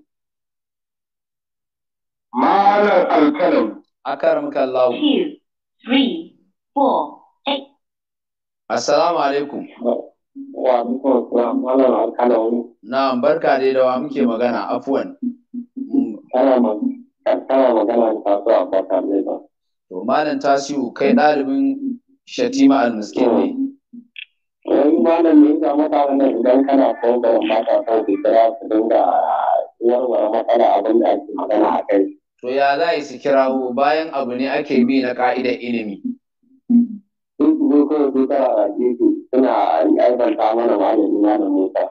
malam alkalam akar maka lawo 2 3 assalamu alaikum wa alaikum assalam malam alkalam Na'am barka dai da wa muke magana afwan. Ana magana da tasu a baka ne ba. To malam tasiu kai ɗalibin shatima al-miskin ne. Yanzu malam ne ga mutanen idan kana kawo da mata ko kira su dinga warware matsala abin da ake magana a kai. To ya za su kirawo bayan abu ne ake bi na ka'idar ilimi. Sun su zo kawai su tara suna aibanta mana malami na Musa.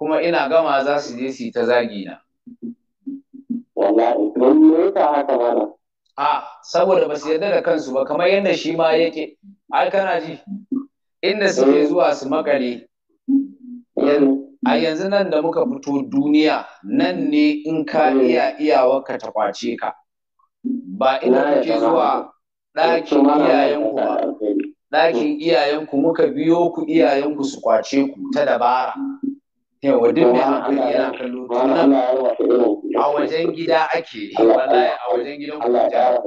kuma ina gama za su je su yi ta zagi na. A, saboda ba su yarda da kansu ba, kamar yadda shi ma yake, ai kana ji, inda su ke mm. zuwa su makare, mm. A yanzu nan da muka fito duniya, nan ne in ka mm. iya iyawarka ta kwace ka. Ba ina kuke zuwa ɗakin iyayenku ba, ɗakin iyayenku muka biyo ku iyayenku su kwace ku ta dabara. yawa duk mai hankali yana kallo tunan a wajen gida ake wallahi a wajen gidan kuta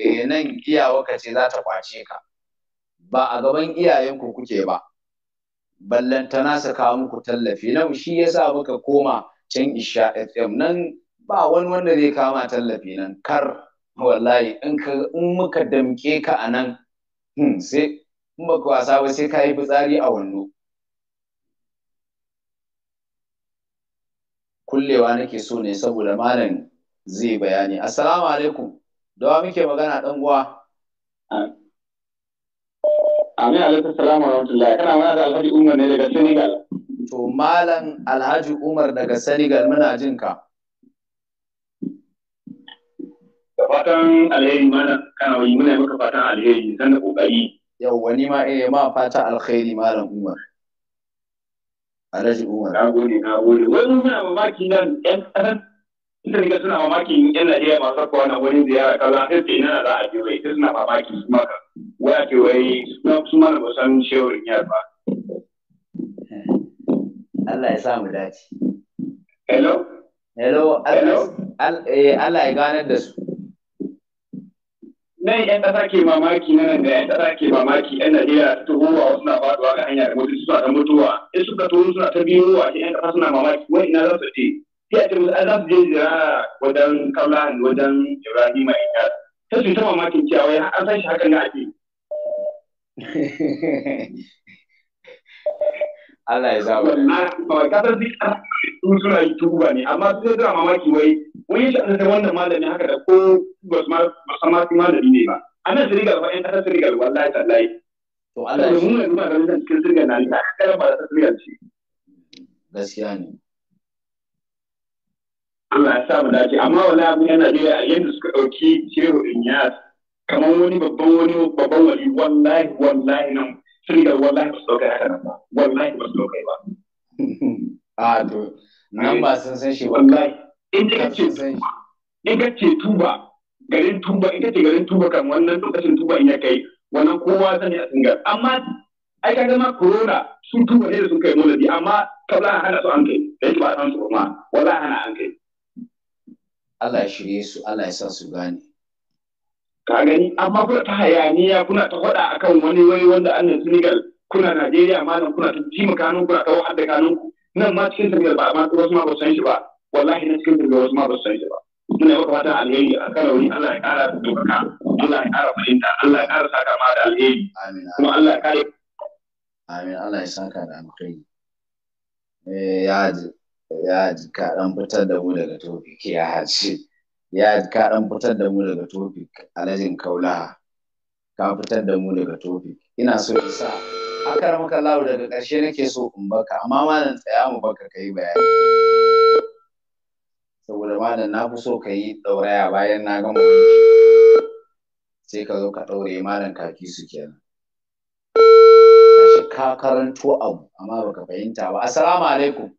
eh nan iyawa ce za ta kwace ka ba a gaban iyayenku kuke ba ballantana su kawo muku tallafi nan shi yasa muka koma can isha fm nan ba wani wanda zai kama tallafi nan kar wallahi in muka damke ka a nan hmm, sai in baka wasa ba sai ka yi fitsari a wannan kullewa nake so ne saboda malam zai bayani assalamu alaikum dawa muke magana dan uwa amin alaikum salamu rahmatullahi kana mana da alhaji umar ne daga senegal to malam alhaji umar daga senegal muna jin ka da fatan alheri mana kana wani muna maka fatan alheri san da kokari yau wani ma eh ma fata alheri malam umar Alhaji Umar. Na gode, na gode. Wani suna mamaki nan ƴan ƙasan. inda riga suna mamaki ƴan Najeriya masu kawo na wani ziyara kaza sai ce ina za a je ita suna mamaki su maka. Waya ce wai su ma ba san shewarin yar ba. Allah ya sa mu dace. Hello? Hello, eh, Allah ya ganar da su. nan ƴan ƙasa ke mamaki na nan da yan ƙasa ke mamaki ƴan Najeriya ta taho wasu na faduwa ga hanya da mutum suna ta mutuwa in suka taho suna ta biyo wa yan ƙasa suna mamaki wani ina za su je sai a ce musu za su je ziyara wajen Kaulahan wajen Ibrahima Iyya ta su ta mamakin cewa an san shi hakan na ake (laughs) Allah ya zaba. Ba kasar duk sun suna tuba ne amma duk da mamaki wai wani shi an wannan malami haka da ko ba su ma malami ne ba. An nan Senegal ba yan ƙasar Senegal wallahi tallahi. To Allah ya shi. Mun da mun da cikin Senegal na ni kada ba da Senegal ce. Gaskiya ne. Allah ya sa mu dace amma wala abu yana da yanda suka ɗauki Shehu Inyas kamar wani babban wani babban wali wallahi wallahi nan tunda wallahi ba su ɗauka haka nan ba wallahi ba su ɗauka ba. a (laughs) ah, to nan ba sun san shi wallahi in ka ce in ka garin tuba in ka ce garin tuba kan wannan lokacin tuba in ya kai wannan kowa sani a singar amma ai ka gama corona sun tuba ne da sun kai moladi amma kabla hana su an kai da yake ba san su ma wallahi hana an kai Allah ya shirye su Allah ya sa su gane ka gani amma kuna ta hayaniya kuna ta faɗa akan wani wani wanda annan Senegal kuna Najeriya malam kuna ta jima kanun kuna ta wahar da kanun ku nan ma cikin Senegal ba amma wasu ma ba san shi ba wallahi na cikin Senegal wasu ma ba san shi ba muna maka ta alheri a kan wani Allah ya ƙara dokaka Allah ya ƙara fahimta Allah ya ƙara saka ma da alheri kuma Allah ya kare amin Allah ya saka da alheri eh ya ji ya ji ka dan fitar da mu daga tofi ya haji ya ka dan fitar da mu daga topic lajin kaulaha ka fitar da mu daga topic ina so in sa akara maka lawo daga ƙarshe nake so in baka amma malam tsaya mu baka kai bayani saboda malam na fi so ka yi ɗauraya bayan na gama sai ka zo ka ɗaure malam kaki su kenan ka karanto abu amma baka fahimta ba assalamu alaikum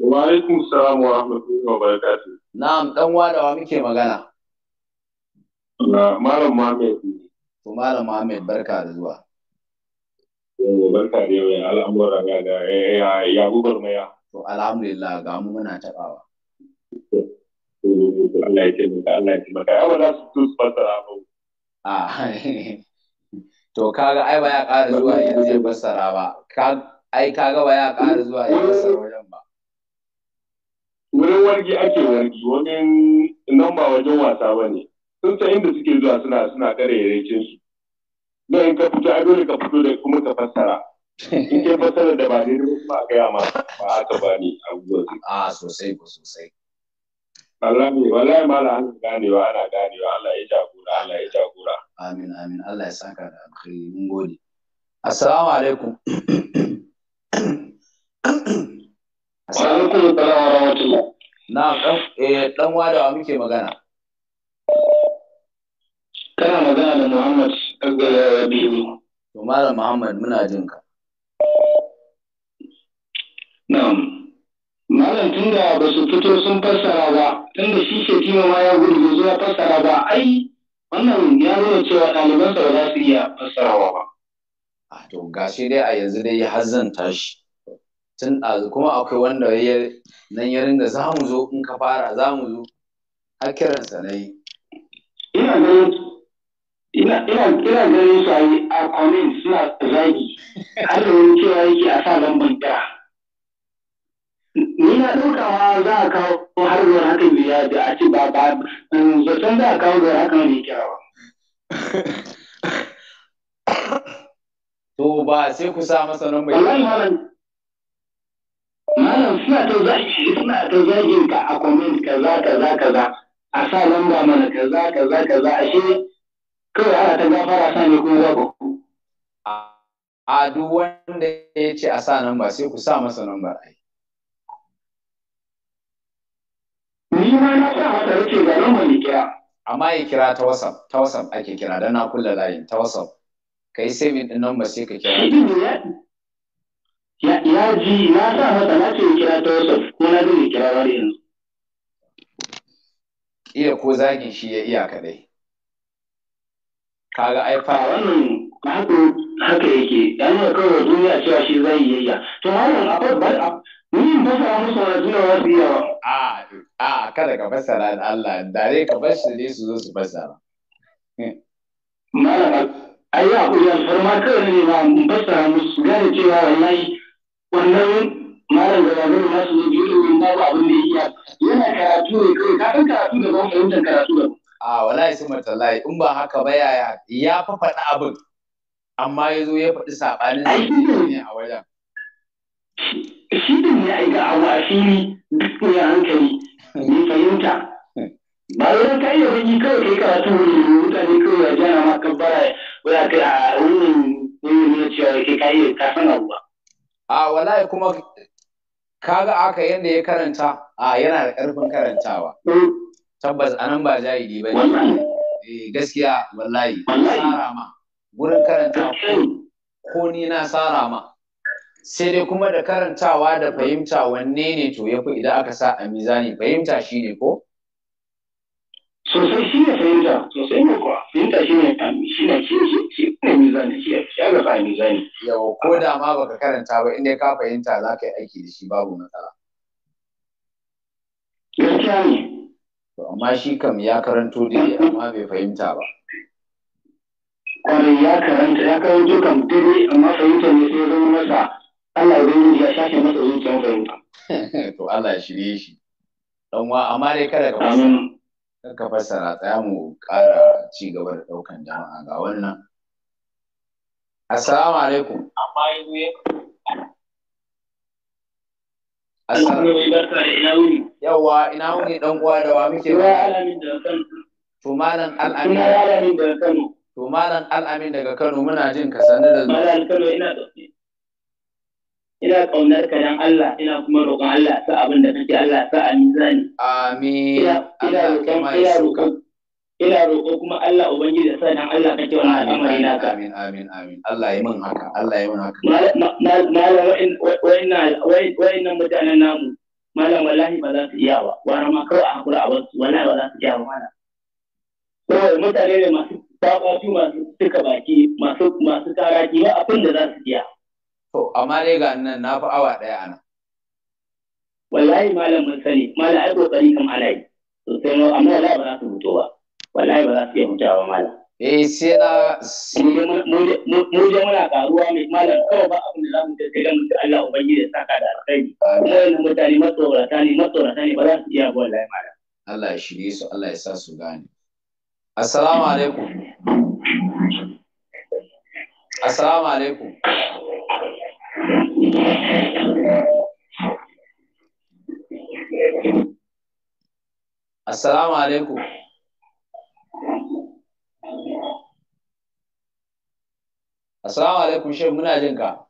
Wa alaikum salam wa rahmatullahi wa barakatuh. Na'am dan wadawa muke magana. Malam Muhammad. To Malam Muhammad barka da zuwa. Yau barka da yau ya al'amura ga ga ya gubar maya. To alhamdulillah ga mu muna tabawa. Allah ya ce taimaka Allah ya ce maka Ai ba za su tu su fassara ba. Ah. To kaga ai ba ya ƙara zuwa yanzu ya fassara ba. Ai kaga ba ya ƙara zuwa yanzu ya fassara wajen ba. wargi ake wargi wajen nan ba wajen wasa ba ne sun san inda suke zuwa suna suna kare yarekin su na in ka fito a dole ka fito da kuma ka fassara in ke fassara da ba daidai ba gaya ma ba haka ba ne abubuwan a sosai ba sosai Allah ne wallahi ma ana ganewa ana ganewa Allah ya jagora Allah ya jagora amin amin Allah ya saka da alkhairi mun gode assalamu alaikum Assalamu alaikum assalam wa rahmatullah na dan eh, wadawa muke magana kana magana da Muhammad Rabi'u to malam Muhammad muna jin ka na'am malam tunda ba su fito sun fassara ba tun da shi ke tima ma ya gudu zuwa fassara ba ai wannan ya nuna cewa ɗalibansa ba za su iya fassarawa ba a ah, to ga gashi dai a yanzu dai har zan tashi tun ɗazu kuma akwai wanda ya nan ya ringa za mu zo in ka fara za mu zo har kiransa na yi. Ina ganin ina ganin su a yi a comment suna zagi har da wani cewa yake a sa lambar kira. Ni na ɗaukawa za a kawo har zuwa hakan ne ya da a ce ba ba zaton za a kawo zuwa hakan ne kira ba. To ba sai ku sa masa lambar kira. malam suna ta zagi suna ta zagin ka a comment kaza kaza kaza a sa lamba mana kaza kaza kaza ashe kawai ana ta gafara sa ne kuma babu a duk wanda ya ce a sa namba sai ku sa masa namba ai ni ma na sa masa rike ga namba ne kira amma ya kira ta whatsapp ta whatsapp ake kira dan na kulla layin ta whatsapp kai saving din namba sai ka kira ya ji na sa masa na ce kira ta wasu ko na zai kira wani yanzu. Iya ko zagin shi ya iya kadai. Kaga ai fa. Wannan haka haka yake yana da kawai duniya cewa shi zai yi iya. To wannan akwai ba ni in fasara musu wani duniya ba su iya A a kada ka fassara da Allah dare ka bar su ne su zo su fassara. Malama ai ya kuri farma kawai ne ma in musu gane cewa wallahi wannan malam da zanen na su ne ilimin babu abin da iya yana karatu ne kawai ka san karatu da ban fahimtar karatu da a wallahi sun matallahi in ba haka ba yaya ya fa faɗi abin amma ya zo ya faɗi saɓanin sa ne a wajen shi din ya aika abu a fili duk mai hankali ne fahimta ba wai ka iya baki kawai kai karatu ne mutane kawai ya jana ma kabbara wai a kai a wannan ne na cewa kai ka iya ka san abu ba a wallahi kuma kaga aka yadda ya karanta a yana da ƙarfin karantawa hmm. tabbas anan ba jahili ba ne eh, gaskiya wallahi sara gurin karanta hmm. ko ni na sara sai dai kuma da karantawa da fahimta wanne ne to yafi idan aka sa a mizani fahimta shine ko sosai shi ne fahimta sosai ne kuwa ta shi ne shi ne shi ne shi ne mizani shi ya ga fa mizani yau ko da ma baka karanta ba inda ka fahimta za ka yi aiki da shi babu matsala gaskiya ne to amma shi kam ya karanto dai amma bai fahimta ba kwarai ya karanta ya karanto kam dai amma fahimta ne sai zama masa Allah ya ya shafe masa zuciyar fahimta (laughs) to Allah ya shirye shi dan wa amma dai kada ka fahimta. ka fassara tsaya mu ƙara ci gaba da ɗaukan jama'a ga wannan. Assalamu alaikum. Amma yanzu ya Yawwa ina wuni ɗan uwa da wa muke ba. Tumalan al'amin daga Kano. Tumalan al'amin daga Kano muna jin ka sanar da zuwa. Malam Kano ina da ina ƙaunar ka dan Allah ina kuma roƙon Allah sa abin da kake Allah sa a mizani amin ina roƙon ina roƙon ina roƙo kuma Allah ubangiji da sa dan Allah kake wannan al'amari naka amin amin amin Allah yi min haka Allah yi min haka malam wa'innan mutane namu malam wallahi ba za su iya ba wara ma kawai a hakura a wasu wallahi ba za su iya ba mana kawai mutane ne masu tabatu masu suka baki masu masu karaki ba abin da za su iya To, amma dai ga nan na fi awa ɗaya ana. Wallahi malam mun sani, malam ai kokari kam ana yi. Sosai ma, amma wallahi ba za su fito ba. Wallahi ba za su iya mutuwa ba malam. Eh sai na mu je muna karuwa mai malam kawai ba abin da za mu tattala mu ci Allah ubangiji ya saka da alkhairi. Kuma wannan mutane matsorata ne matsorata ne ba za su iya ba wallahi malam. Allah ya shirye su Allah ya sa su gane. Assalamu alaikum. Assalamu alaikum. Assalamu alaikum. Assalamu alaikum shi muna jin ka.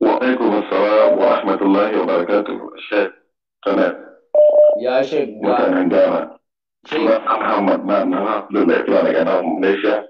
Wa alaikum assalam wa rahmatullahi wa barakatuh Sheikh kana. Ya Sheikh ga. Mutanen Muhammad na na da lafiya daga nan shi.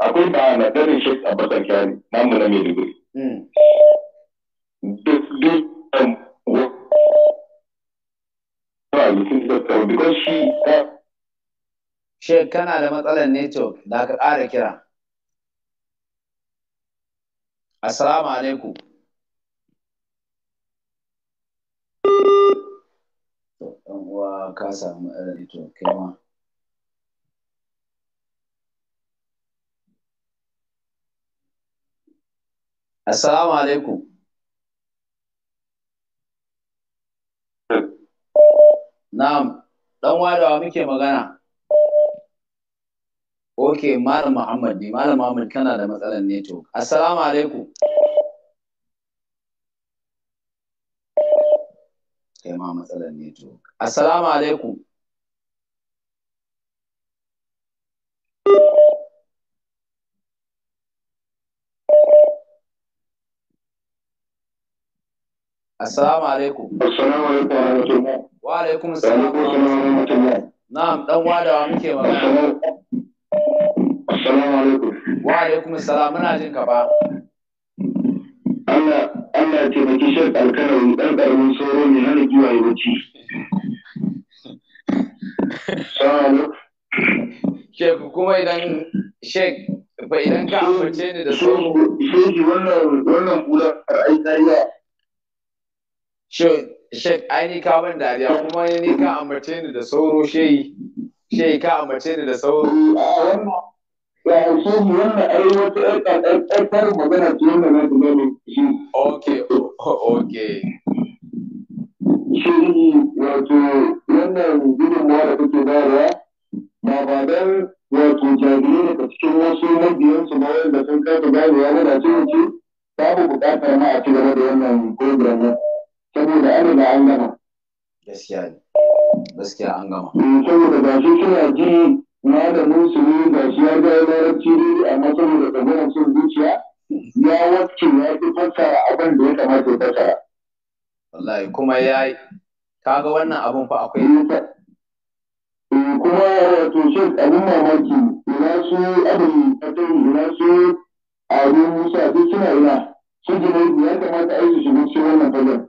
akwai ba na darin shek a basan kyari namu na maiduguri hmm. duk duk um wa mutum da kawo because shi shek kana da matsalar network da ka ƙara kira assalamu alaikum uwa ka samu network kai ma Assalamu alaikum. Na'am, ɗan wadawa muke magana. Ok, Malam Muhammad ne, Malam Muhammad kana da matsalar network. Assalamu alaikum. Kai ma matsalar network. Assalamu alaikum. Assalamu alaikum. Assalamu alaikum wa rahmatullah. Wa alaikum assalam wa rahmatullah. Na'am dan wadawa muke magana. Assalamu alaikum. Wa alaikum assalam muna jin ka ba. Allah Allah ya taimaki shirk alkarawi dan karamin sauro ne hana giwaye bacci. Shek kuma idan shek ba idan ka amince ni da so. Sheki wannan wannan kula a aikariya Shek, ai ni ka ban dariya kuma ni ka ambace ni da sauro shehi, shehi ka ambace ni da sauro. Ok, ok. Shehi wato wannan gudunmawa da kuke bayarwa ba ba don wato jami'ai daga cikin wasu mabiyansu ma wanda sun kasa ganewa na da cin babu bukatar na a gaskiya ne gaskiya an gama eh, saboda ba shi suna ji malamin su ne ba shi ya ga larabci ne amma saboda tsagonar sun zuciya ya wacce ya fi fassara abin da ya kamata ya fassara wallahi kuma ya yi kaga wannan abin fa akwai eh, eh, kuma wato shi abin mamaki ina su abin fatan ina su abin musa duk suna ina su jima'i, ya kamata a yi su shiga cikin wannan fagen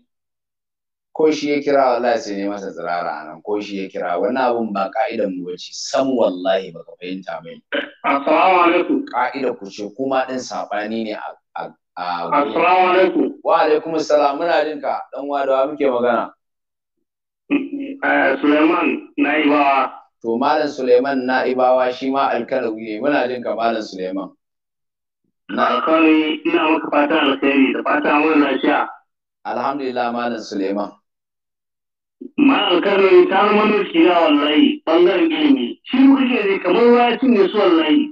ko shi ya kira wallahi sai ne masa tsirara nan ko shi ya kira wani abun ba ka'idan mu bace san wallahi baka fahimta mai assalamu alaikum ka'ida ku ce kuma din sabani ne a assalamu alaikum wa alaikum assalam muna jin ka dan wadawa muke magana eh, Suleiman Naibawa to malam Suleiman Naibawa shi ma alkalawi ne muna jin ka malam Suleiman na kawai ina maka fata alkhairi da fata mun lafiya alhamdulillah malam Suleiman Ma'an Kano ta zama nuski na wallahi ɓangaren ilimi. Shi kuke zai kamar waya cinye su wallahi.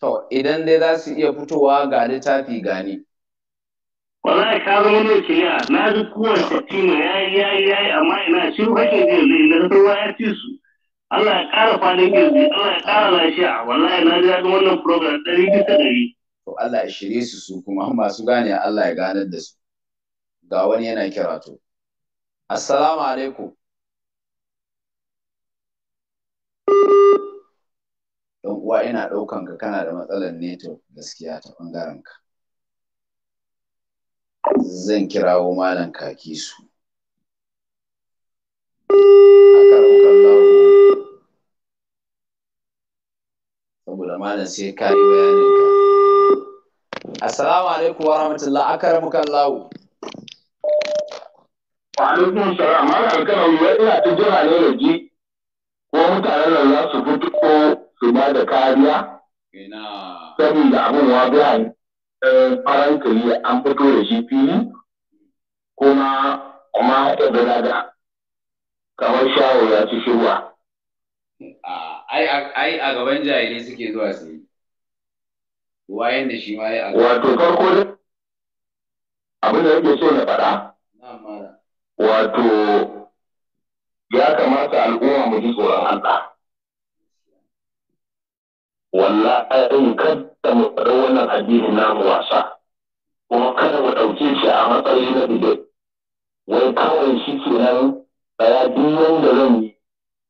To, idan dai za su iya fitowa ga littafi gani. Wala ya zama nuski ya, na ji kowace tima ya yi ya yi ya yi amma ina shi kuke zai yanzu inda ta waya ci su. Allah ya ƙara fadin girbi, Allah ya ƙara lafiya, wallahi na ji daɗin wannan program ɗari bisa ɗari. To Allah ya shirye su su kuma masu gane Allah ya ganar da su. Ga wani yana kira to. Assalamu alaikum. Don uwa ina ɗaukan ka kana da matsalar network gaskiya ta ɓangaren ka. Zan kirawo malam kaki su. Saboda malam sai ka yi bayanin ka. Assalamu alaikum wa rahmatullah akaramukan lawo. alaikun salam har alkalar wai ina ta jira ne da ji ko mutanen nan za su fito ko su ba da kariya saboda abin wa biya eh, faran kari an fito da shi fili kuma kuma ta gada da kamar shawo ya ci shirwa ai a gaban jahili suke zuwa su yi wayan da shi ma ya wato farko abin da yake so na faɗa wato ya kamata al'umma mu ji tsoron Allah. Wallahi kada mu faɗa wannan addini namu wasa, kuma kada mu ɗauke shi a matsayi na bidiyo. Wai kawai shi ke nan tsaya duk wanda zan yi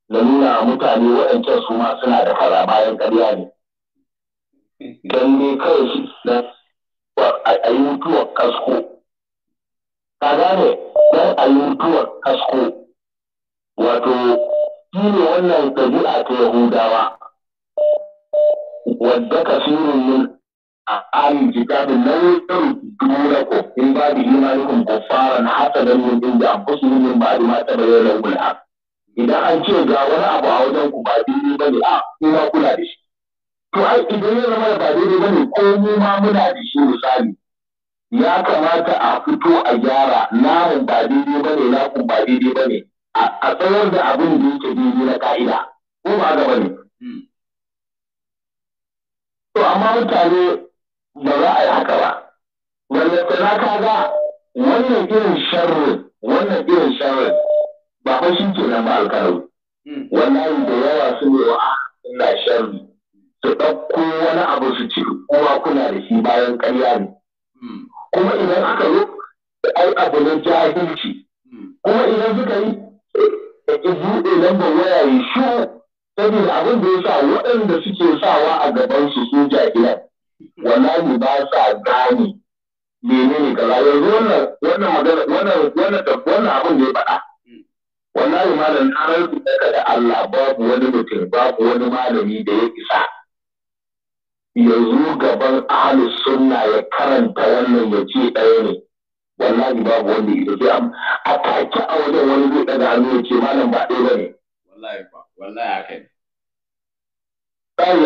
na nuna mutane waɗancan su ma suna da kaza bayan ƙarya ne. Don ne kawai shi na a yi mutuwar kasko. ka gane dan mutuwar kasko wato shi ne wannan ɗabi'a ta yahudawa wadda kasirin min a amin kitabin nauyin ko in ba da fara na hata da min din da amfusu min ba da mata da yau rabbul idan an ce ga wani abu a wajen ku ba ba bane a kuma kula da shi to ai idan ya zama ba ba bane ko mu ma muna da shi misali ya kamata a fito a gyara namun ba daidai ba ne lakun ba daidai ba ne a tsawar da abin da yake daidai na ka'ida ko ba gaba ne. Hmm. To amma mutane ba za a yi haka ba. Wanda za ka ga wannan irin sharri wannan irin sharri ba fa shi ke nan ba alkarau. Hmm. Wallahi da yawa su ne wa suna ah, sharri su ɗauko wani abu su ci kowa kuna da shi bayan ƙarya ne. Hmm. kuma idan aka yi ai abu na jahilci hmm. kuma idan suka yi buɗe lambar waya ya shiru saboda abin da ya sa waɗanda suke sawa a gaban su su jahilan wallahi ba sa gane menene kaza yanzu wannan wannan magana wannan wannan wannan abin da ya faɗa hmm. wallahi malam na rantsu daga da Allah babu wani mutum babu wani malami da ya isa yanzu zo gaban ahalus sunna ya karanta wannan ya ce ɗaya ne wallahi babu wanda ita sai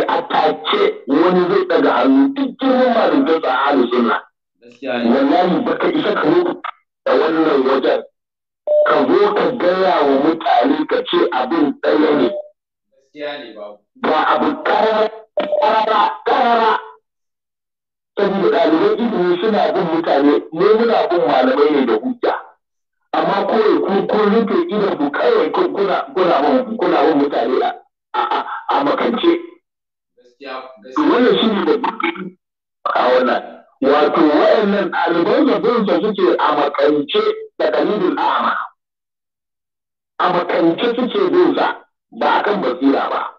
am a take a wajen wani zai daga hannu ya ce malam ba ɗaya ba ne wallahi ba wallahi haka ne ɗaya a take wani zai daga hannu duk girman malin ta a ahalus sunna wallahi ba ka isa ka zo da wannan wajen ka zo ka gaya wa mutane ka ce abin ɗaya ne ba abu kawai Karara, ƙarara saboda ɗaliban ilimi suna bin mutane ne muna bin malamai ne da hujja amma kawai kun kun rufe idan ku kawai kuna kuna bin mutane a makance wannan shi ne babban a wannan wato wa'annan ɗaliban zabinsa suke a makance da dalilin ama a makance suke bin sa ba kan basira ba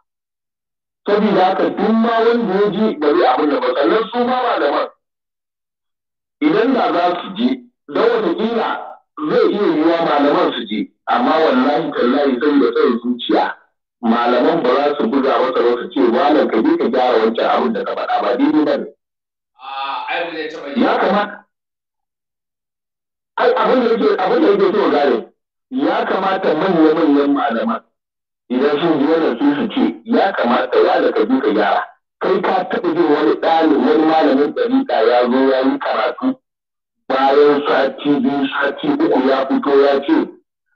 Sabida haka duk ma wanda ya je gari abin da ba sannan su ma malaman idan da za su je wata wataƙila zai iya yiwa malaman su je amma wallahi zai da tsaye zuciya malaman ba za su buga wata ba su ce malam ka je ka gyara wancan abin da ka faɗa ba daidai ba ne. Ya kamata. abin da yake so gane ya kamata manya-manyan malaman idan sun ji wannan sun su ce ya kamata ya da duka ka gyara kai ka taɓa jin wani ɗalib wani malamin ɗariƙa ya zo ya yi karatu bayan sati biyu sati uku ya fito ya ce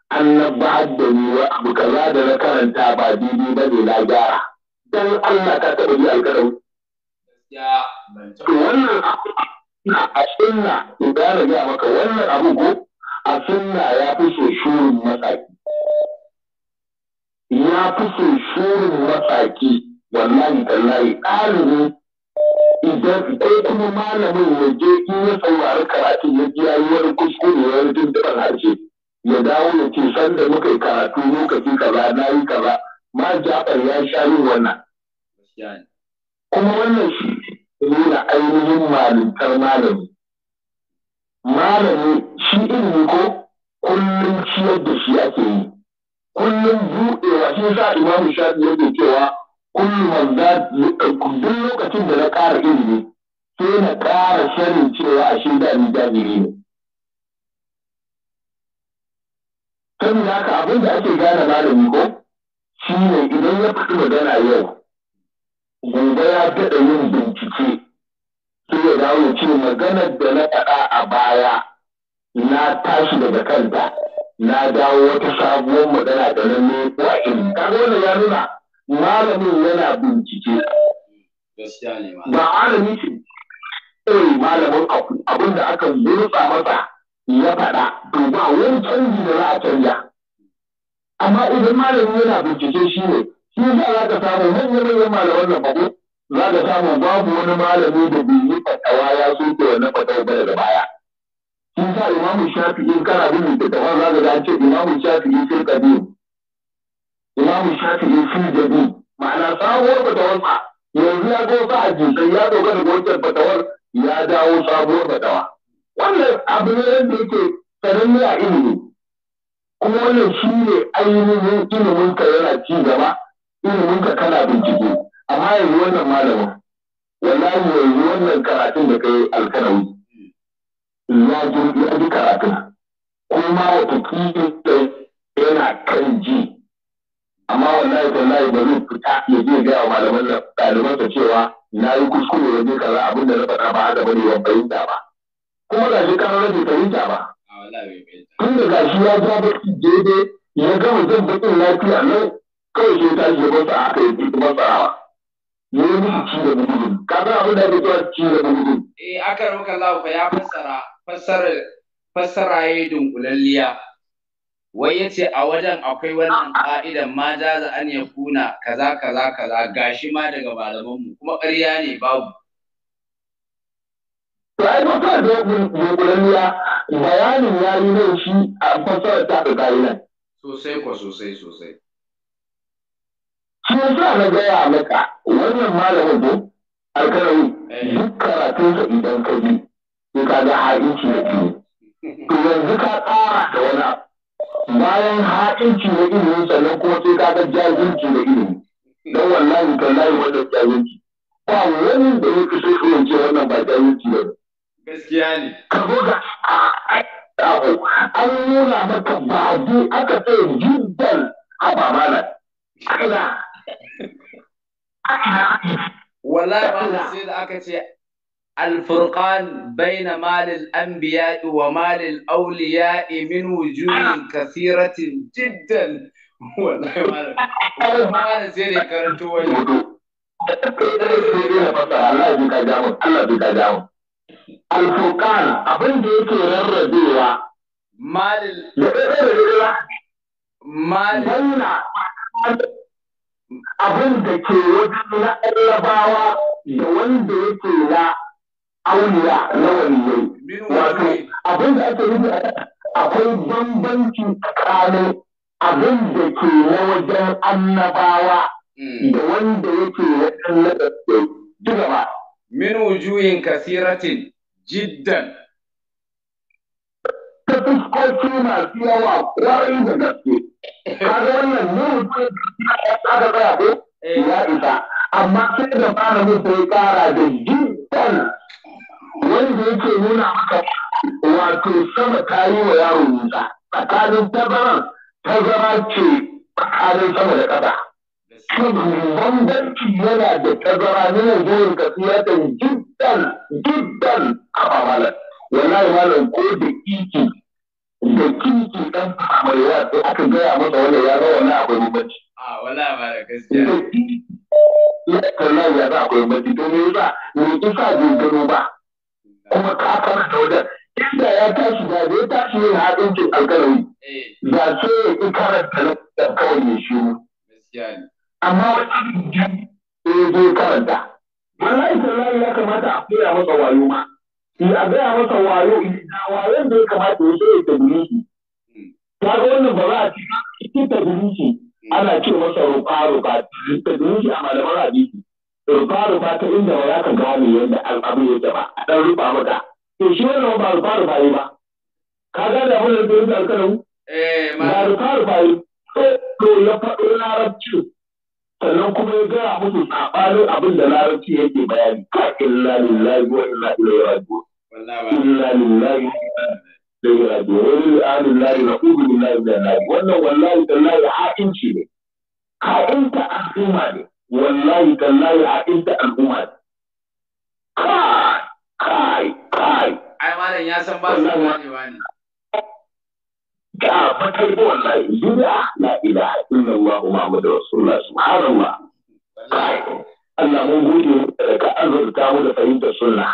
an na ba da ni wa abu kaza da na karanta ba daidai ba ne na gyara dan Allah ka taɓa ji alƙalau. Wannan abu a sunna in gane gaya maka wannan abu ko a sunna ya fi so shurin matsayi. ya fi so shirin matsaki wallahi tallahi ɗalibi idan ko kuma malamin ya je in ya saurari karatu ya ji yi wani kuskure yi dindin harshe ya dawo ya ce sanda muka yi karatu lokaci kaza na yi kaza ma jaɓar ya sha yin wannan kuma wannan shi nuna ainihin malintar malami malami shi ilimi ko kullum ciyar da shi ake yi kullum buɗewa shi sa imamu shafi yake cewa kullum za duk lokacin da na ƙara ilimi sai na ƙara sanin cewa a shi da ni ne. ne da haka abin da ake gane malami ko shi ne idan ya fito magana yau gobe ya daɗa yin bincike sai ya dawo ce maganar da na ɗaɗa a baya na tashi daga kanta na dawo wata sabuwar magana da na ne wa'in kaga wannan ya nuna malamin yana bincike ba alami ce kawai eh, malamin abin da aka zurfa masa ya faɗa to ba wani canji da za a canja amma idan malamin yana bincike shi ne shi ne za ka samu manyan manyan malaman nan babu, za ka samu babu wani malami da bai yi fatawa ya soke wannan fatawar ba da baya shi sa imamu shafi'i kana bin da tawar za ga an ce imamu shafi'i fil qadim imamu shafi'i fil jadid ma'ana sabuwar fatawar fatawarsa yanzu ya zo sa a jinsai ya dogara da wancan fatawar ya dawo sabuwar fatawa wannan abu ne da yake sananne a ilimi kuma wannan shi ne ainihin iliminka yana ci gaba iliminka kana bincike amma yanzu wannan malamin wallahi yanzu wannan karatun da kai alkanawi ya ji karatun kuma watakilin da yana kan ji amma wallahi wallahi ba zai fita ya je ga malaman nan ɗalibansa cewa na yi kuskure wajen kaza abin da na faɗa ba haka bane ban fahimta ba kuma ga shi kan rage fahimta ba tun da gashi ya ja baki daidai ya gama zan baƙin lafiya nan kawai shi ta shi masa aka yi masarawa ya yi musu ci da bugudun ka san abin da ake cewa ci da bugudun eh aka rokan lafa ya fassara fassara fassara yayi dunkulalliya wai yace a wajen akwai wannan ƙa'idan ma jaza an ya kuna kaza kaza kaza gashi ma daga malamanmu kuma ƙarya ne babu to ai ba ta dunkulalliya bayanin ya yi ne shi a fassara ta da ka'idan sosai ko sosai sosai shi yasa na gaya maka wannan malamin ko alkarawi eh. duk karatunsa idan ka sai ka ga ha'inci na biyu to yanzu ka ƙara da wani bayan ha'inci na ilimi sannan kuma sai ka ga jahilci na ilimi don wallahi tallahi wannan jahilci ba wani da ya fi sai ya ce wannan ba jahilci ba gaskiya ne ka zo ga an nuna maka ba aka ce jiddan haba mana ana wallahi ba sai da aka ce الفرقان بين مال الأنبياء ومال الأولياء من وجوه كثيرة جدا والله ما سيدي كرتو الفرقان abin da yake rarrabewa malil malil abin da ke wajen na da wanda yake na Auniya na waliyai wato abin da ake nufi akwai bambanci tsakanin abin da ke na wajen annabawa hmm. da wanda yake wajen na duka ba min wujuyin kasiratin jiddan ta fuskoki masu yawa kwarai da gaske kaga wannan mun kaga ba ko eh. ya isa amma sai da fara mutu ya kara da jiddan wanda yake nuna maka wato sama ta yi wa yaro nisa tsakanin tazaran tazara ce tsakanin sama da ƙasa shin bambanci yana da tazara ne na zuwan kasiyatan jiddan jiddan a babalan wallahi malam ko da kiki da kiki dan kamar sai aka gaya masa wanda ya ga na akwai bambanci a wallahi malam gaskiya ya kallon ya ga akwai bambanci to me yasa me sa bai gano ba kuma ka da wajen inda ya tashi da zai tashi yin haɗincin alkalawi eh. da so ya ƙi karanta da kawai ya shi amma wani ya zo karanta Allah Isra'ila ya kamata a koya masa wayo ma ya gaya masa wayo da wayon da ya kamata ya so ya shi. ta ga wannan ba za a ci cikin shi hmm. ana ce masa roƙa roƙa shi a malaman hadisi rufa rufa ta inda ba za ka gane yadda al'abu yake ba a ɗan rufa maka to shi wannan ba rufa rufa yi ba ka da abin da zai alkalau eh, ba rufa rufa yi to ya faɗo larabci sannan kuma ya gaya musu saɓanin abin da larabci yake bayani ka illa lillahi wa illa ilaihi raji'un illa lillahi da ya raji'un wani li'anin lahi na ubi lillahi da lahi wannan wallahi da lahi ha'inci ne ha'inta al'umma ne wallahi tallahi a inda al'umma kai kai kai ai malam ya san ba su ganewa ne ga bakar da wallahi jira la ilaha illallah muhammadu rasulullah subhanallah Allah mun gode da ka azurta mu da fahimta sunna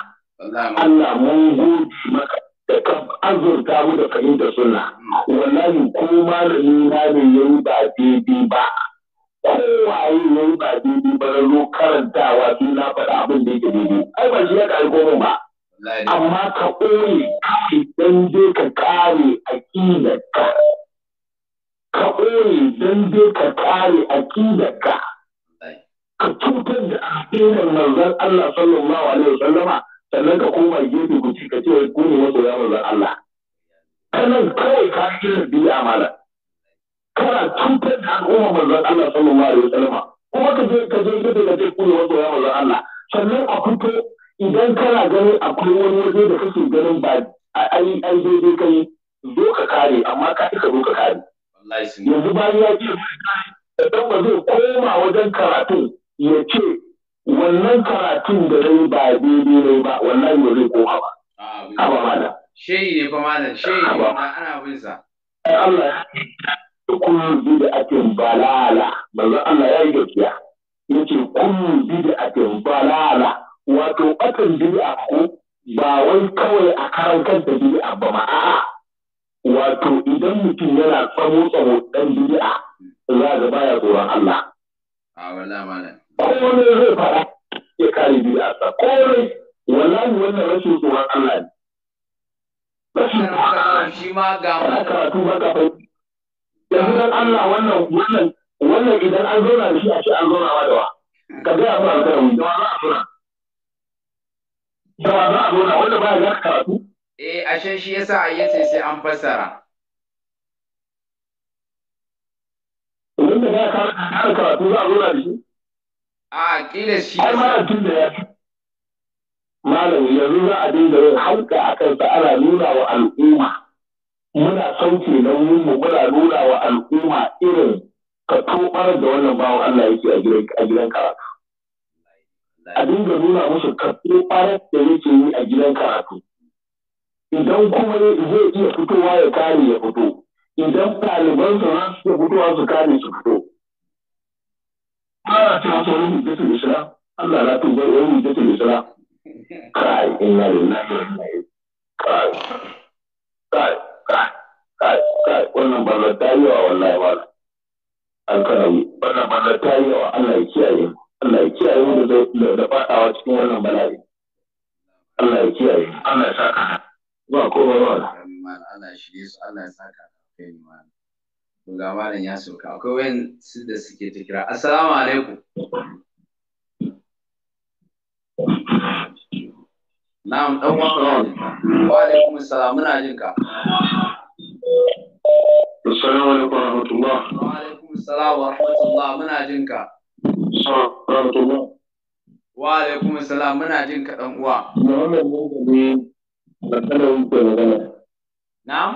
Allah mun gode maka da ka azurta mu da fahimta sunna hmm. wallahi ko malami na ne yi ba daidai ba kowaye ya yi ba daidai ba na zo karantawa sun na faɗa abin da yake daidai ai ba shi ya ƙari ko ba amma ka ɓoye kawai dan je ka ƙare aƙidarka ka ɓoye dan je ka ƙare aƙidarka ka cutar da aƙidar manzon Allah sallallahu alaihi wasallama sannan ka koma gefe ku ci ka ce ku ne masoya manzon Allah kanan kawai ka ƙi biya malam kana cutar da al'umma manzon Allah sallallahu alaihi wasallam kuma ka je ka je gefe ka ce ku ne wasu ya manzon Allah sannan a fito idan kana ganin akwai wani waje da kake ganin ba ai ai daidai kai zo ka kare amma ka ka zo ka kare yanzu bayan ya ce dan ba zai koma wajen karatun ya ce wannan karatun da rai ba daidai rai ba wallahi ba zai koma ba a ba mana shehi ne fa malam shehi ne ana bin sa Allah kullu bid'atin balala manzo Allah ya yi gaskiya yace a bid'atin balala wato akan bid'a ko ba wai kawai a karan da bid'a ba ma a'a wato idan mutum yana tsamo tsamo dan bid'a za ga baya tsoron Allah a wallahi ne zai fara ya kare bid'a sa kowane wallahi wannan rashin tsoron Allah ne rashin tsoron shi ma ga karatu yanzu dan Allah wannan wannan wannan idan an zauna da shi a ce an zauna ma da wa ka gaya mu alƙalamu da wa za a da wa za a zauna wanda ba ya karatu eh ashe shi yasa a yace sai an fassara Idan da ya karatu za a zauna da shi a kila shi ai malam tun da ya malam yanzu za a dinga yin hauka akan sa ana nuna wa al'umma muna sauke na mu muna nuna wa al'umma irin ka tobar da wannan bawan Allah yake a gidan a gidan karatu a dinga nuna musu ka tobar da yake yi a gidan karatu idan kuma zai iya fitowa ya kare ya fito idan ɗaliban su za su fitowa su kare su fito ana ta wasu wani hujjata da shira Allah na tuba wani hujjata da shira kai inna lillahi wa inna ilaihi kai kai kai a barna ta yi wa wallahi a alkanawi wannan barna ta yi wa Allah ya kiyaye Allah ya kiyaye mu da da fadawa cikin wannan bala'i Allah ya kiyaye Allah ya saka ba ko ba wala Allah shi su Allah ya saka kai malam ga malam ya sauka akwai wayan da suke ta assalamu alaikum Na'am dan waka wa alaikum assalam muna jin ka. Assalamu alaikum wa rahmatullah. Wa alaikum assalam wa rahmatullah muna jin ka. Rahmatullah. Wa alaikum assalam muna jin ka dan uwa. Muhammad ne da kana yin magana. Na'am.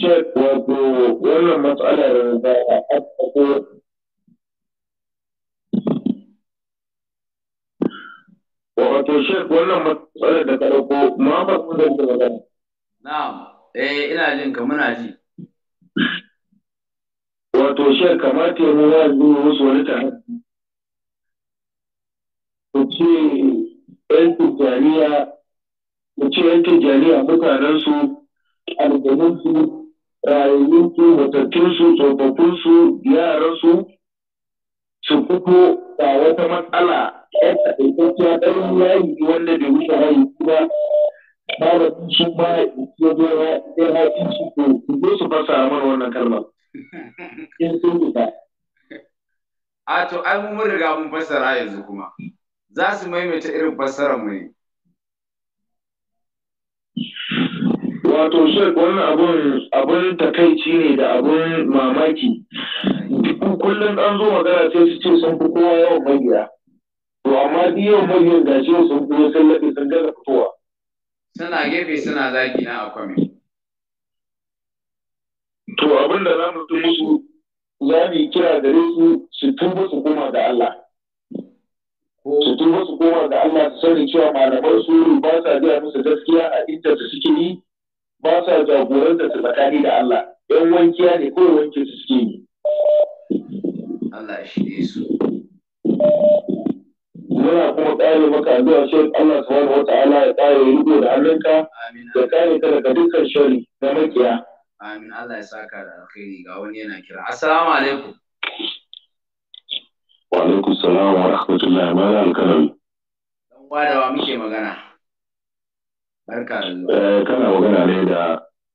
Shek wato wannan matsalar da aka wato shek wannan matsalar da ka dauko ma ba ku da magana Na eh ina jin ka muna ji wato shek kamata ya nuna yanzu musu wani tare ku ce yan tijjaniya ku ce yan tijjaniya mutanen su aljanin su rayayyun su matattun su tsofaffin su yaran su su fito ga wata matsala yan takaitacciya ɗan yayi wanda bai wuce hayi ba da shi ma ya zo ya haƙin shi ko zo su fasa mana wannan kalmar in sun fita. A to ai mun riga mun fassara yanzu kuma za su maimaita irin fassarar mu ne. Wato shek wannan abun abun takaici ne da abun mamaki. Kullum an zo magana sai su ce sun fi kowa yawan magiya. to amma duk yau manyan gashi sun kuma sun laɗe sun gaza fitowa suna gefe suna zagi na a kwame to abin da za mu musu za mu kira gare su su tuba su koma da Allah su tuba su koma da Allah su sani cewa malaman su ba sa biya musu gaskiya a inda su suke yi ba sa jagoranta su tsakani da Allah yan wankiya ne kawai wanke su suke yi Allah shi su muna kuma ƙari maka addu'a shi Allah subhanahu Ta'ala ya ƙare riko da hannunka da kare ka daga dukkan shari na makiya amin Allah ya saka da alkhairi ga wani yana kira assalamu alaikum wa alaikum salam wa rahmatullahi wa barakatuh dan wa muke magana barka da zuwa eh, kana magana ne da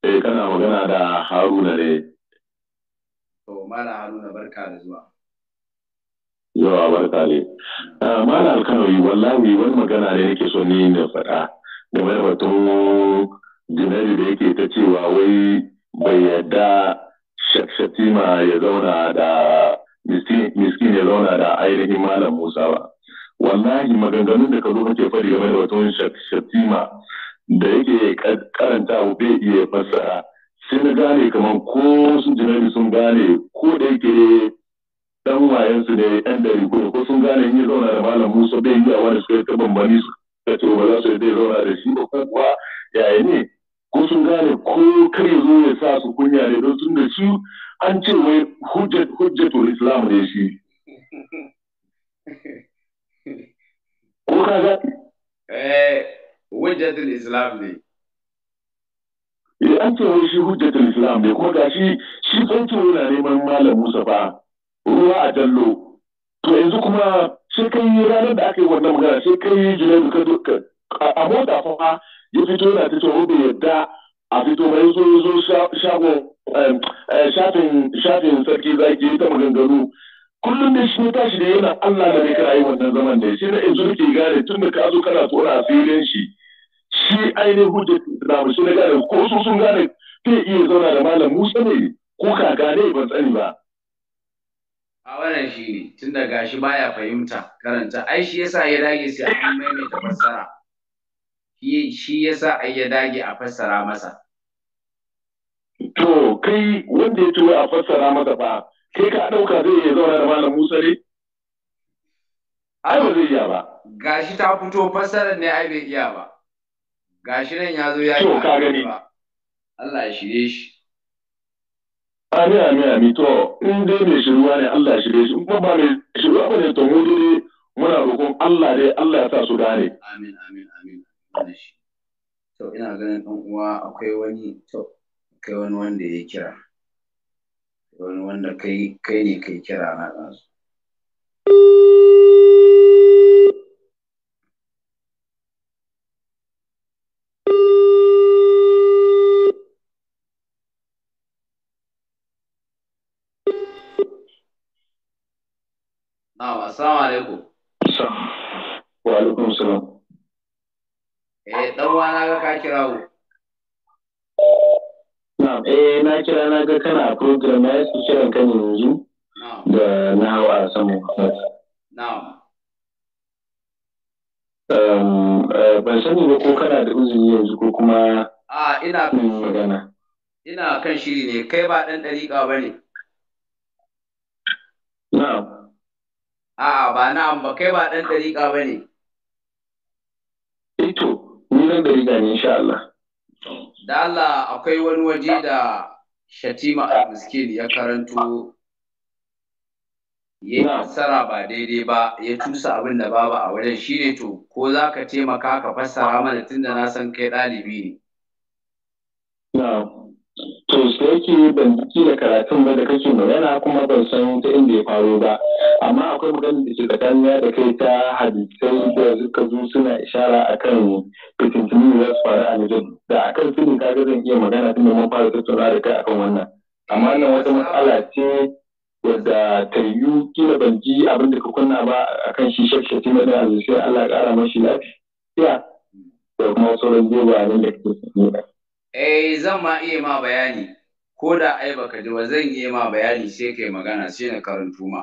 eh kana magana da Haruna ne to mala Haruna barka da zuwa yawa barka ne ah, mala alkanoyi wallahi wani magana ne yake so ni na faɗa game da batun jinari da yake ta cewa wai bai yadda shakshatima ya zauna da miskin ya zauna da ainihin malam musa ba wallahi maganganun da ka zo kake faɗi game da batun shakshatima da yake karanta bai iya fassara sai na gane kamar ko sun jinari sun gane ko da yake dan wayensu da yan dari ko ko sun gane in ya zauna da malam Musa bai yi wani suka ta bambani su da ce oh, ba za su dai zauna da shi ba kuwa yaya ne ko sun gane ko kar ya zo ya sa su kunya ne don tun da shi an ce wai hujjat hujjatul islam ne shi ko ka ga eh hujjatul islam ne Eh an ce wai shi hujjatul islam ne ko ga shi shi tsanto yana neman malam Musa ba ruwa a jallo to yanzu kuma sai kai ranar da aka yi wannan magana sai kai junaidu ka duka a mota kuma ya fito yana ta tsoro bai yadda a fito mai zo zo shagon eh, shafin sarki zaki ta maganganu kullum da shi tashi da yana Allah da ne kana yi wannan zaman da shi na yanzu nake gane tun da ka zo kana tsora asirin shi shi ainihin hujja mu shi na gane ko su sun gane zai iya zauna da malam Musa ne ko kaka ne ban tsani ba a wannan shi ne tun da gashi baya fahimta karanta ai shi yasa ya dage sai an maimaita fassara shi yasa ai ya dage a fassara masa to kai wanda ya tuwa a fassara masa ba kai ka ɗauka zai iya zauna da malam Musa ne ai ba zai iya ba gashi ta fito fassarar ne ai bai iya ba gashi nan ya zo ya yi ba Allah ya shirye shi Ami ami ami to in dai mai shiruwa ne Allah shirye shi kuma ba mai shiruwa ba ne to mu dai muna roƙon Allah dai Allah ya sa su gane. Amin amin amin. To ina ganin ɗan uwa akwai wani to akwai wani wanda ya kira. Wani wanda kai kai ne kai kira na su Awa, assalamu alaikum. Wa alaikum salam. Eh, dan na ga ka kira ku. Na'am, eh na kira na ga kana program na yasu kiran ka ne yanzu. Da na hawa saman Na'am. Ehm, eh, ban sani ba ko kana da uzuri yanzu ko kuma a ina kan magana ina kan shiri ne kai ba dan dariƙa bane na'am A'a ba na'am ba kai ba ɗan ɗariƙa ba ne. Ito, ni ɗan ɗariƙa ne insha Allah. Da Allah akwai wani waje da Shatima Al-Miskin ya karanto ya yi fassara ba daidai ba ya tusa abin da babu a wajen shi ne to ko za ka taimaka ka fassara mana tunda na san kai ɗalibi ne. to su yake ban ji da karatun ba da kake magana kuma ban san ta inda ya faru ba amma akwai magana da ke tsakanin da kai ta hadisai da suka zo suna ishara akan fitintini da su faru a Nijar da akan su kaga zan iya magana tun da mun fara tattauna da kai akan wannan amma wannan wata matsala ce wadda ta yi kila ban ji abin da ka kunna ba akan shi shakshati na da azuci Allah ya kara mashi lafiya da kuma sauran jewa ne da kake sani eh zan ma iya ma bayani ko da ai baka ji ba zan iya ma bayani sai kai magana sai na karantu ma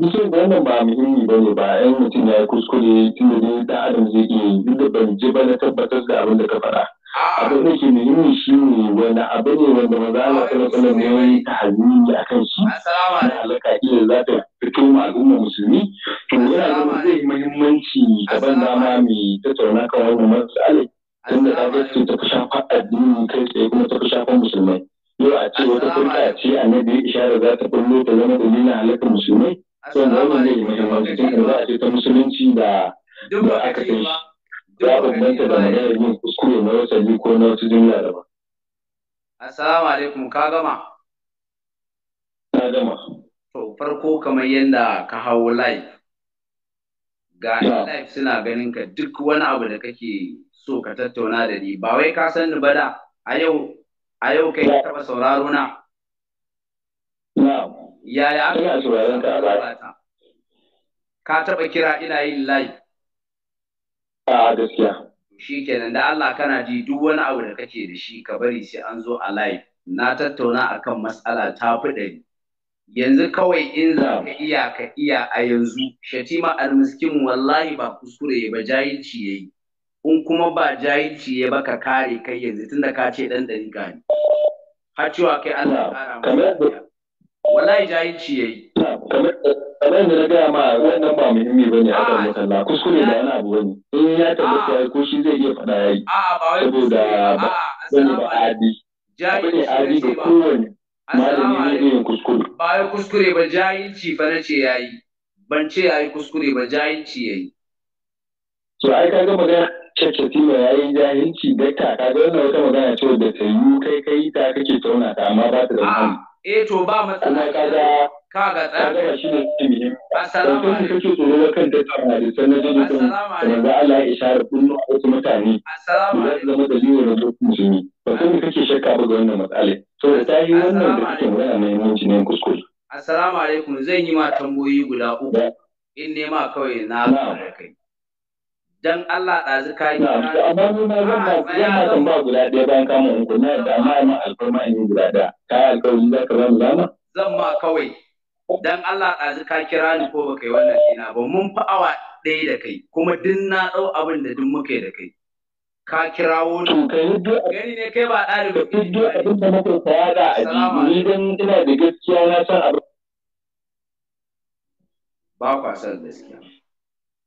Yusuf wannan ba muhimmi ba ne ba ‘yan mutum ya yi kuskure tun da dai ɗan adam zai iya yi duk da ban ji ba na tabbatar da abin da ka faɗa. Abin da ke muhimmi shi ne wani abu ne wanda maza na sanar da yawan ta ne a kan shi. Na alaka iya za ta fito ma al'umma musulmi. To yana zama zai yi muhimmanci daban dama mai tattauna kan wannan matsalar inda ta ta fi shafa addini kai tsaye kuma ta fi shafa musulmai yau a ce wata a ce annabi ishara za ta bullo ta zama dalilin halakar musulmai son wannan ne muhimmanci tun za a ce ta musulunci da da aka kai ya bambanta da maganar yin kuskure na wasanni ko na wasu jumla da ba. Assalamu alaikum ka gama? Na gama. To farko kamar yadda ka hawo live ga live suna ganin ka duk wani abu da kake so ka tattauna da ni ba wai ka san ni ba da a yau a yau kai ka taba sauraro na yaya aka ina sauraron ka ka taba kira ina yin live a gaskiya shikenan da Allah kana ji duk wani abu da kake da shi ka bari sai an zo a live na tattauna akan matsala ta fi ɗari yanzu kawai in za ka iya ka iya a yanzu shatima almiskin wallahi ba kuskure ba jahilci yayi in kuma ba jahilci ya baka kare kai yanzu tun da ka ce dan dariƙa ne har cewa kai Allah ya kara Wala wallahi jahilci yayi kamar da na gaya ma wannan ba muhimmi ba ne a kan ah. masalla kuskure ba wani abu bane in ya tabbata ah. ya ko shi zai iya faɗa yayi ah, saboda ba bane ba adi bane adi ga kowane malami ne yin kuskure ba wai kuskure ba jahilci fa ya yayi ban ce yayi kuskure ba jahilci yayi to ai ga magana Shekatila ya yi jahilci dakta ka ga wannan wata magana ce da ta yi kai kai ta kake tauna ta amma ba ta da wani. Eh to ba matsala. ka ga ka ga shi ne muhimmi. Assalamu alaikum. Kake tsoro kan da tsara da sanar da mutum. da Allah ya isharar kullu a wasu mutane. Assalamu alaikum. Zama da liwa da musulmi. Ba kuma kake shakka ba ga wannan matsala. Saboda ta yi wannan da kake magana muhimmanci ne kuskure. Assalamu alaikum zan yi ma tambayoyi guda uku. In nema kawai na kai. dan Allah ɗazu ka yi. Amma ni na zan ba zan ma tambaya guda ɗaya bayan kama uku, na da amma ma alfarma in guda ɗaya. Ka yi alkawari za ka zama zama? Zan ma kawai. Dan Allah ɗazu ka kira ni ko baka yi wannan dina ba mun fi awa ɗaya da kai kuma duk na ɗau abin da duk muke da kai. Ka kirawo ni. Gani ne kai ba ɗalibin ba. Duk abin da muke saya da aji ni dan ina da gaskiya na san abin. Ba kwasan gaskiya.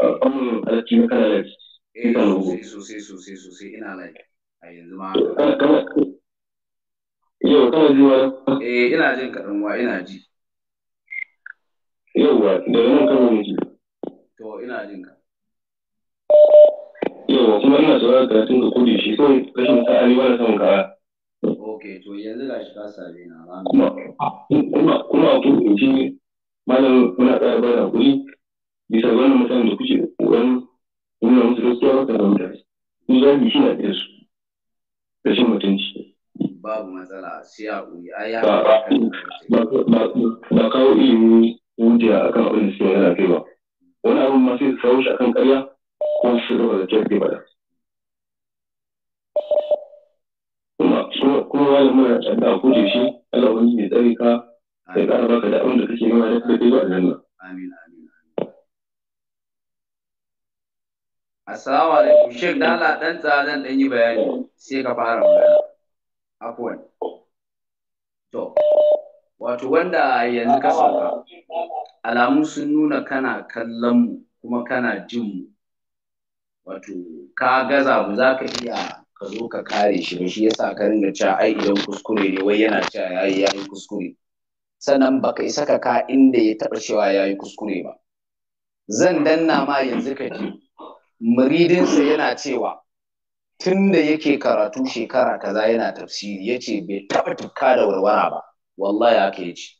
kan alaci kana live ina live a ma yau kana ji ma eh ina jin ina ji yauwa daga ina jin ka yauwa kuma ina sauraron karatun ka kudi shi kawai rashin sa'a ne ba na samun kara ok to yanzu ga ka same kuma kuma a malam bisa ga wannan mutanen da kuke ƙoƙarin nuna musu gaskiya ba kana mutane su zagi shi na ɗaya su rashin mutunci babu matsala sai a ƙuri a ya ba kawo ilimi wujiya akan abin da suke yana kai ba wani abin ma sai su kawo shi a kan ƙarya ko su raba da kyau ba da kuma wani mura da a kuje shi Allah wani mai tsari ka ya ƙara baka da abin da kake yi ma da kai ba da nan amin amin Assalamu alaikum Sheikh Dala dan zan dan yi bayani sai ka fara magana. Afwan. To wato wanda yanzu ka sauka alamu sun nuna kana kallon mu kuma kana jin mu. Wato ka gaza ba za ka iya ka zo ka kare shi ba shi yasa ka ringa cewa ai idan kuskure ne wai yana cewa yayi yayi kuskure. Sannan baka isa ka ka inda ya taba cewa yayi kuskure ba. Zan danna ma yanzu ka ji muridinsa yana cewa tun da yake karatu shekara kaza yana tafsiri ya ce bai taɓa tukka da warwara ba wallahi aka yi ce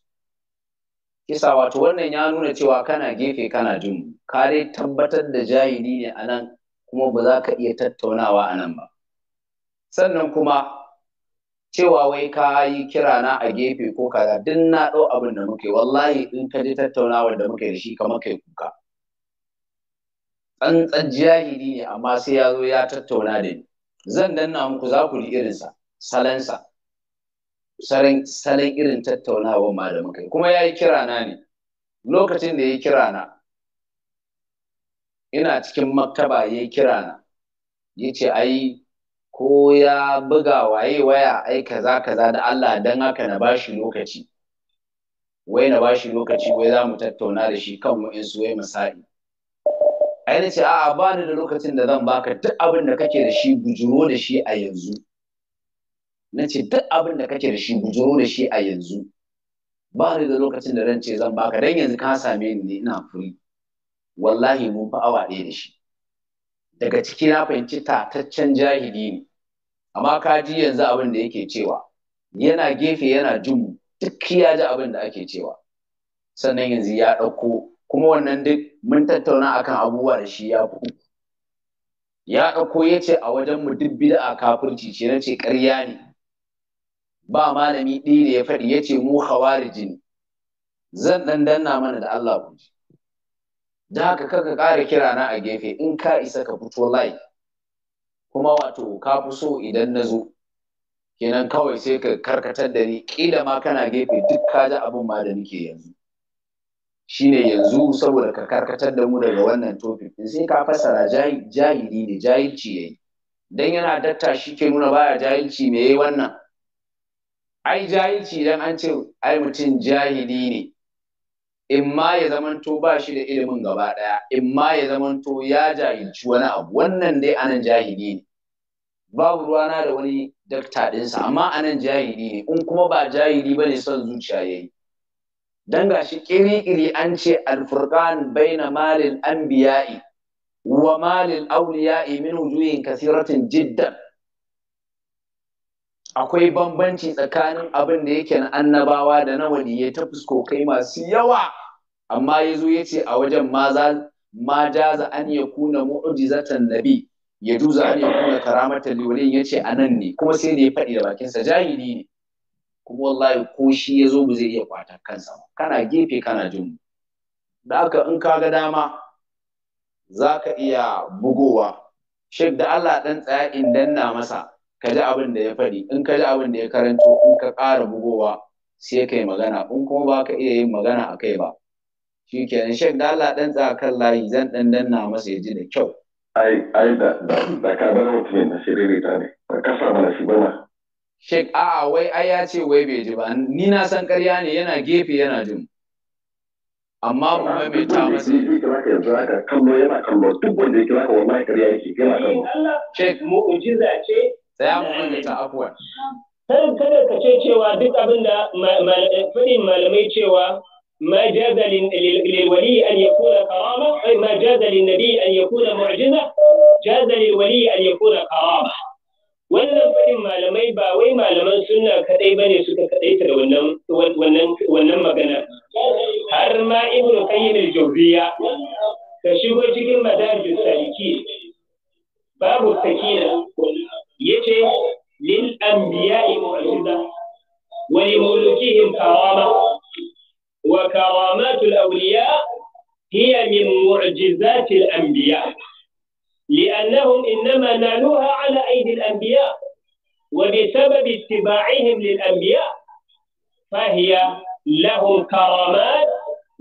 kisa wato wannan ya nuna cewa kana gefe kana jin kare tabbatar da jahili ne a nan kuma ba za ka iya tattaunawa a nan ba sannan kuma cewa wai ka yi kira na a gefe ko kaza duk na ɗau abin da muke wallahi in ka je tattaunawa da muke da shi kamar kai kuka tsantsan jahili ne amma sai ya zo ya tattauna da ni zan danna muku za ku ji irinsa salansa salon irin tattaunawa ma da muka kuma ya yi kirana ne lokacin da ya yi kirana ina cikin maktaba ya yi kirana ya ce ai ko ya buga waye waya ai kaza kaza da Allah dan haka na bashi lokaci wai na bashi lokaci wai za mu tattauna da shi kan mu in su wai masai A na ce a'a ba ni da lokacin da zan baka duk abin da kake da shi bujuro da shi a yanzu na duk abin da kake da shi bujuro da shi a yanzu ba ni da lokacin da zan ce zan baka dan yanzu ka same ni ne ina furi wallahi mun fa awa ɗaya da shi daga ciki na fahimci tataccen jahili ne amma ka ji yanzu abin da yake cewa yana gefe yana jin duk ya ji abin da ake cewa sannan yanzu ya ɗauko kuma wannan duk mun tattauna akan abubuwa da shi ya fi ya ɗauko ya ce a wajen mu duk bid'a kafirci ce na ce ƙarya ne ba malami ɗaya da ya faɗi ya ce mu da ne zan ɗan danna mana da Allah ku ji da haka ka ƙara kira na a gefe in ka isa ka fito layi kuma wato ka fi so idan na zo kenan kawai sai ka karkatar da ni ƙila ma kana gefe duk ka ji abin ma da nake yanzu shine yanzu saboda ka karkatar da mu daga wannan topic din sai ka fassara jahili ne jahilci yayi dan yana datta shi ke nuna baya jahilci me yayi wannan ai jahilci dan an ce ai mutum jahili ne in ma ya zamanto ba shi da ilimin gaba ɗaya in ma ya zamanto ya jahilci wani abu wannan dai anan jahili ne babu ruwana da wani dakta ɗinsa amma anan jahili ne in kuma ba jahili ba ne son zuciya yayi dan gashi kiri-kiri an ce alfurqan baina malil anbiya'i wa malil awliya'i min wujuhin kasiratin jiddan akwai bambanci tsakanin abin da yake na annabawa da na waliyai ta fusko kai masu yawa amma ya zo ya ce a wajen ma jaza an ya kuna mu'ujizatan nabi ya duza an ya kuna karamatan liwalin ya ce a nan ne kuma sai da ya faɗi da bakinsa jahili ne kuma wallahi ko shi ya zo ba zai iya kwata kansa ba kana gefe kana jin mu da haka in ka ga dama za ka iya bugowa shek da Allah dan tsaya in danna masa ka ji abin da ya faɗi in ka ji abin da ya karanto in ka ƙara bugowa sai ka magana in kuma ba ka iya yin magana akai ba shikenan shek da Allah dan tsaya kan layi zan dan danna masa ya ji da kyau ai ai da da ka bar mutumin na shiriri ta ne ka kasa mana shi bana Sheikh a wai ai ya ce wai bai ji ba ni na san ƙarya ne yana gefe yana jin amma mu maimaita masa yi. kira ka yanzu kallo yana kallo duk wanda ya kira ka wallahi ƙarya yake yana kallo Sheikh ce sai mu kada ka ce cewa duk abinda fadin malamai cewa ما جاز للولي أن يكون كرامة ما جاز للنبي أن يكون معجزة جاز للولي أن يكون كرامة wannan faɗin malamai ba wai malaman sunna kaɗai bane suka kaɗaita da wannan wannan wannan magana har ma ibn qayyim al-jawziya ka shigo cikin madarijus saliki babu sakina yace lil anbiya'i mu'jiza wa li mulukihim karama wa karamatul awliya hiya min mu'jizatil anbiya' لأنهم إنما نالوها على أيدي الأنبياء وبسبب اتباعهم للأنبياء فهي لهم كرامات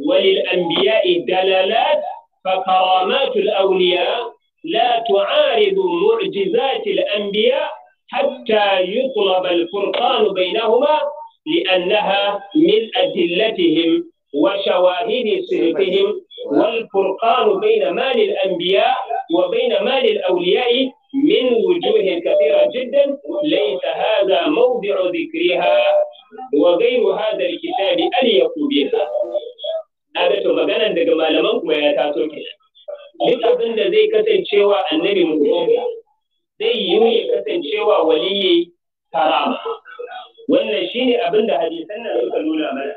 وللأنبياء دلالات فكرامات الأولياء لا تعارض معجزات الأنبياء حتى يطلب الفرقان بينهما لأنها من أدلتهم وشواهد صدقهم والفرقان بين مال الأنبياء وبين مال الأولياء من وجوه كثيرة جدا ليس هذا موضع ذكرها وغير هذا الكتاب أليق بها هذا تمغانا دقا مالمان كما يتاسو كنا duk abin da zai kasancewa annabi musulmi zai yi ya kasancewa waliyi karama wannan shine abin da hadisan nan suka nuna mana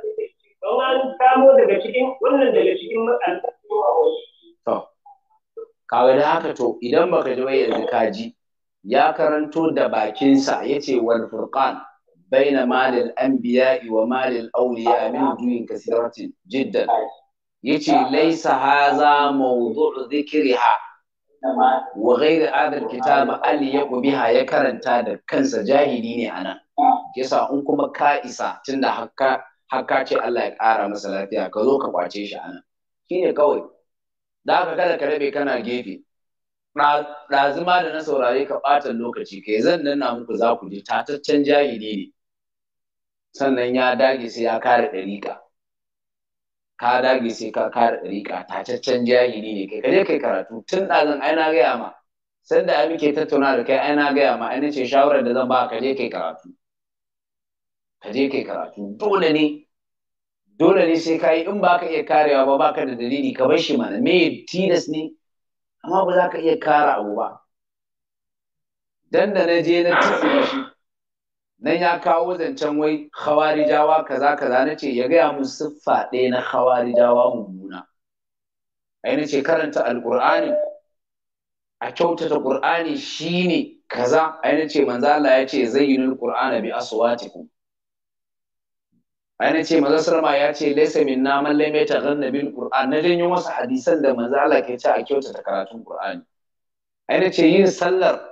don to da haka to idan baka ji wai yanzu ka ji ya karanto da bakinsa yace wal furqan baina malil anbiya'i wa malil awliya min duyin kasiratin jiddan yace laysa haza mawdu' dhikriha wa ghayr hadha alkitab alli biha ya karanta da kansa jahili ne anan yasa in kuma ka isa tunda haka har ka ce Allah ya ƙara masa lafiya ka zo ka kwace shi anan ne kawai da aka kada ka rabe kana gefe ɗazuma da na saurare ka ɓata lokaci kai zan na muku za ku ji tataccen jahili ne sannan ya dage sai ya kare ɗariƙa ka dage sai ka kare ɗariƙa tataccen jahili ne kai kaje kai karatu tun ɗazan ai na gaya ma sanda ai muke tattauna da kai ai na gaya ma ai ce shawarar da zan ba ka je kai karatu ka je kai karatu dole ne dole ne sai ka in baka iya karewa ba baka da dalili ka bar shi mana me tilas ne amma ba za ka iya kara abu ba dan da na je na tsitsi shi nan ya kawo zancen wai khawarijawa kaza kaza na ce ya gaya mun siffa ɗaya na khawarijawa mummuna ai na ce karanta alƙur'ani a kyautata ƙur'ani shine kaza ai na ce manzo ya ce zayyinul qur'ana bi aswatikum ayan ce mazasar ma ya ce laysa minna man lam yataghanna bil qur'an na janyo wasu hadisan da manzo Allah ke ce a kyautata karatun qur'ani ayan ce yin sallar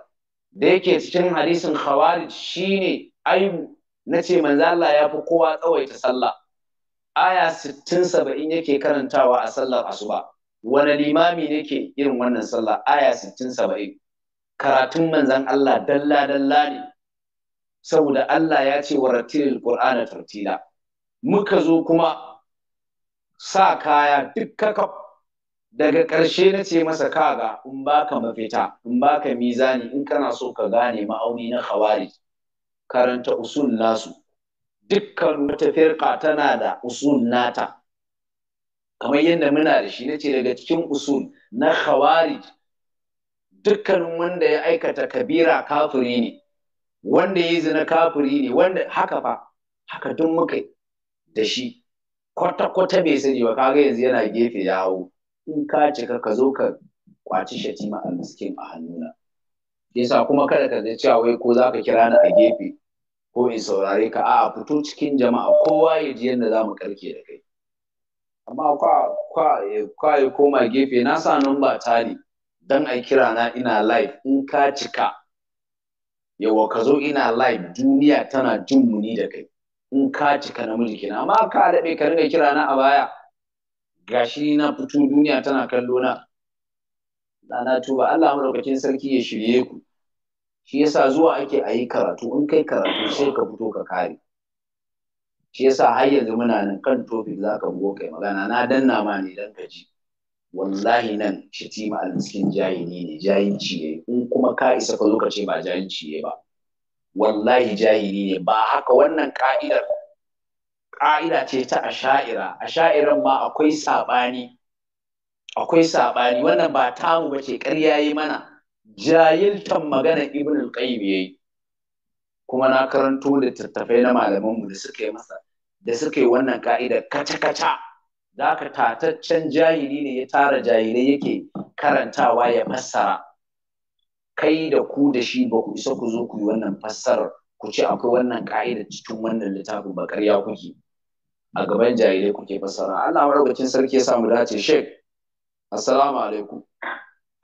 da yake cikin hadisin khawarij shine aibu na ce manzo Allah ya fi kowa tsawaita sallah aya 60 70 yake karantawa a sallar asuba wani limami ne ke irin wannan sallah aya 60 70 karatun manzan Allah dalla dalla ne saboda Allah ya ce wa ratilil qur'ana tartila muka zo kuma sa kaya duk kaka daga ƙarshe na ce masa kaga in baka mafita in baka mizani in kana so ka gane ma'auni na khawarij karanta usul nasu dukkan wata firka tana da usul nata kamar yadda muna da shi nace daga cikin usul na khawarij dukkan wanda ya aikata kabira kafuri ne wanda ya yi zina kafuri ne wanda haka fa haka duk muka da shi kwata-kwata bai sani ba kaga yanzu yana gefe ya hau in ka cika ka zo ka kwaci shatima a miskin a hannuna yasa kuma kada ka zai cewa wai ko za ka kira ni a gefe ko in saurare ka a fito cikin jama'a kowa ya ji yadda za mu karke da kai amma kwa kwa kwa ya koma gefe na sa numba ta ne dan a kira na ina live in ka cika yawa ka zo ina live duniya tana jin muni da kai in ka cika namiji kina amma ka daɗe ka ringa kira na a baya gashi na fito duniya tana kallo na na tuba Allah madaukakin sarki ya shirye ku shi yasa zuwa ake a yi karatu in kai karatu sai ka fito ka kare shi yasa har yanzu muna nan kan topic za ka bugo kai magana na danna ma ne dan ka ji wallahi nan shitima al-miskin jahili ne jahilci ne in kuma ka isa ka zo ka ce ba jahilci ne ba wallahi jahili ne ba haka wannan ka'idar ka'ida ce ta asha'ira asha'iran ma akwai saɓani akwai saɓani wannan ba tamu ba ce ƙarya yi mana jahiltan magana ibn al-qayyim yayi kuma na karanto littattafai na malaman mu da suka yi masa da suka yi wannan ka'ida kaca kaca zaka tataccen jahili ne ya tara jahilai yake karantawa ya fassara kai da ku da shi ba ku isa ku zo ku yi wannan fassarar ku ce akwai wannan ka'ida cikin wannan littafin ba ƙarya kuke a gaban jahilai kuke fassara Allah marabacin sarki ya samu dace shek assalamu alaikum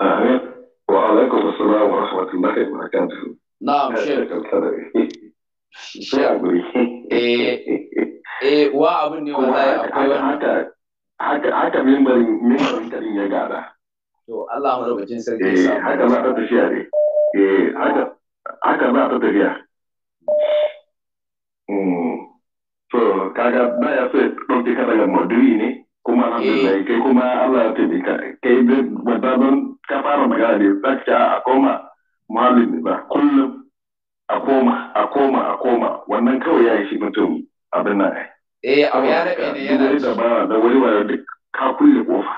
amin wa alaikum assalamu wa rahmatullahi wa barakatuh na'am shek shek eh eh wa abin ne wallahi akwai wannan haka haka mimbarin mimbarin tarin ya gada to Allah madaukakin sarki ya eh, sa haka za ta tafiya ne eh haka haka za ta tafiya hmm. to kaga baya so ya dauke ka daga maudu'i ne kuma alhamdulillah eh. kai kuma Allah ya tafi ka kai da babban ka fara magana ne tsaka a koma malami ba kullum a koma a koma a koma wannan kawai ya yi shi mutum abin nan eh abu ya rabe ne yana da ba da wani wani duk ka kulle kofa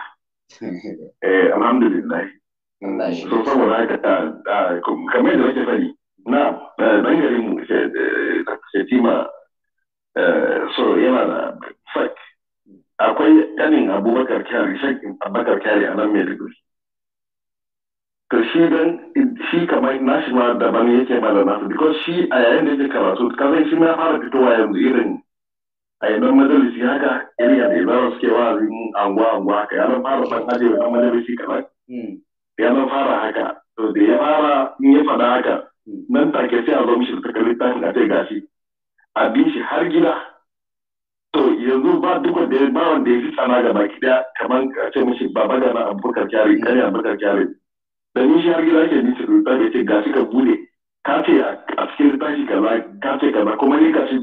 (laughs) eh alhamdulillah so saboda haka kamar da nake sani na bangaren mu eh, eh, shetima eh, so yana da fak akwai yanin abubakar kyari shakin abubakar kyari a nan maiduguri to shi dan shi kamar nashi ma daban yake ma da nasu because shi a yayin da yake karatu kazan shi ma fara fitowa yanzu irin a yi ɗan majalisi haka iriya da ibarar suke wa'azin anguwa anguwa haka ya ɗan fara san ajiye ɗan majalisi kamar? Hmm. ya ɗan fara haka to da ya fara in ya faɗa haka hmm. nan take sai a zo mishi da littafin a ce gashi a bi shi har gida to yanzu ba duk wanda ya ba wanda ya fi tsana ga baki daya kamar a ce mishi baba ga na abubakar kyare kare hmm. abubakar kyare da ni shi har gida ke nishi da littafi ce gashi ka bude ka ce a cikin tashi kaza ka ce kaza kuma ne ka ce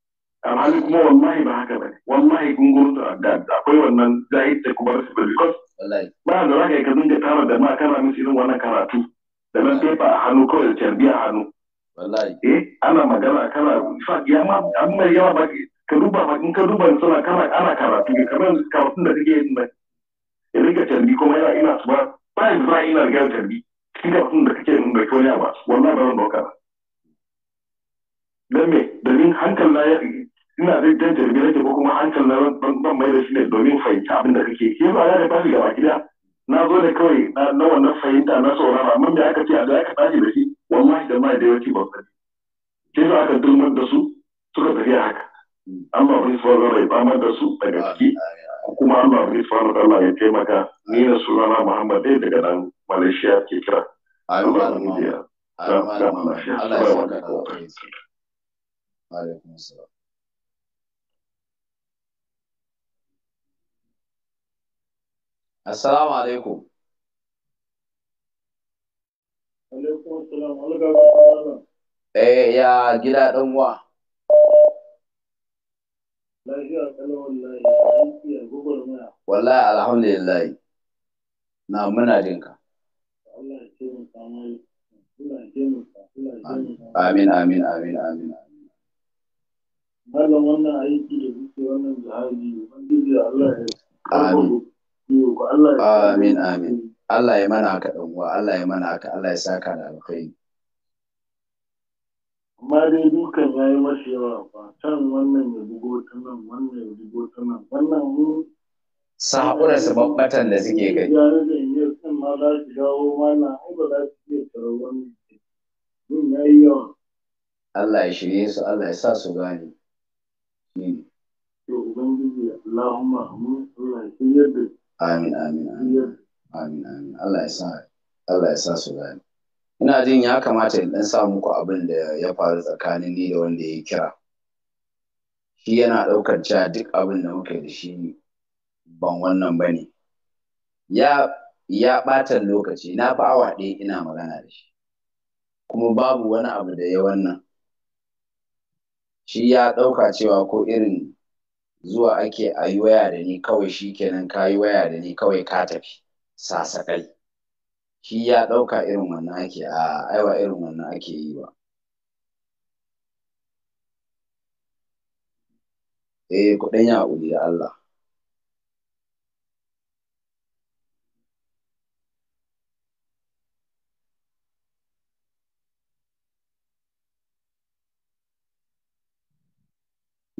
alhali kuma wallahi ba haka bane wallahi gungun da akwai wannan zai da kuma rasu ba because ba da zaka ka dinga tara da ma kana min irin wannan karatu da nan sai ba a hannu kawai da tarbiya a hannu wallahi eh ana magana kana fa ya ma amma yawa ba ka duba ba in ka duba sana kana ana karatu ka kamar karatun da kake yin nan ya rika tarbi kuma yana ina su ba ba yanzu ba ina riga tarbi cikin karatun da kake yin da kyau ne ba wallahi ba zan dauka dan me domin hankali na ina zai dan jirgin ta ko kuma hancin na ban mai da shi ne domin fahimta abin da kake ke ba ya da shi gaba gida na zo ne kawai na wannan fahimta na saurara mun da aka ce a ga aka tashi da shi wallahi da mai da yawanci ba sani sai su aka dulmar da su suka tafi haka an ba wani sauran rai ba da su daga ciki kuma an ba wani sauran Allah ya taimaka ni na sunana Muhammad dai daga nan Malaysia ke kira. Allah ya Allah ya saka da alaikum salam. Assalamu alaikum. Eh ya gida ɗan wa. Wallahi alhamdulillah. Na muna jinka. Amin amin amin amin. Malam wannan aiki da kuke wannan jihadi, Allah Amin. Amin, amin. Allah ya mana haka ɗan Allah ya mana haka, Allah ya saka da alkhairi. Amma dai dukan ya yi masu yawa ba, can wannan ya bugo ta nan, wannan ya bugo ta nan, wannan mu. Sa haƙura su babbatan da suke gani. Ya da iya kan ma za su dawo mana, ai ba za su iya tarar wannan. Yin ya yi yawa. Allah ya shirye su, Allah ya sa su gane. Shi ne. Ubangiji, Allahumma, Allah ya shirye da su. amin amin amin amin amin Allah ya sa Allah ya sa su gani. ina jin ya kamata in ɗan sa muku abin da ya faru tsakanin ni da wanda ya kira shi yana ɗaukar cewa duk abin da muke da shi ban wannan ba ne ya ya ɓatan lokaci na ba awa ɗaya ina magana da shi kuma babu wani abu da ya wannan shi ya ɗauka cewa ko irin zuwa ake a yi waya da ni kawai shi kenan ka yi waya da ni kawai ka tafi sasakai shi ya ɗauka irin wannan ake a aiwa irin wannan ake yi ba eh kuɗin ya da Allah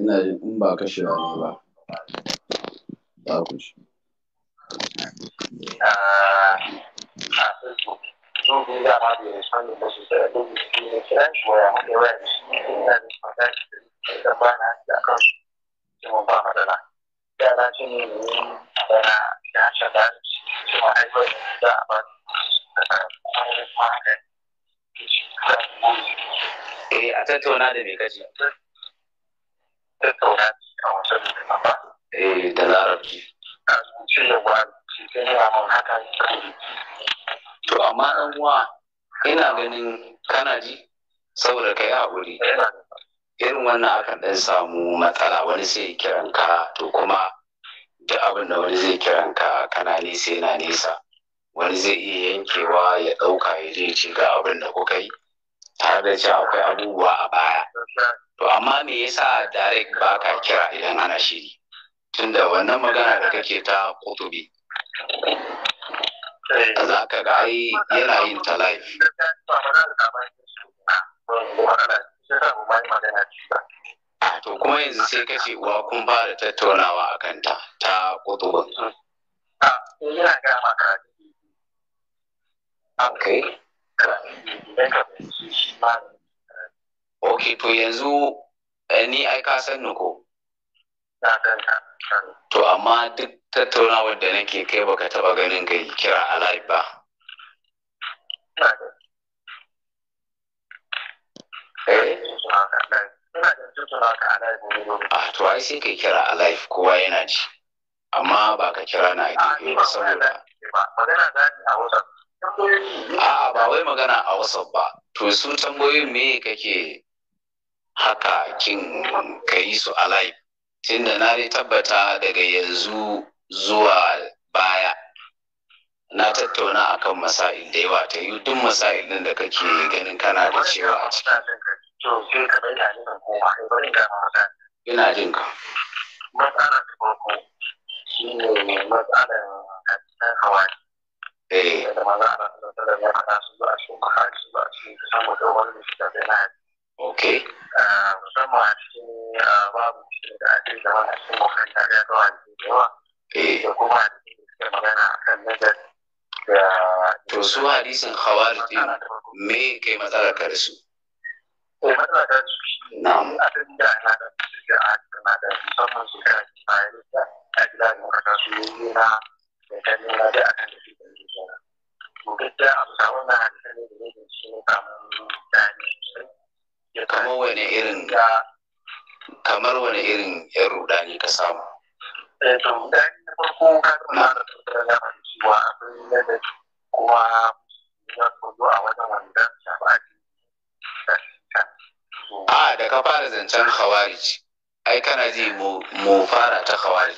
ina jin in ba kashewa ne ba za ku ci Eh, a tattauna da mai kaji. tattauna a da larabci a zuci to amma uwa ina ganin kana ji saboda kai haƙuri irin wannan akan ɗan samu matsala wani sai kiran ka to kuma da abin da wani zai kiran ka kana nesa yana nesa wani zai iya yankewa ya ɗauka ya je ga abin da kuka yi tare da cewa akwai abubuwa a baya to amma me yasa direct ba ka kira idan ana shiri tunda wannan magana da kake ta kutubi za ka ga ai yana yin ta live to kuma yanzu sai ka ce uwa kun ba da tattaunawa a kanta ta kutubin ah, Okay. ok to yanzu eh, ni ai ka san ni ko to amma duk tattaunawar da nake kai baka taba ganin kai kira a live ba Ah, to ai sai kai kira a live kowa yana ji amma ba ka kira na a gefe ba saboda magana a wasan A'a ba wai magana a WhatsApp ba. To su tambayoyin me kake haka kin kai su a live? Tunda na tabbata daga yanzu zuwa baya na tattauna akan masa'il da yawa ta yi duk masa'il din da kake ganin kana da cewa a ciki. Ina jin ka. Matsalar ta farko shi ne matsalar hawari. eh da manzo Allah sallallahu da wani littafi na okay musamman a da da da da da a cikin da da me kai matsalar ka da su eh matsalar da na'am da na da su da da musamman su kan bayan da a gidan da da da da kenan to gaskiya a bisa wannan hadisan da ne da shi ne samu mutane kamar wani irin kamar wani irin yan rudani ka samu eh to na farko ka zama da tattalin ya fahimci wa abin da da kuma ya koyo a wajen wanda shafi a da ka fara zancen khawarij ai kana ji mu fara ta khawarij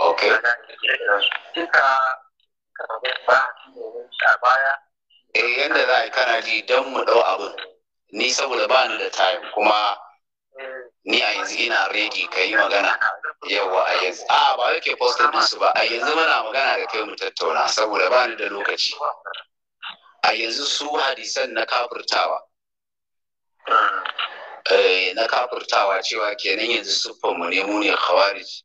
ok duka eh yadda za a yi kana ji don mu ɗau abin ni saboda ba ni da time kuma ni a yanzu ina ready ka yi magana yawa a yanzu a ah, ba yake postin ɗinsu ba a yanzu muna magana da kai mu tattauna saboda ba ni da lokaci a yanzu su hadisan na kafurtawa hmm. eh, na kafurtawa cewa kenan yanzu mu ne mu ne khawarij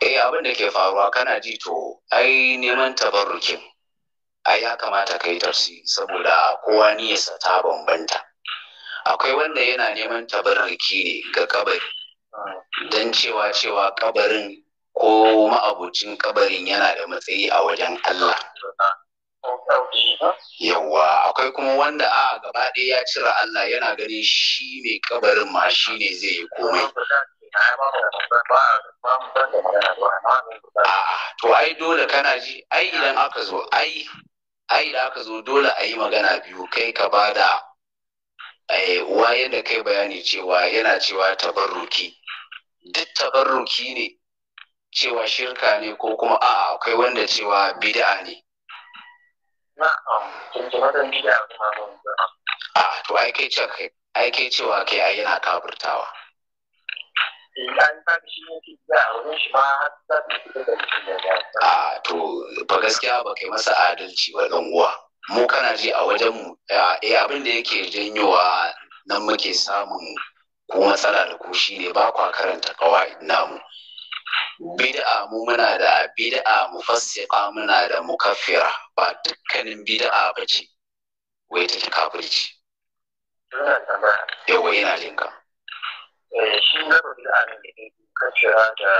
eh abin da ke faruwa kana ji to ai neman tabarrukin ai ya kamata ka yi tafsi saboda kowa niyyarsa ta bambanta akwai wanda yana neman tabarruki ne ga kabari don cewa cewa kabarin ko ma'abucin kabarin yana da matsayi a wajen Allah Yawa akwai kuma wanda a gaba ɗaya ya cira Allah yana ganin shi mai kabarin ma shi ne zai yi komai to ai dole kana ji ai idan aka zo ai ai idan aka zo dole a yi magana biyu kai ka ba da eh, wayan da kai bayani cewa yana cewa tabarruki duk tabarruki ne cewa shirka ne ko kuma a akwai wanda cewa bid'a ne a ah, to ai kai cewa kai yana kafurtawa. a to fa gaskiya ba kai masa adalci ba dan uwa mu kana ji a wajen mu eh abin da yake janyowa nan muke samun ko matsala da ku shine ba kwa karanta qawaid namu bid'a mu muna da bid'a mufassiqa muna da mukaffira ba dukkanin bid'a bace wai take kafirci yawa ina jinka Eh, shi na rufi a nan da ka kira da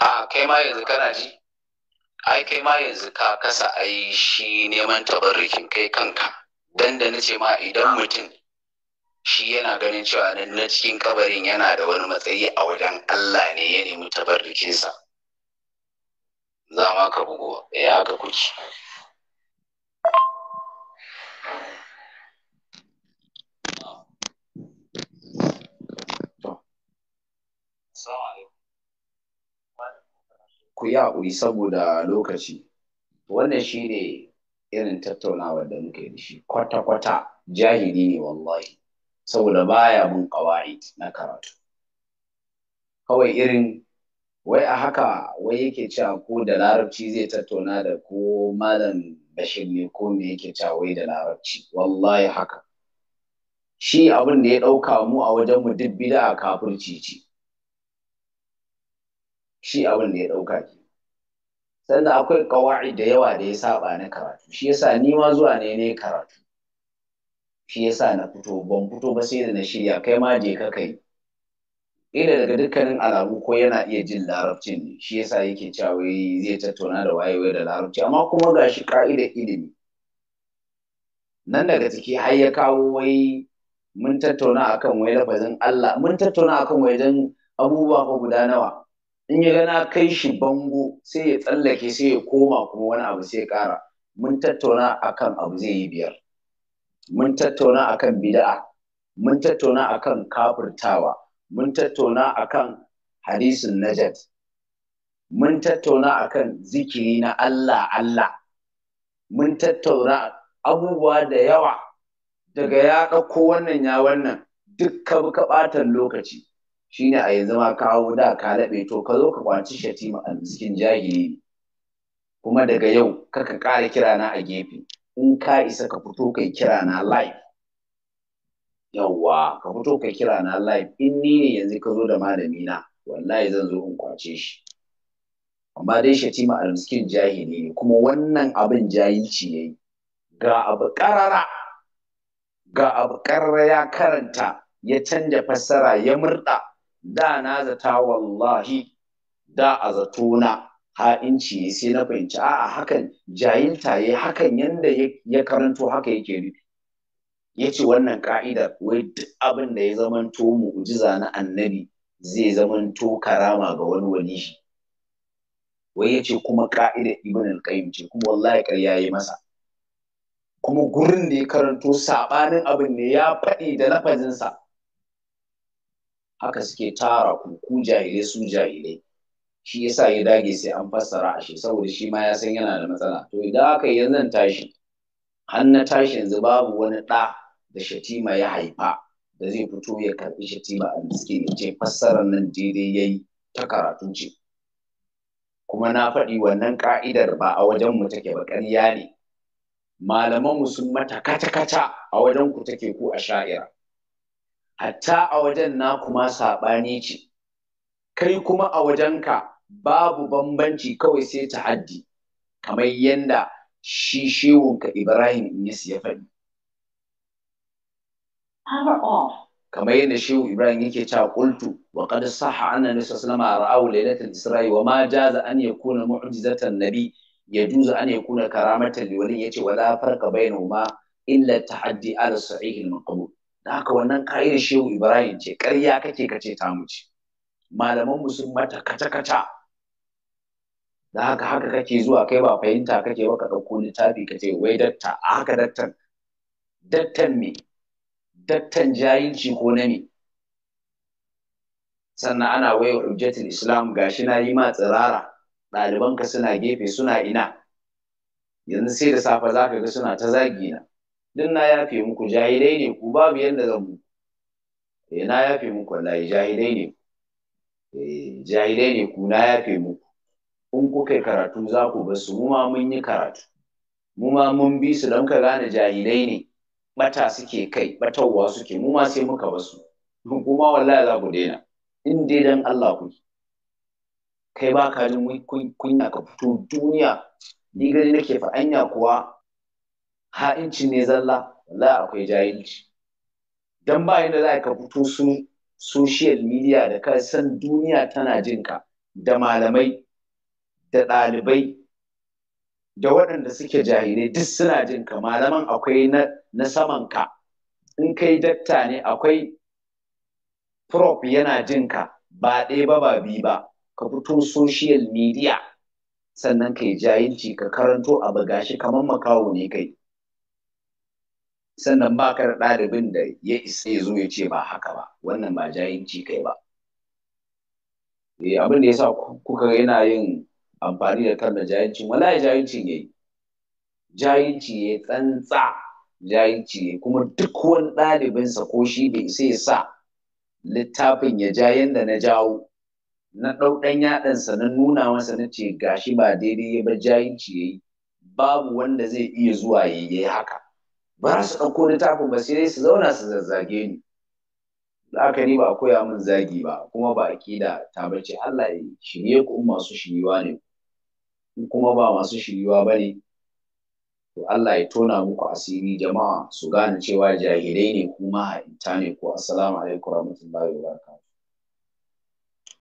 a kai ma yanzu kana ji ai kai ma yanzu ka kasa ai shi neman tabarrikin kai kanka dan da nace ma idan mutum shi yana ganin cewa na cikin kabarin yana da wani matsayi a wajen Allah ne ya nemi tabarrikinsa za ma ka bugo ya ga eh, kuke ku yi haƙuri saboda lokaci wannan shi ne irin tattaunawar da muke da shi kwata-kwata jahili ne wallahi saboda baya bin ƙawa'id na karatu kawai irin wai a haka wai yake cewa ko da larabci zai tattauna da ko malam bashir ne ko me yake cawai da larabci wallahi haka shi abin da ya ɗauka mu a wajen mu duk bida kafirci ce shi abin da ya ɗauka ke sannan akwai kawai da yawa da ya saba na karatu shi yasa ni ma zuwa ne ne karatu shi yasa na fito ban fito ba sai da na shirya kai ma je ka kai ina daga dukkanin alamu ko yana iya jin larabcin ne shi yasa yake cewa wai zai tattauna da wayewa da larabci amma kuma ga shi ka'idar ilimi nan daga ciki har ya kawo wai mun tattauna akan wai lafazin Allah mun tattauna akan wajen abubuwa ko guda nawa in ya na kai shi bango sai ya tsallake sai ya koma kuma wani abu sai ya kara mun tattauna akan abu zai yi biyar mun tattauna akan bid'a mun tattauna akan kafirtawa mun tattauna akan hadisin najat mun tattauna akan zikiri na Allah Allah mun tattauna abubuwa da yawa daga ya ɗauko wannan ya wannan duk ka ka ɓatan lokaci shine a yanzu ma kawo da ka laɓe to ka zo ka kwaci shatima a cikin jahili kuma daga yau kaka ƙara kirana a gefe in ka isa ka fito kai na live yawwa ka fito ka kira na live in ni ne yanzu ka zo da malami na wallahi zan zo in kwace shi amma dai shatima almskin jahili ne kuma wannan abin jahilci yayi ga abu karara ga abu karara ya karanta ya canja fassara ya murda da na zata wallahi da a zato zatona ha'inci sai na fahimci a'a hakan jahilta ya hakan yanda ya karanto haka yake nufi ya ce wannan ka'idar wai duk abin da ya zamanto mu'jiza na annabi zai zamanto karama ga wani wani shi wai ya ce kuma ka'idar ibn al-qayyim ce kuma wallahi ƙarya yi masa kuma gurin da ya karanto saɓanin abin ne ya faɗi da lafazinsa haka suke tara ku jahilai su jahile shi yasa ya dage sai an fassara a shi saboda shi ma ya san yana da matsala to idan aka yi yanzu tashi har na tashi yanzu babu wani ɗa da shatima ya haifa da zai fito ya karɓi shatima a biske ya ce fassarar nan daidai ya yi ta karatu ce kuma na faɗi wannan ƙa'idar ba a wajen mu take ba ƙarya ne malamanmu sun mata kata-kata a wajen ku take ku a sha'ira hatta a wajen na kuma saɓani ce kai kuma a wajenka babu bambanci kawai sai ta haddi kamar yadda shi shewunka Ibrahim in ya faɗi cover off kamar yadda shehu ibrahim yake cewa qultu wa qad sahha anna nabi sallallahu alaihi wasallam ra'ahu lailatul isra'i wa ma jaza an yakuna mu'jizatan nabi yajuzu an yakuna karamatan liwalin yace wala farqa bainahuma illa tahaddi ala sahih al-maqbul da haka wannan kaidar shehu ibrahim ce ƙarya kake kace ta muci malaman mu sun mata kata kata da haka haka kake zuwa kai ba fahimta kake ba ka ɗauko littafi ka ce wai datta a haka dattan dattan me dattan jahilci ko na me sannan ana waya hujjatul islam gashi na yi ma tsirara ɗalibanka suna gefe suna ina yanzu sai da safe za ka ga suna ta zagi na duk na yafe muku jahilai ne ku babu yadda zan muku eh na yafe muku wallahi jahilai ne eh jahilai ne ku na yafe muku in kuka karatu za ku bar su mu ma mun yi karatu mu ma mun bi su don ka gane jahilai ne bata suke kai batawa suke mu ma sai muka wasu kuma wallahi za ku daina in dai dan Allah ku kai ba ka kunya ka fito duniya ni gani nake fa anya kuwa ha'inci ne zalla wallahi akwai jahilci dan ba inda za ka fito su social media da ka san duniya tana jin ka da malamai da ɗalibai da waɗanda suke jahilai duk suna jin ka malaman akwai na saman ka in kai dakta ne akwai prof yana jin ka ba ɗaya ba ba biyu ba ka fito social media sannan kai jahilci ka karanto abu gashi kamar makawo ne kai sannan ba ka da ɗalibin da ya isa ya zo ya ce ba haka ba wannan ba jahilci kai ba eh, abin da ya sa kuka yana yin amfani da kalmar jahilcin wallahi jahilcin yayi jahilci ya tsantsa jahilci ne, kuma duk wani sa ko shi bai sai ya sa littafin ya ja yadda na jawo na ɗau ɗan sa na nuna masa na ce gashi ba daidai ya ba jahilci ya yi babu wanda zai iya zuwa ya haka ba su ɗauko littafin ba sai su zauna su zazzage ni haka ni ba a koya min zagi ba kuma ba aƙida ta bace Allah ya shirye ku masu shiriwa ne kuma ba masu shiriwa ba ne to Allah ya tona muku asiri jama'a su gane cewa jahilai ne kuma ha'inta ne ko assalamu alaikum warahmatullahi wabarakatuh